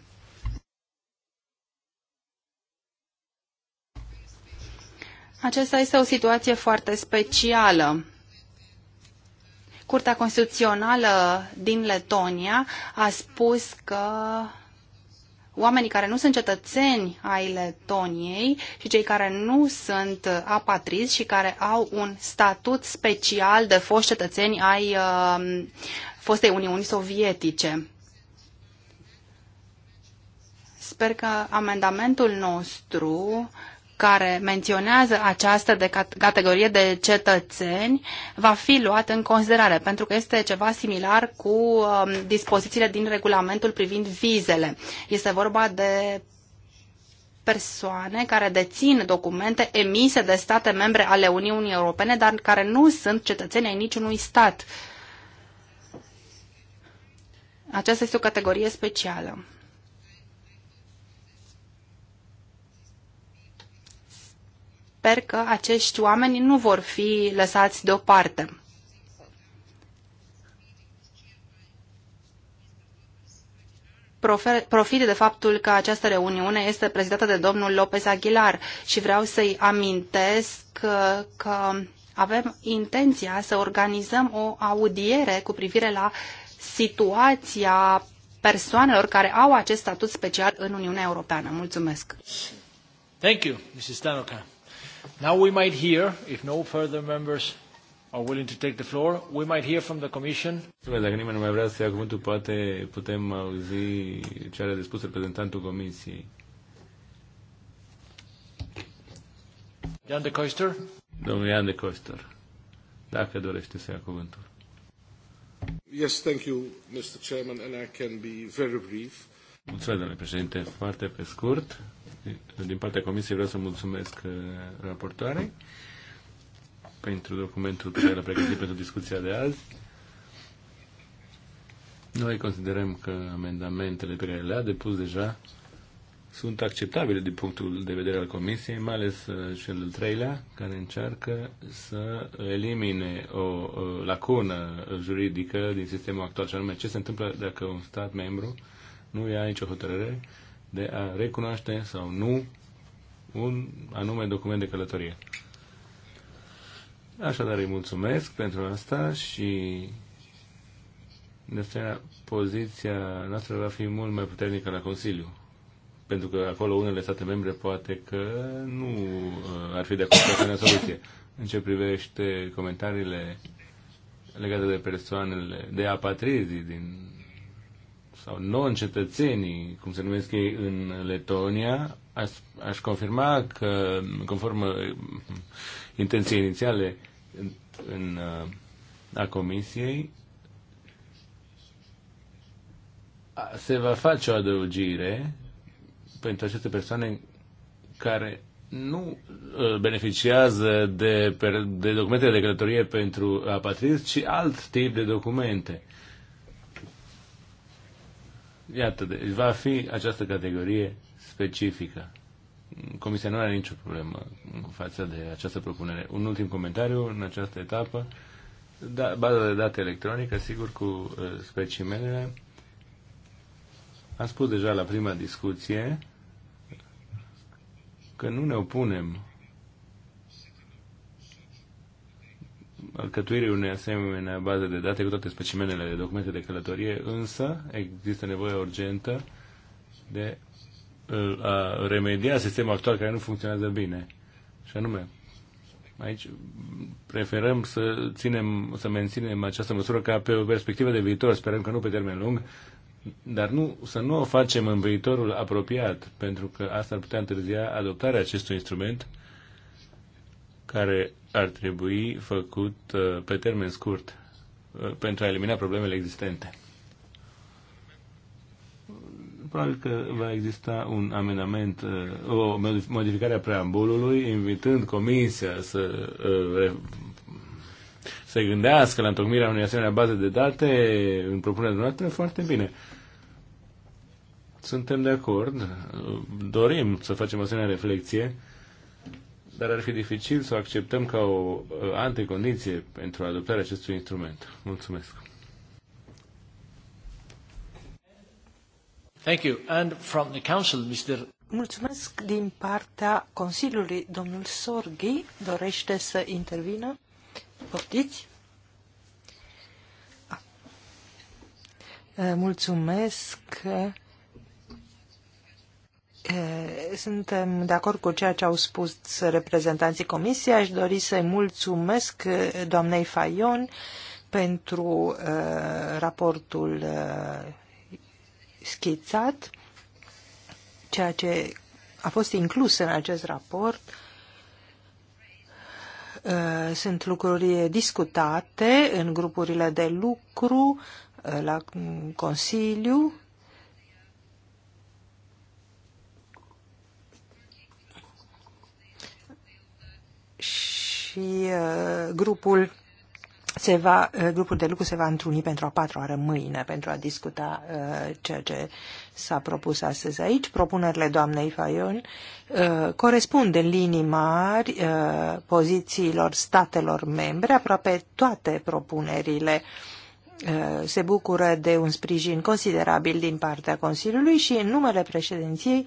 Aceasta este o situație foarte specială. Curtea Constituțională din Letonia a spus că oamenii care nu sunt cetățeni ai Letoniei și cei care nu sunt apatrizi și care au un statut special de foști cetățeni ai uh, fostei Uniuni Sovietice. Sper că amendamentul nostru care menționează această de categorie de cetățeni va fi luat în considerare, pentru că este ceva similar cu um, dispozițiile din regulamentul privind vizele. Este vorba de persoane care dețin documente emise de state membre ale Uniunii Europene, dar care nu sunt cetățeni ai niciunui stat. Aceasta este o categorie specială. sper că acești oameni nu vor fi lăsați deoparte. profit de faptul că această reuniune este prezidată de domnul López Aguilar și vreau să-i amintesc că, că avem intenția să organizăm o audiere cu privire la situația persoanelor care au acest statut special în Uniunea Europeană. Mulțumesc!
Thank you, Mrs. Now we might hear, if no further members are willing to take the floor, we might hear from the Commission. Dacă nimeni nu mai vrea să ia cuvântul, poate putem auzi ce are de spus reprezentantul Comisiei. Jan de Coister? Domnul Jan de Coister, dacă dorește să ia cuvântul. Yes, thank you, Mr. Chairman, and I can be very brief. Mulțumesc, domnule președinte. Foarte pe scurt. Din partea Comisiei vreau să mulțumesc uh, raportoarei pentru documentul pe care l-a pregătit pentru discuția de azi. Noi considerăm că amendamentele pe care le-a depus deja sunt acceptabile din punctul de vedere al Comisiei, mai ales uh, cel al treilea, care încearcă să elimine o uh, lacună juridică din sistemul actual, și anume ce se întâmplă dacă un stat membru nu ia nicio hotărâre de a recunoaște sau nu un anume document de călătorie. Așadar îi mulțumesc pentru asta și de poziția noastră va fi mult mai puternică la Consiliu. Pentru că acolo unele state membre poate că nu uh, ar fi de acord cu o soluție. În ce privește comentariile legate de persoanele, de apatrizii din sau non-cetățenii, cum se numesc ei în Letonia, aș, aș confirma că, conform uh, intenției inițiale în, în, uh, a Comisiei, se va face o adăugire pentru aceste persoane care nu uh, beneficiază de, de documente de călătorie pentru apatrizi, ci alt tip de documente. Iată, deci va fi această categorie specifică. Comisia nu are nicio problemă față de această propunere. Un ultim comentariu în această etapă. Da, baza de date electronică, sigur, cu uh, specimenele. Am spus deja la prima discuție că nu ne opunem alcătuirii unei asemenea baze de date cu toate specimenele de documente de călătorie, însă există nevoie urgentă de a remedia sistemul actual care nu funcționează bine. Și anume, aici preferăm să ținem, să menținem această măsură ca pe o perspectivă de viitor, sperăm că nu pe termen lung, dar nu, să nu o facem în viitorul apropiat, pentru că asta ar putea întârzia adoptarea acestui instrument care ar trebui făcut uh, pe termen scurt uh, pentru a elimina problemele existente. Probabil că va exista un amendament, uh, o modificare a preambulului, invitând Comisia să se gândească la întocmirea unei asemenea baze de date în propunerea noastră, foarte bine. Suntem de acord, dorim să facem o asemenea reflexie dar ar fi dificil să o acceptăm ca o uh, anticondiție pentru adoptarea acestui instrument. Mulțumesc. Thank you. And from the council, Mr.
Mulțumesc din partea Consiliului. Domnul Sorghi dorește să intervină. Poftiți? Ah. Mulțumesc. Suntem de acord cu ceea ce au spus reprezentanții Comisiei. Aș dori să-i mulțumesc doamnei Fayon pentru raportul schițat, ceea ce a fost inclus în acest raport. sunt lucruri discutate în grupurile de lucru la Consiliu și uh, grupul se va, uh, grupul de lucru se va întruni pentru a patra oară mâine pentru a discuta uh, ceea ce s-a propus astăzi aici. Propunerile doamnei Fayon uh, corespund în linii mari uh, pozițiilor statelor membre. Aproape toate propunerile uh, se bucură de un sprijin considerabil din partea Consiliului și în numele președinției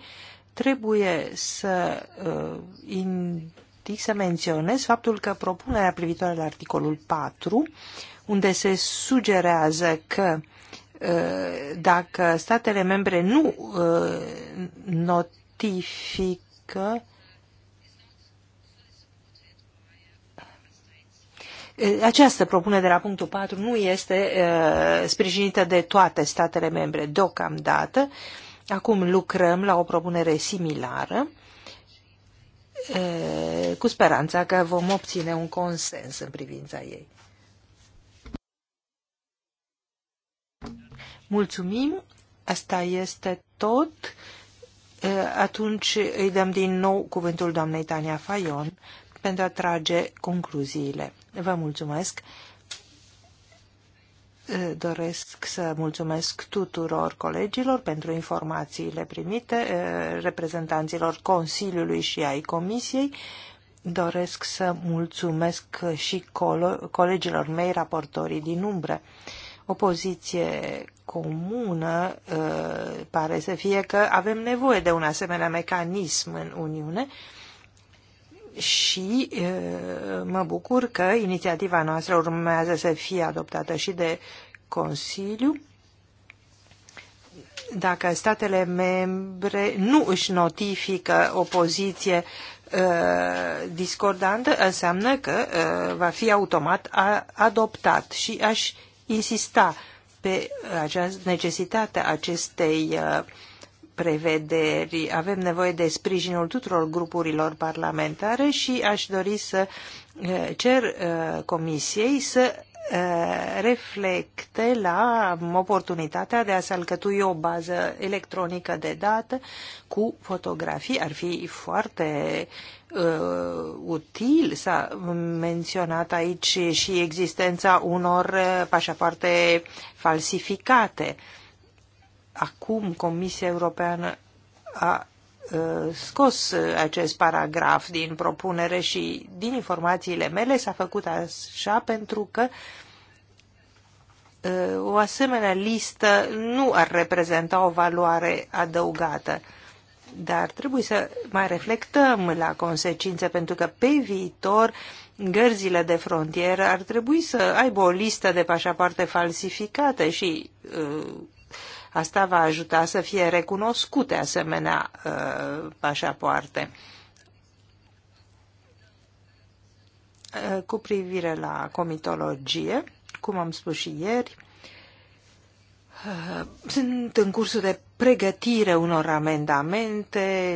trebuie să uh, in întâi să menționez faptul că propunerea privitoare la articolul 4, unde se sugerează că ă, dacă statele membre nu ă, notifică ă, Această propunere de la punctul 4 nu este uh, sprijinită de toate statele membre deocamdată. Acum lucrăm la o propunere similară cu speranța că vom obține un consens în privința ei. Mulțumim, asta este tot. Atunci îi dăm din nou cuvântul doamnei Tania Fayon pentru a trage concluziile. Vă mulțumesc. Doresc să mulțumesc tuturor colegilor pentru informațiile primite, eh, reprezentanților Consiliului și ai Comisiei. Doresc să mulțumesc și colegilor mei, raportorii din umbră. O poziție comună eh, pare să fie că avem nevoie de un asemenea mecanism în Uniune și mă bucur că inițiativa noastră urmează să fie adoptată și de Consiliu. Dacă statele membre nu își notifică o poziție discordantă, înseamnă că va fi automat adoptat și aș insista pe această necesitate acestei uh, prevederi. Avem nevoie de sprijinul tuturor grupurilor parlamentare și aș dori să eh, cer eh, Comisiei să eh, reflecte la oportunitatea de a se alcătui o bază electronică de dată cu fotografii. Ar fi foarte uh, util. S-a menționat aici și existența unor pașapoarte falsificate. Uh, acum Comisia Europeană a uh, scos uh, acest paragraf din propunere și din informațiile mele s-a făcut așa pentru că uh, o asemenea listă nu ar reprezenta o valoare adăugată. Dar trebuie să mai reflectăm la consecințe, pentru că pe viitor gărzile de frontieră ar trebui să aibă o listă de pașapoarte falsificate și Asta va ajuta să fie recunoscute asemenea uh, pașapoarte. Uh, cu privire la comitologie, cum am spus și ieri, uh, sunt în cursul de pregătire unor amendamente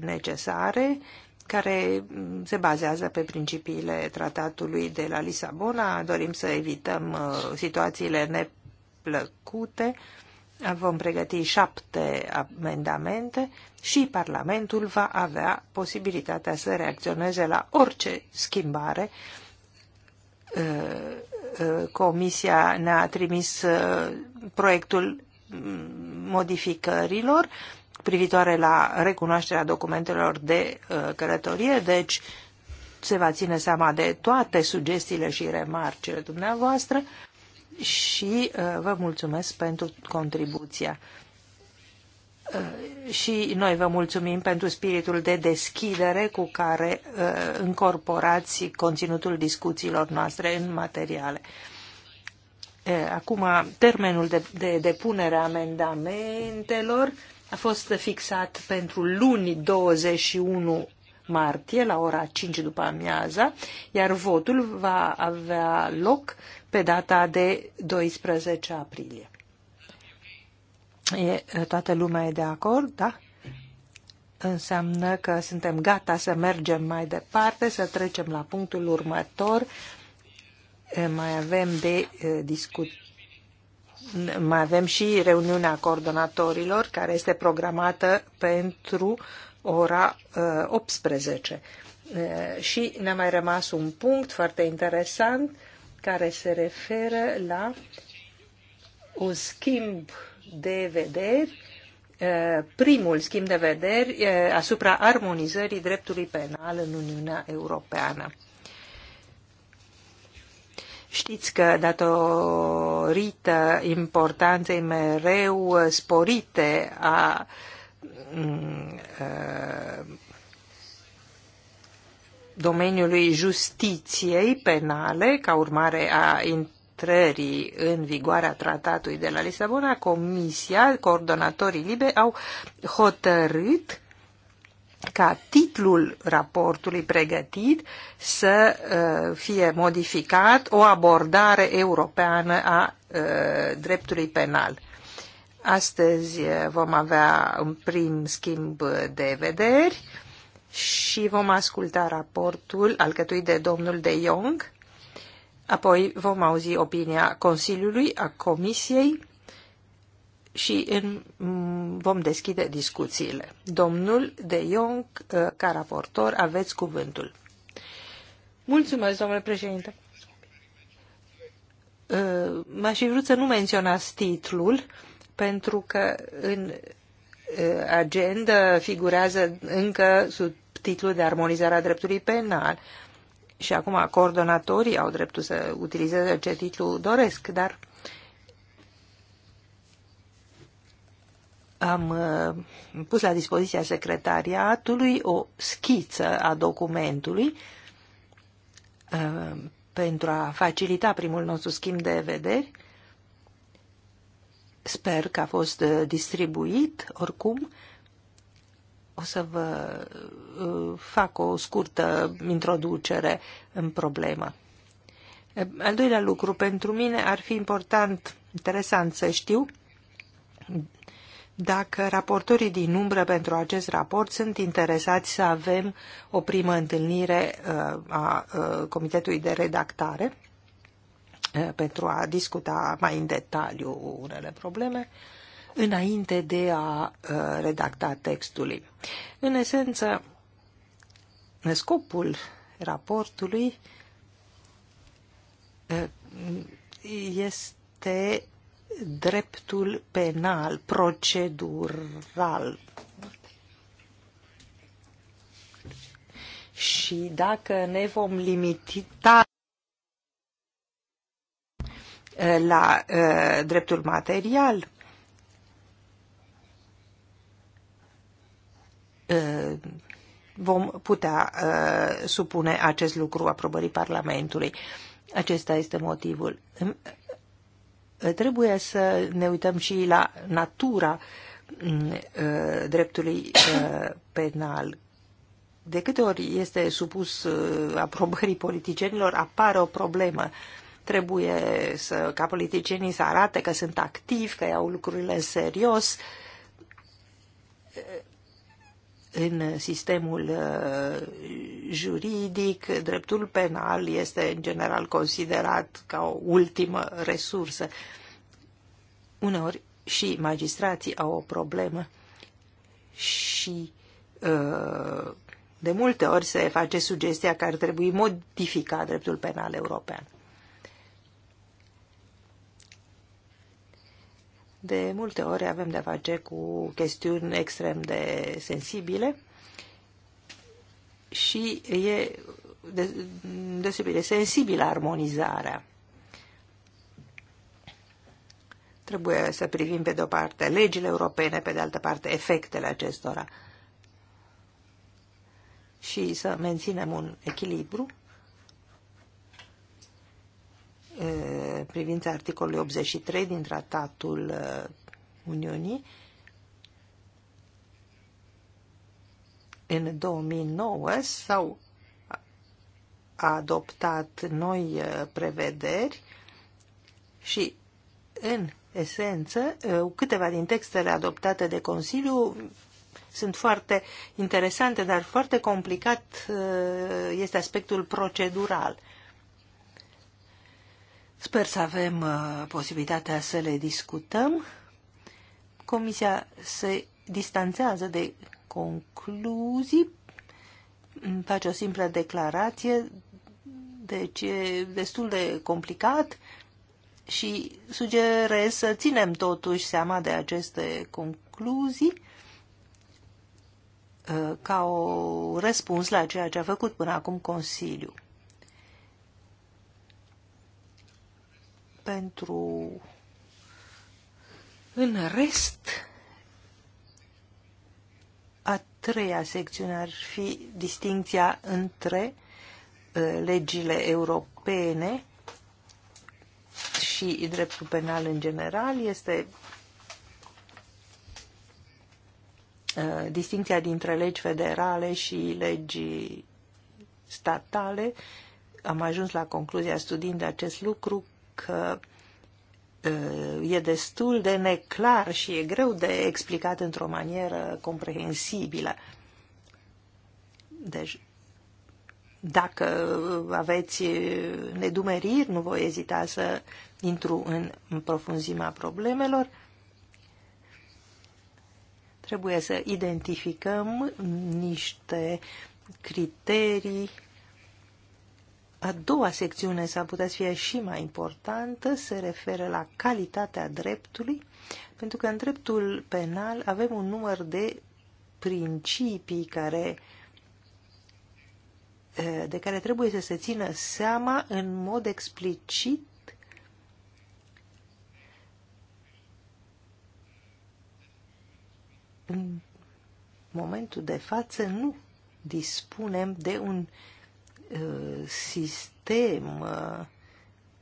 necesare care se bazează pe principiile tratatului de la Lisabona. Dorim să evităm situațiile neplăcute Vom pregăti șapte amendamente și Parlamentul va avea posibilitatea să reacționeze la orice schimbare. Uh, uh, Comisia ne-a trimis uh, proiectul mm, modificărilor privitoare la recunoașterea documentelor de călătorie, deci se va ține seama de toate sugestiile și remarcile dumneavoastră și uh, vă mulțumesc pentru contribuția. Uh, și noi vă mulțumim pentru spiritul de deschidere cu care uh, încorporați conținutul discuțiilor noastre în materiale. Acum, termenul de, de depunere a amendamentelor a fost fixat pentru luni 21 martie la ora 5 după amiaza, iar votul va avea loc pe data de 12 aprilie. E, toată lumea e de acord, da? Înseamnă că suntem gata să mergem mai departe, să trecem la punctul următor. Mai avem de discut, mai avem și reuniunea coordonatorilor care este programată pentru ora 18. Uh, uh, și ne-a mai rămas un punct foarte interesant care se referă la un schimb de vederi, uh, primul schimb de vederi asupra armonizării dreptului penal în Uniunea Europeană. Știți că datorită importanței mereu sporite a uh, Mm, uh, domeniului justiției penale, ca urmare a intrării în vigoare a tratatului de la Lisabona, Comisia, coordonatorii libe au hotărât ca titlul raportului pregătit să uh, fie modificat o abordare europeană a uh, dreptului penal. Astăzi eh, vom avea un prim schimb de vederi și vom asculta raportul alcătuit de domnul De Jong, apoi vom auzi opinia Consiliului, a Comisiei și în, mm, vom deschide discuțiile. Domnul De Jong, eh, ca raportor, aveți cuvântul. Mulțumesc, domnule președinte. Eh, m-aș fi vrut să nu menționați titlul, pentru că în agenda figurează încă sub titlul de armonizare a dreptului penal. Și acum coordonatorii au dreptul să utilizeze ce titlu doresc, dar am pus la dispoziția secretariatului o schiță a documentului pentru a facilita primul nostru schimb de vederi Sper că a fost uh, distribuit oricum. O să vă uh, fac o scurtă introducere în problemă. Uh, al doilea lucru, pentru mine ar fi important, interesant să știu dacă raportorii din umbră pentru acest raport sunt interesați să avem o primă întâlnire a Comitetului de Redactare pentru a discuta mai în detaliu unele probleme înainte de a redacta textul. În esență, scopul raportului este dreptul penal, procedural. Și dacă ne vom limita Eh, la eh, dreptul material, eh, vom putea supune acest lucru aprobării Parlamentului. Acesta este motivul. Trebuie să ne uităm și la natura mm, dreptului penal. De câte ori este supus aprobării politicienilor, apare o problemă. Trebuie să, ca politicienii să arate că sunt activi, că iau lucrurile serios în sistemul uh, juridic, dreptul penal este în general considerat ca o ultimă resursă. Uneori și magistrații au o problemă și uh, de multe ori se face sugestia că ar trebui modificat dreptul penal european. De multe ori avem de-a face cu chestiuni extrem de sensibile și e deosebit de sensibilă armonizarea. Trebuie să privim pe de-o parte legile europene, pe de altă parte efectele acestora și să menținem un echilibru în privința articolului 83 din Tratatul Uniunii, în 2009 s-au adoptat noi prevederi și, în esență, câteva din textele adoptate de Consiliu sunt foarte interesante, dar foarte complicat este aspectul procedural. Sper să avem uh, posibilitatea să le discutăm. Comisia se distanțează de concluzii, face o simplă declarație, deci e destul de complicat și sugerez să ținem totuși seama de aceste concluzii uh, ca o răspuns la ceea ce a făcut până acum Consiliul. pentru în rest a treia secțiune ar fi distinția între uh, legile europene și dreptul penal în general este uh, distinția dintre legi federale și legi statale. Am ajuns la concluzia studiind acest lucru că e destul de neclar și e greu de explicat într-o manieră comprehensibilă. Deci, dacă aveți nedumeriri, nu voi ezita să intru în, profunzimea problemelor. Trebuie să identificăm niște criterii a doua secțiune s-ar putea să fie și mai importantă, se referă la calitatea dreptului, pentru că în dreptul penal avem un număr de principii care, de care trebuie să se țină seama în mod explicit în momentul de față nu dispunem de un uh, Uh, sistem uh,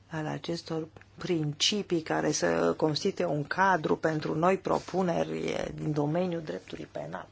al acestor principii care să constituie un cadru pentru noi propuneri din domeniul dreptului penal.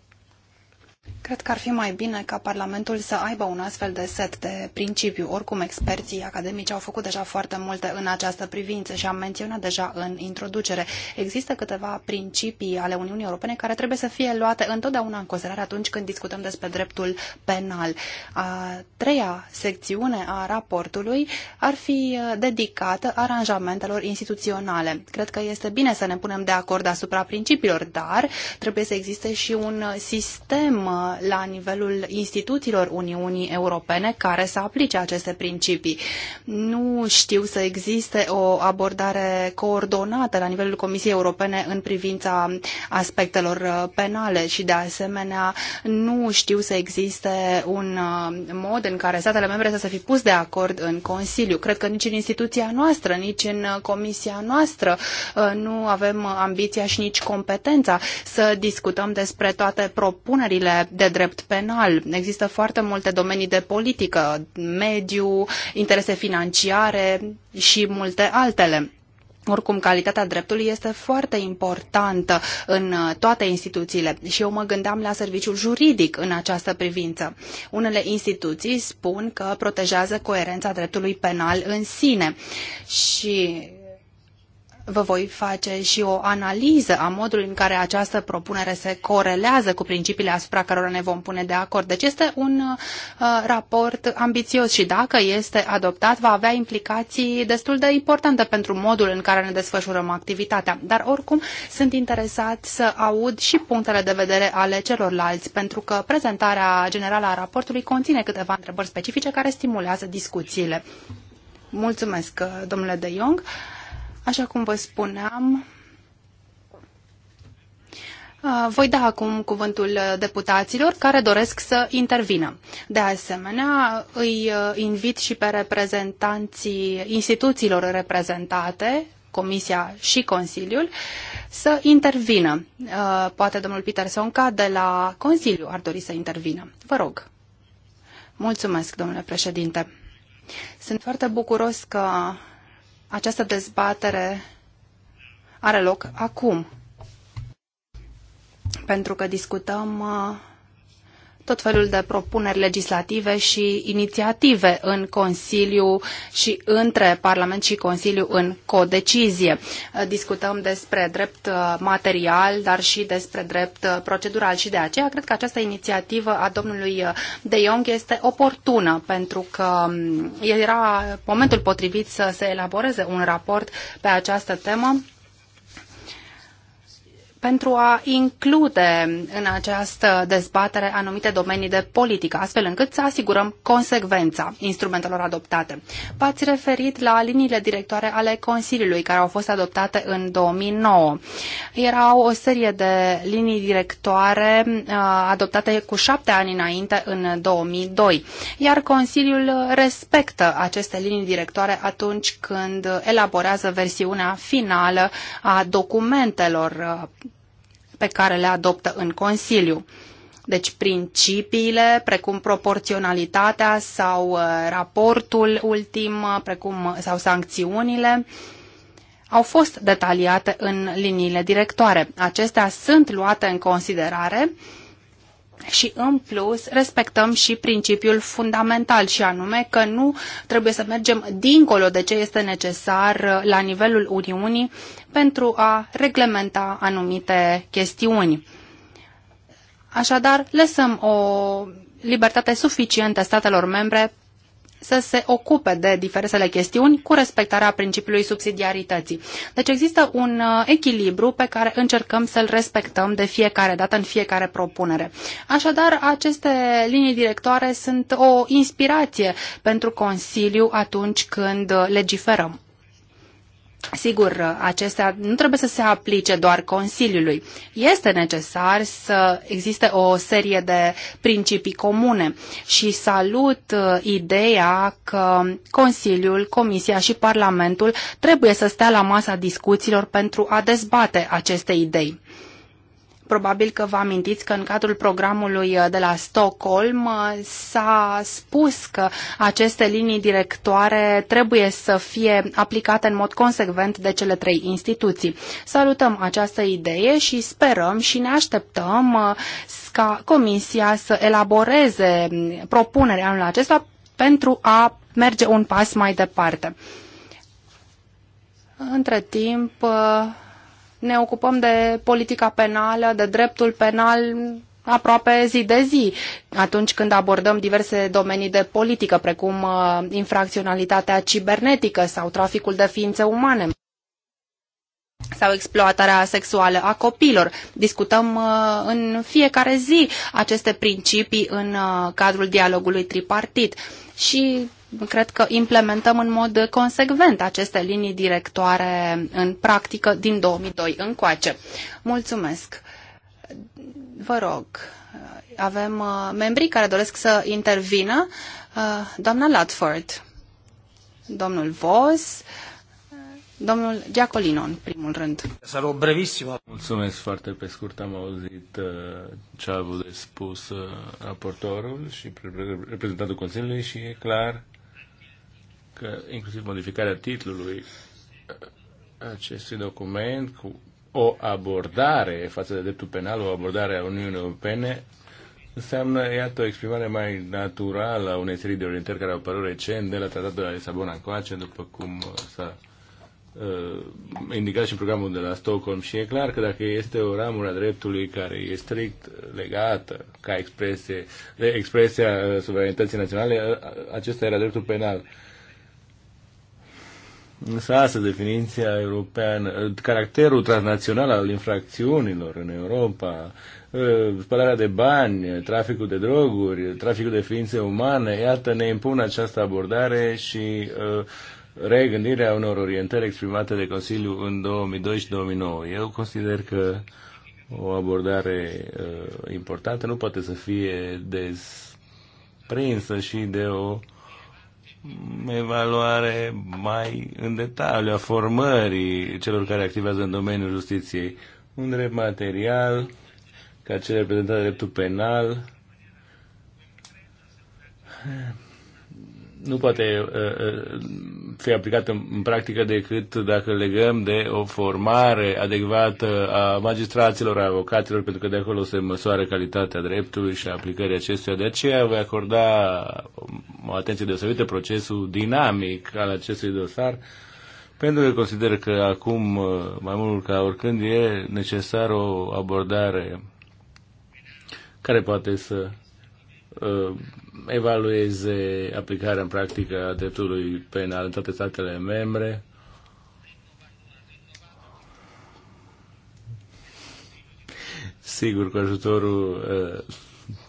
Cred că ar
fi mai bine ca Parlamentul să aibă un astfel de set de principiu. Oricum, experții academici au făcut deja foarte multe în această privință și am menționat deja în introducere. Există câteva principii ale Uniunii Europene care trebuie să fie luate întotdeauna în considerare atunci când discutăm despre dreptul penal. A treia secțiune a raportului ar fi dedicată aranjamentelor instituționale. Cred că este bine să ne punem de acord asupra principiilor, dar trebuie să existe și un sistem la nivelul instituțiilor Uniunii Europene care să aplice aceste principii. Nu știu să existe o abordare coordonată la nivelul Comisiei Europene în privința aspectelor uh, penale și de asemenea nu știu să existe un uh, mod în care statele membre să se fi pus de acord în Consiliu. Cred că nici în instituția noastră, nici în uh, comisia noastră nu avem ambiția și nici competența să discutăm despre toate propunerile de drept penal. Există foarte multe domenii de politică, mediu, interese financiare și multe altele. Oricum, calitatea dreptului este foarte importantă în uh, toate instituțiile și eu mă gândeam la serviciul juridic în această privință. Unele instituții spun că protejează coerența dreptului penal în sine și vă voi face și o analiză a modului în care această propunere se corelează cu principiile asupra cărora ne vom pune de acord. Deci este un uh, raport ambițios și dacă este adoptat va avea implicații destul de importante pentru modul în care ne desfășurăm activitatea. Dar oricum sunt interesat să aud și punctele de vedere ale celorlalți pentru că prezentarea generală a raportului conține câteva întrebări specifice care stimulează discuțiile. Mulțumesc, uh, domnule De Jong. Așa cum vă spuneam, voi da acum cuvântul deputaților care doresc să intervină. De asemenea, îi invit și pe reprezentanții instituțiilor reprezentate, Comisia și Consiliul, să intervină. Poate domnul Peter Sonca de la Consiliu ar dori să intervină. Vă rog. Mulțumesc, domnule președinte. Sunt foarte bucuros că această dezbatere are loc acum, pentru că discutăm uh, tot felul de propuneri legislative și inițiative în Consiliu și între Parlament și Consiliu în codecizie. Discutăm despre drept uh, material, dar și despre drept uh, procedural și de aceea cred că această inițiativă a domnului uh, De Jong este oportună pentru că um, era momentul potrivit să se elaboreze un raport pe această temă pentru a include în această dezbatere anumite domenii de politică, astfel încât să asigurăm consecvența instrumentelor adoptate. V-ați referit la liniile directoare ale Consiliului care au fost adoptate în 2009. Erau o serie de linii directoare uh, adoptate cu șapte ani înainte, în 2002, iar Consiliul respectă aceste linii directoare atunci când elaborează versiunea finală a documentelor uh, pe care le adoptă în Consiliu. Deci principiile, precum proporționalitatea sau uh, raportul ultim, uh, precum, uh, sau sancțiunile, au fost detaliate în liniile directoare. Acestea sunt luate în considerare și, în plus, respectăm și principiul fundamental și anume că nu trebuie să mergem dincolo de ce este necesar uh, la nivelul Uniunii pentru a reglementa anumite chestiuni. Așadar, lăsăm o libertate suficientă statelor membre să se ocupe de diferitele chestiuni cu respectarea principiului subsidiarității. Deci există un uh, echilibru pe care încercăm să-l respectăm de fiecare dată în fiecare propunere. Așadar, aceste linii directoare sunt o inspirație pentru Consiliu atunci când legiferăm. Sigur, acestea nu trebuie să se aplice doar Consiliului. Este necesar să existe o serie de principii comune și salut uh, ideea că Consiliul, Comisia și Parlamentul trebuie să stea la masa discuțiilor pentru a dezbate aceste idei. Probabil că vă amintiți că în cadrul programului uh, de la Stockholm uh, s-a spus că aceste linii directoare trebuie să fie aplicate în mod consecvent de cele trei instituții. Salutăm această idee și sperăm și ne așteptăm uh, ca Comisia să elaboreze propunerea anul acesta pentru a merge un pas mai departe. Între timp, ne ocupăm de politica penală, de dreptul penal aproape zi de zi, atunci când abordăm diverse domenii de politică, precum uh, infracționalitatea cibernetică sau traficul de ființe umane sau exploatarea sexuală a copilor. Discutăm uh, în fiecare zi aceste principii în uh, cadrul dialogului tripartit și cred că implementăm în mod consecvent aceste linii directoare în practică din 2002 încoace. Mulțumesc! Vă rog, avem uh, membrii care doresc să intervină. Uh, doamna Latford, domnul Vos, uh, Domnul Giacolino, în primul rând.
Sarò brevissimo. Mulțumesc foarte pe scurt. Am auzit ce a avut de spus raportorul și reprezentantul Consiliului și e clar că inclusiv modificarea titlului acestui document cu o abordare față de dreptul penal, o abordare a Uniunii Europene, înseamnă, iată, o exprimare mai naturală a unei serii de orientări care au apărut recent de la tratatul de la Lisabona încoace, după cum uh, s-a uh, indicat și în programul de la Stockholm și e clar că dacă este o ramură a dreptului care e strict legată ca expresie, de expresia uh, suveranității naționale, uh, acesta era dreptul penal. Uh, Însă asta definiția europeană, caracterul transnațional al infracțiunilor în Europa, ă, spălarea de bani, traficul de droguri, traficul de ființe umane, iată ne impun această abordare și ă, regândirea unor orientări exprimate de Consiliu în 2002 2009. Eu consider că o abordare ă, importantă nu poate să fie desprinsă și de o evaluare mai în detaliu a formării celor care activează în domeniul justiției. Un drept material, ca cel reprezentat de dreptul penal, nu poate uh, uh, fi aplicată în practică decât dacă legăm de o formare adecvată a magistraților, a avocaților, pentru că de acolo se măsoară calitatea dreptului și aplicării acestuia. De aceea voi acorda o atenție deosebită procesul dinamic al acestui dosar, pentru că consider că acum, uh, mai mult ca oricând, e necesar o abordare care poate să evalueze aplicarea în practică a dreptului penal în toate statele membre, sigur, cu ajutorul uh,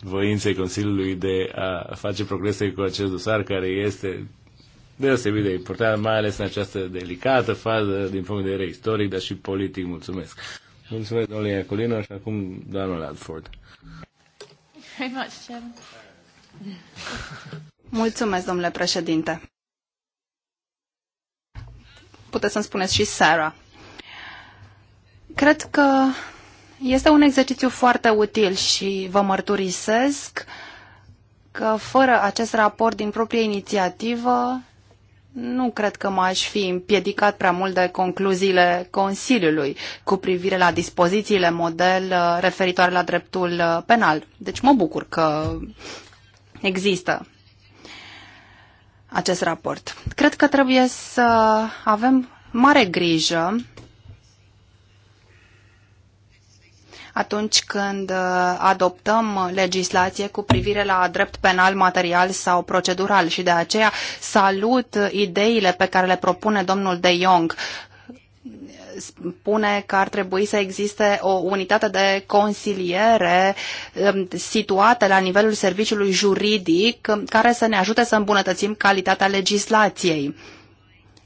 voinței Consiliului de a face progrese cu acest dosar care este deosebit de important, mai ales în această delicată fază din punct de vedere istoric, dar și politic. Mulțumesc! Mulțumesc, domnule Iacolino, și acum doamnul Ladford. Very much, Chairman.
Mulțumesc, domnule președinte. Puteți să-mi spuneți și Sarah. Cred că este un exercițiu foarte util și vă mărturisesc că fără acest raport din proprie inițiativă nu cred că m-aș fi împiedicat prea mult de concluziile Consiliului cu privire la dispozițiile model uh, referitoare la dreptul uh, penal. Deci mă bucur că există acest raport. Cred că trebuie să avem mare grijă atunci când uh, adoptăm legislație cu privire la drept penal, material sau procedural și de aceea salut ideile pe care le propune domnul De Jong spune că ar trebui să existe o unitate de consiliere um, situată la nivelul serviciului juridic um, care să ne ajute să îmbunătățim calitatea legislației.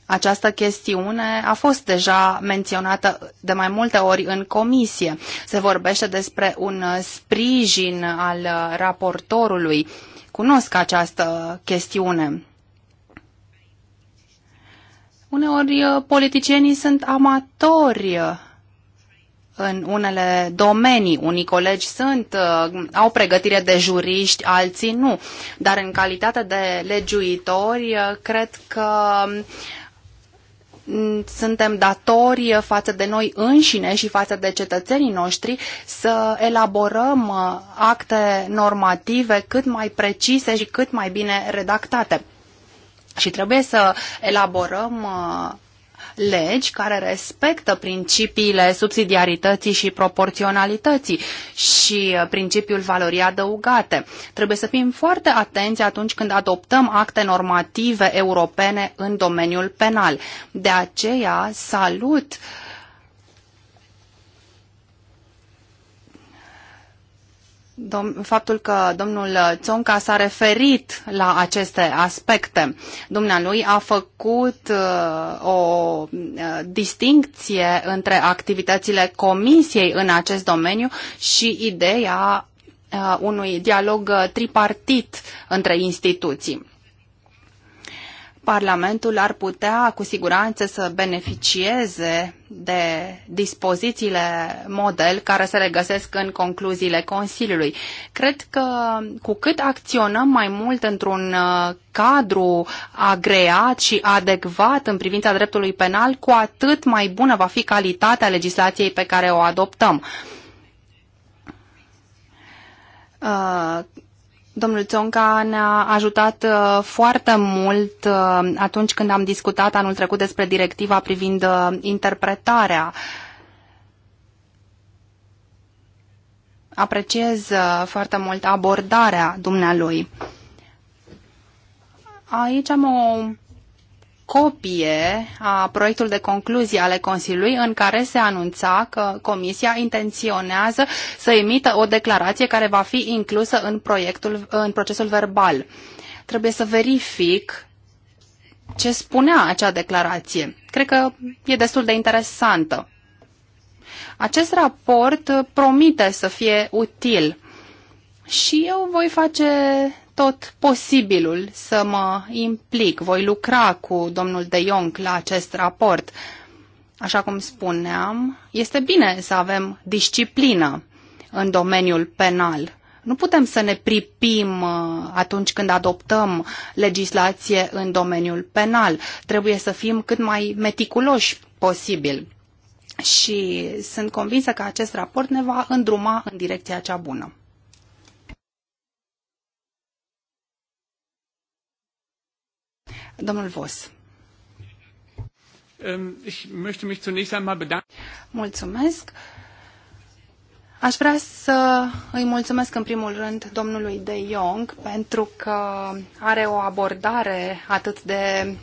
Această chestiune a fost deja menționată de mai multe ori în comisie. Se vorbește despre un sprijin al raportorului. Cunosc această chestiune. Uneori uh, politicienii sunt amatori uh, în unele domenii. Unii colegi sunt, uh, au pregătire de juriști, alții nu. Dar în calitate de legiuitori, cred că mm, suntem datori față de noi înșine și față de cetățenii noștri să elaborăm acte normative cât mai precise și cât mai bine redactate. Și trebuie să elaborăm uh, legi care respectă principiile subsidiarității și proporționalității și uh, principiul valorii adăugate. Trebuie să fim foarte atenți atunci când adoptăm acte normative europene în domeniul penal. De aceea salut uh, faptul că domnul Țonca s-a referit la aceste aspecte. Dumnealui a făcut uh, o uh, distincție între activitățile comisiei în acest domeniu și ideea uh, unui dialog tripartit între instituții. Parlamentul ar putea cu siguranță să beneficieze de dispozițiile model care se regăsesc în concluziile Consiliului. Cred că cu cât acționăm mai mult într-un uh, cadru agreat și adecvat în privința dreptului penal, cu atât mai bună va fi calitatea legislației pe care o adoptăm. Uh, Domnul Țonca ne-a ajutat uh, foarte mult uh, atunci când am discutat anul trecut despre directiva privind uh, interpretarea. Apreciez foarte mult abordarea dumnealui. Aici am o copie a proiectului de concluzie ale Consiliului în care se anunța că Comisia intenționează să emită o declarație care va fi inclusă în, proiectul, în procesul verbal. Trebuie să verific ce spunea acea declarație. Cred că e destul de interesantă. Acest raport promite să fie util și eu voi face tot posibilul să mă implic. Voi lucra cu domnul De Jong la acest raport. Așa cum spuneam, este bine să avem disciplină în domeniul penal. Nu putem să ne pripim uh, atunci când adoptăm legislație în domeniul penal. Trebuie să fim cât mai meticuloși posibil. Și sunt convinsă că acest raport ne va îndruma în direcția cea bună.
Domnul Vos. Ähm, ich möchte mich zunächst einmal bedanken.
Mulțumesc. Aș vrea să îi mulțumesc în primul rând domnului De Jong pentru că are o abordare atât de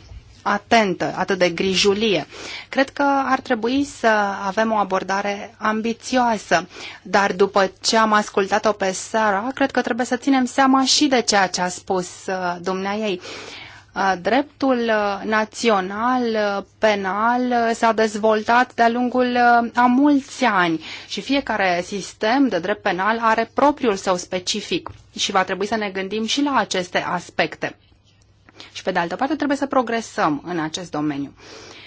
atentă, atât de grijulie. Cred că ar trebui să avem o abordare ambițioasă, dar după ce am ascultat-o pe Sara, cred că trebuie să ținem seama și de ceea ce a spus uh, dumnea ei. Uh, Dreptul național penal s-a dezvoltat de-a lungul a mulți ani și fiecare sistem de drept penal are propriul său specific și va trebui să ne gândim și la aceste aspecte. Și pe de altă parte trebuie să progresăm în acest
domeniu. Uh,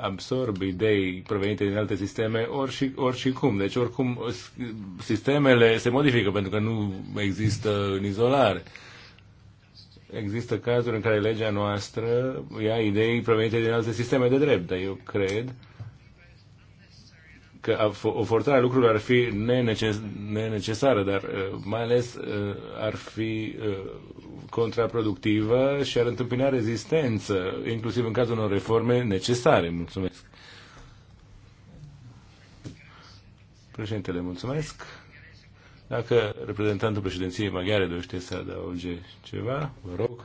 absorb idei provenite din alte sisteme oriși, oricum. Deci oricum sistemele se modifică pentru că nu există în izolare. Există cazuri în care legea noastră ia idei provenite din alte sisteme de drept, dar eu cred că o forțare a lucrurilor ar fi nenecesară, dar uh, mai ales uh, ar fi uh, contraproductivă și ar întâmpina rezistență, inclusiv în cazul unor reforme necesare. Mulțumesc. Președintele, mulțumesc. Dacă reprezentantul președinției maghiare dorește să adauge ceva, vă rog.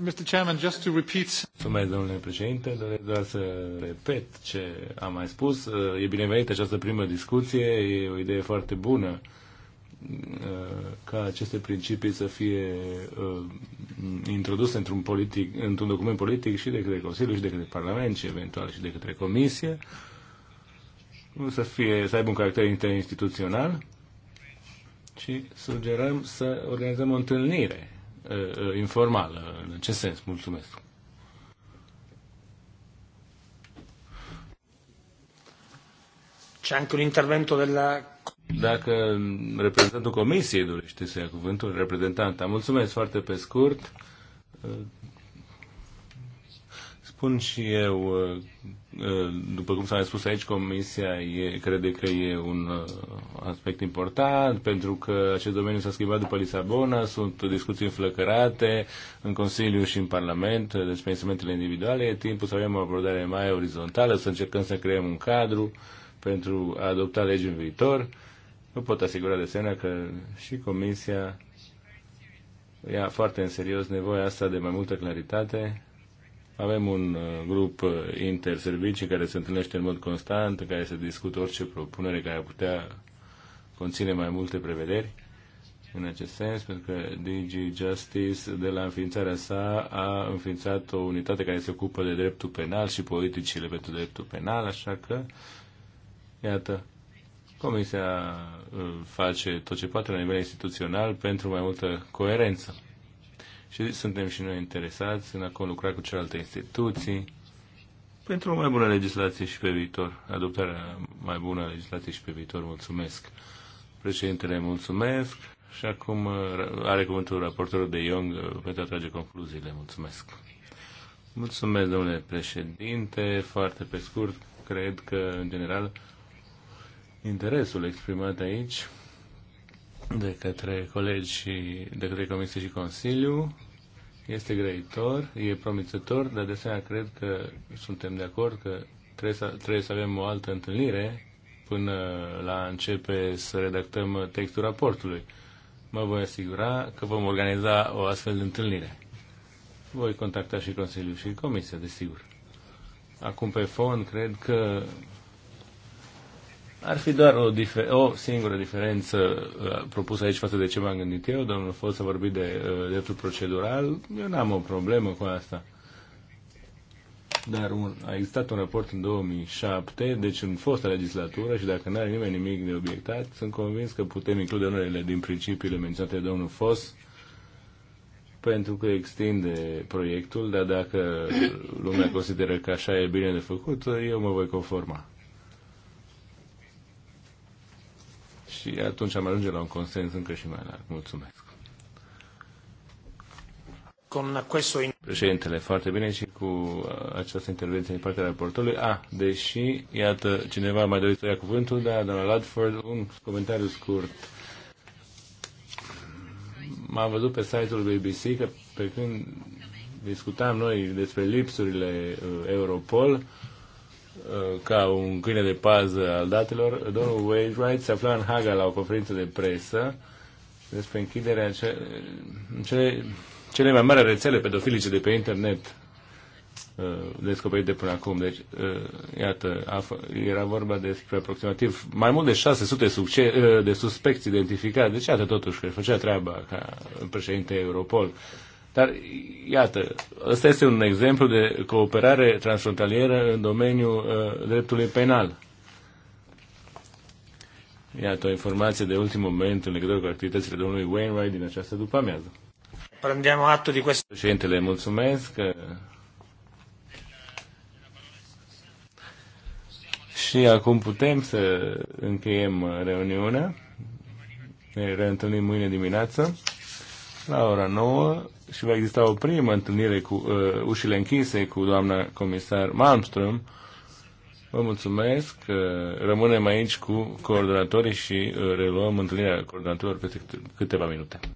Mr. Chairman, just to repeat... Mulțumesc, domnule președinte, doresc doar să repet ce am mai spus. Uh, e binevenită această primă discuție, e o idee foarte bună uh, ca aceste principii să fie uh, introduse într-un, politic, într-un document politic și de către Consiliu și de către Parlament și eventual și de către Comisie, să, fie, să aibă un caracter interinstituțional și sugerăm să organizăm o întâlnire Uh, uh, informală în ce sens. Mulțumesc.
C'è anche un intervento della...
Dacă reprezentantul comisiei dorește să ia cuvântul, reprezentanta, mulțumesc foarte pe scurt. Uh, spun și eu, uh, uh, după cum s-a spus aici, Comisia e, crede că e un uh, aspect important, pentru că acest domeniu s-a schimbat după Lisabona, sunt discuții înflăcărate în Consiliu și în Parlament despre instrumentele individuale, e timpul să avem o abordare mai orizontală, să încercăm să creăm un cadru pentru a adopta legi în viitor. Nu pot asigura de semnă că și Comisia ia foarte în serios nevoia asta de mai multă claritate avem un uh, grup uh, interservicii care se întâlnește în mod constant, în care se discută orice propunere care ar putea conține mai multe prevederi în acest sens, pentru că DG Justice, de la înființarea sa, a înființat o unitate care se ocupă de dreptul penal și politicile pentru dreptul penal, așa că, iată, Comisia uh, face tot ce poate la nivel instituțional pentru mai multă coerență și suntem și noi interesați în a lucra cu celelalte instituții pentru o mai bună legislație și pe viitor, adoptarea mai bună a legislației și pe viitor. Mulțumesc. Președintele, mulțumesc. Și acum uh, are cuvântul raportorul de Young uh, pentru a trage concluziile. Mulțumesc. Mulțumesc, domnule președinte. Foarte pe scurt, cred că, în general, interesul exprimat aici de către colegi și de către Comisie și Consiliu este grăitor, e promițător, dar de asemenea cred că suntem de acord că trebuie să, trebuie să avem o altă întâlnire până la începe să redactăm textul raportului. Mă voi asigura că vom organiza o astfel de întâlnire. Voi contacta și Consiliul și Comisia, desigur. Acum, pe fond, cred că ar fi doar o, o singură diferență uh, propusă aici față de ce m-am gândit eu, domnul Fost a vorbit de uh, dreptul procedural, eu n-am o problemă cu asta. Dar un, a existat un raport în 2007, deci în fosta legislatură și dacă n-are nimeni nimic de obiectat, sunt convins că putem include unele din principiile menționate de domnul Fos pentru că extinde proiectul, dar dacă lumea consideră că așa e bine de făcut, eu mă voi conforma. și atunci am ajunge la un consens încă și mai larg. Mulțumesc. Președintele, foarte bine și cu uh, această intervenție din partea raportorului. A, ah, deși, iată, cineva mai dorit să ia cuvântul, dar doamna Ladford, un comentariu scurt. M-am văzut pe site-ul BBC că pe când discutam noi despre lipsurile uh, Europol, Uh, ca un câine de pază al datelor, domnul Wainwright se afla în Haga la o conferință de presă despre închiderea ce, cele, cele mai mari rețele pedofilice de pe internet uh, descoperite până acum. Deci, uh, iată, era vorba despre aproximativ mai mult de 600 de suspecți identificați. Deci, iată, totuși, că făcea treaba ca președinte Europol. Dar, iată, ăsta este un exemplu de cooperare transfrontalieră în domeniul uh, dreptului penal. Iată o informație de ultim moment în legătură cu activitățile domnului Wainwright din această după-amiază. Prendem atul de questo. Președintele, mulțumesc. Și acum putem să încheiem reuniunea. Ne reîntâlnim mâine dimineață la ora 9 și va exista o primă întâlnire cu uh, ușile închise cu doamna comisar Malmström. Vă mulțumesc. Uh, rămânem aici cu coordonatorii și uh, reluăm întâlnirea coordonatorilor peste câteva minute.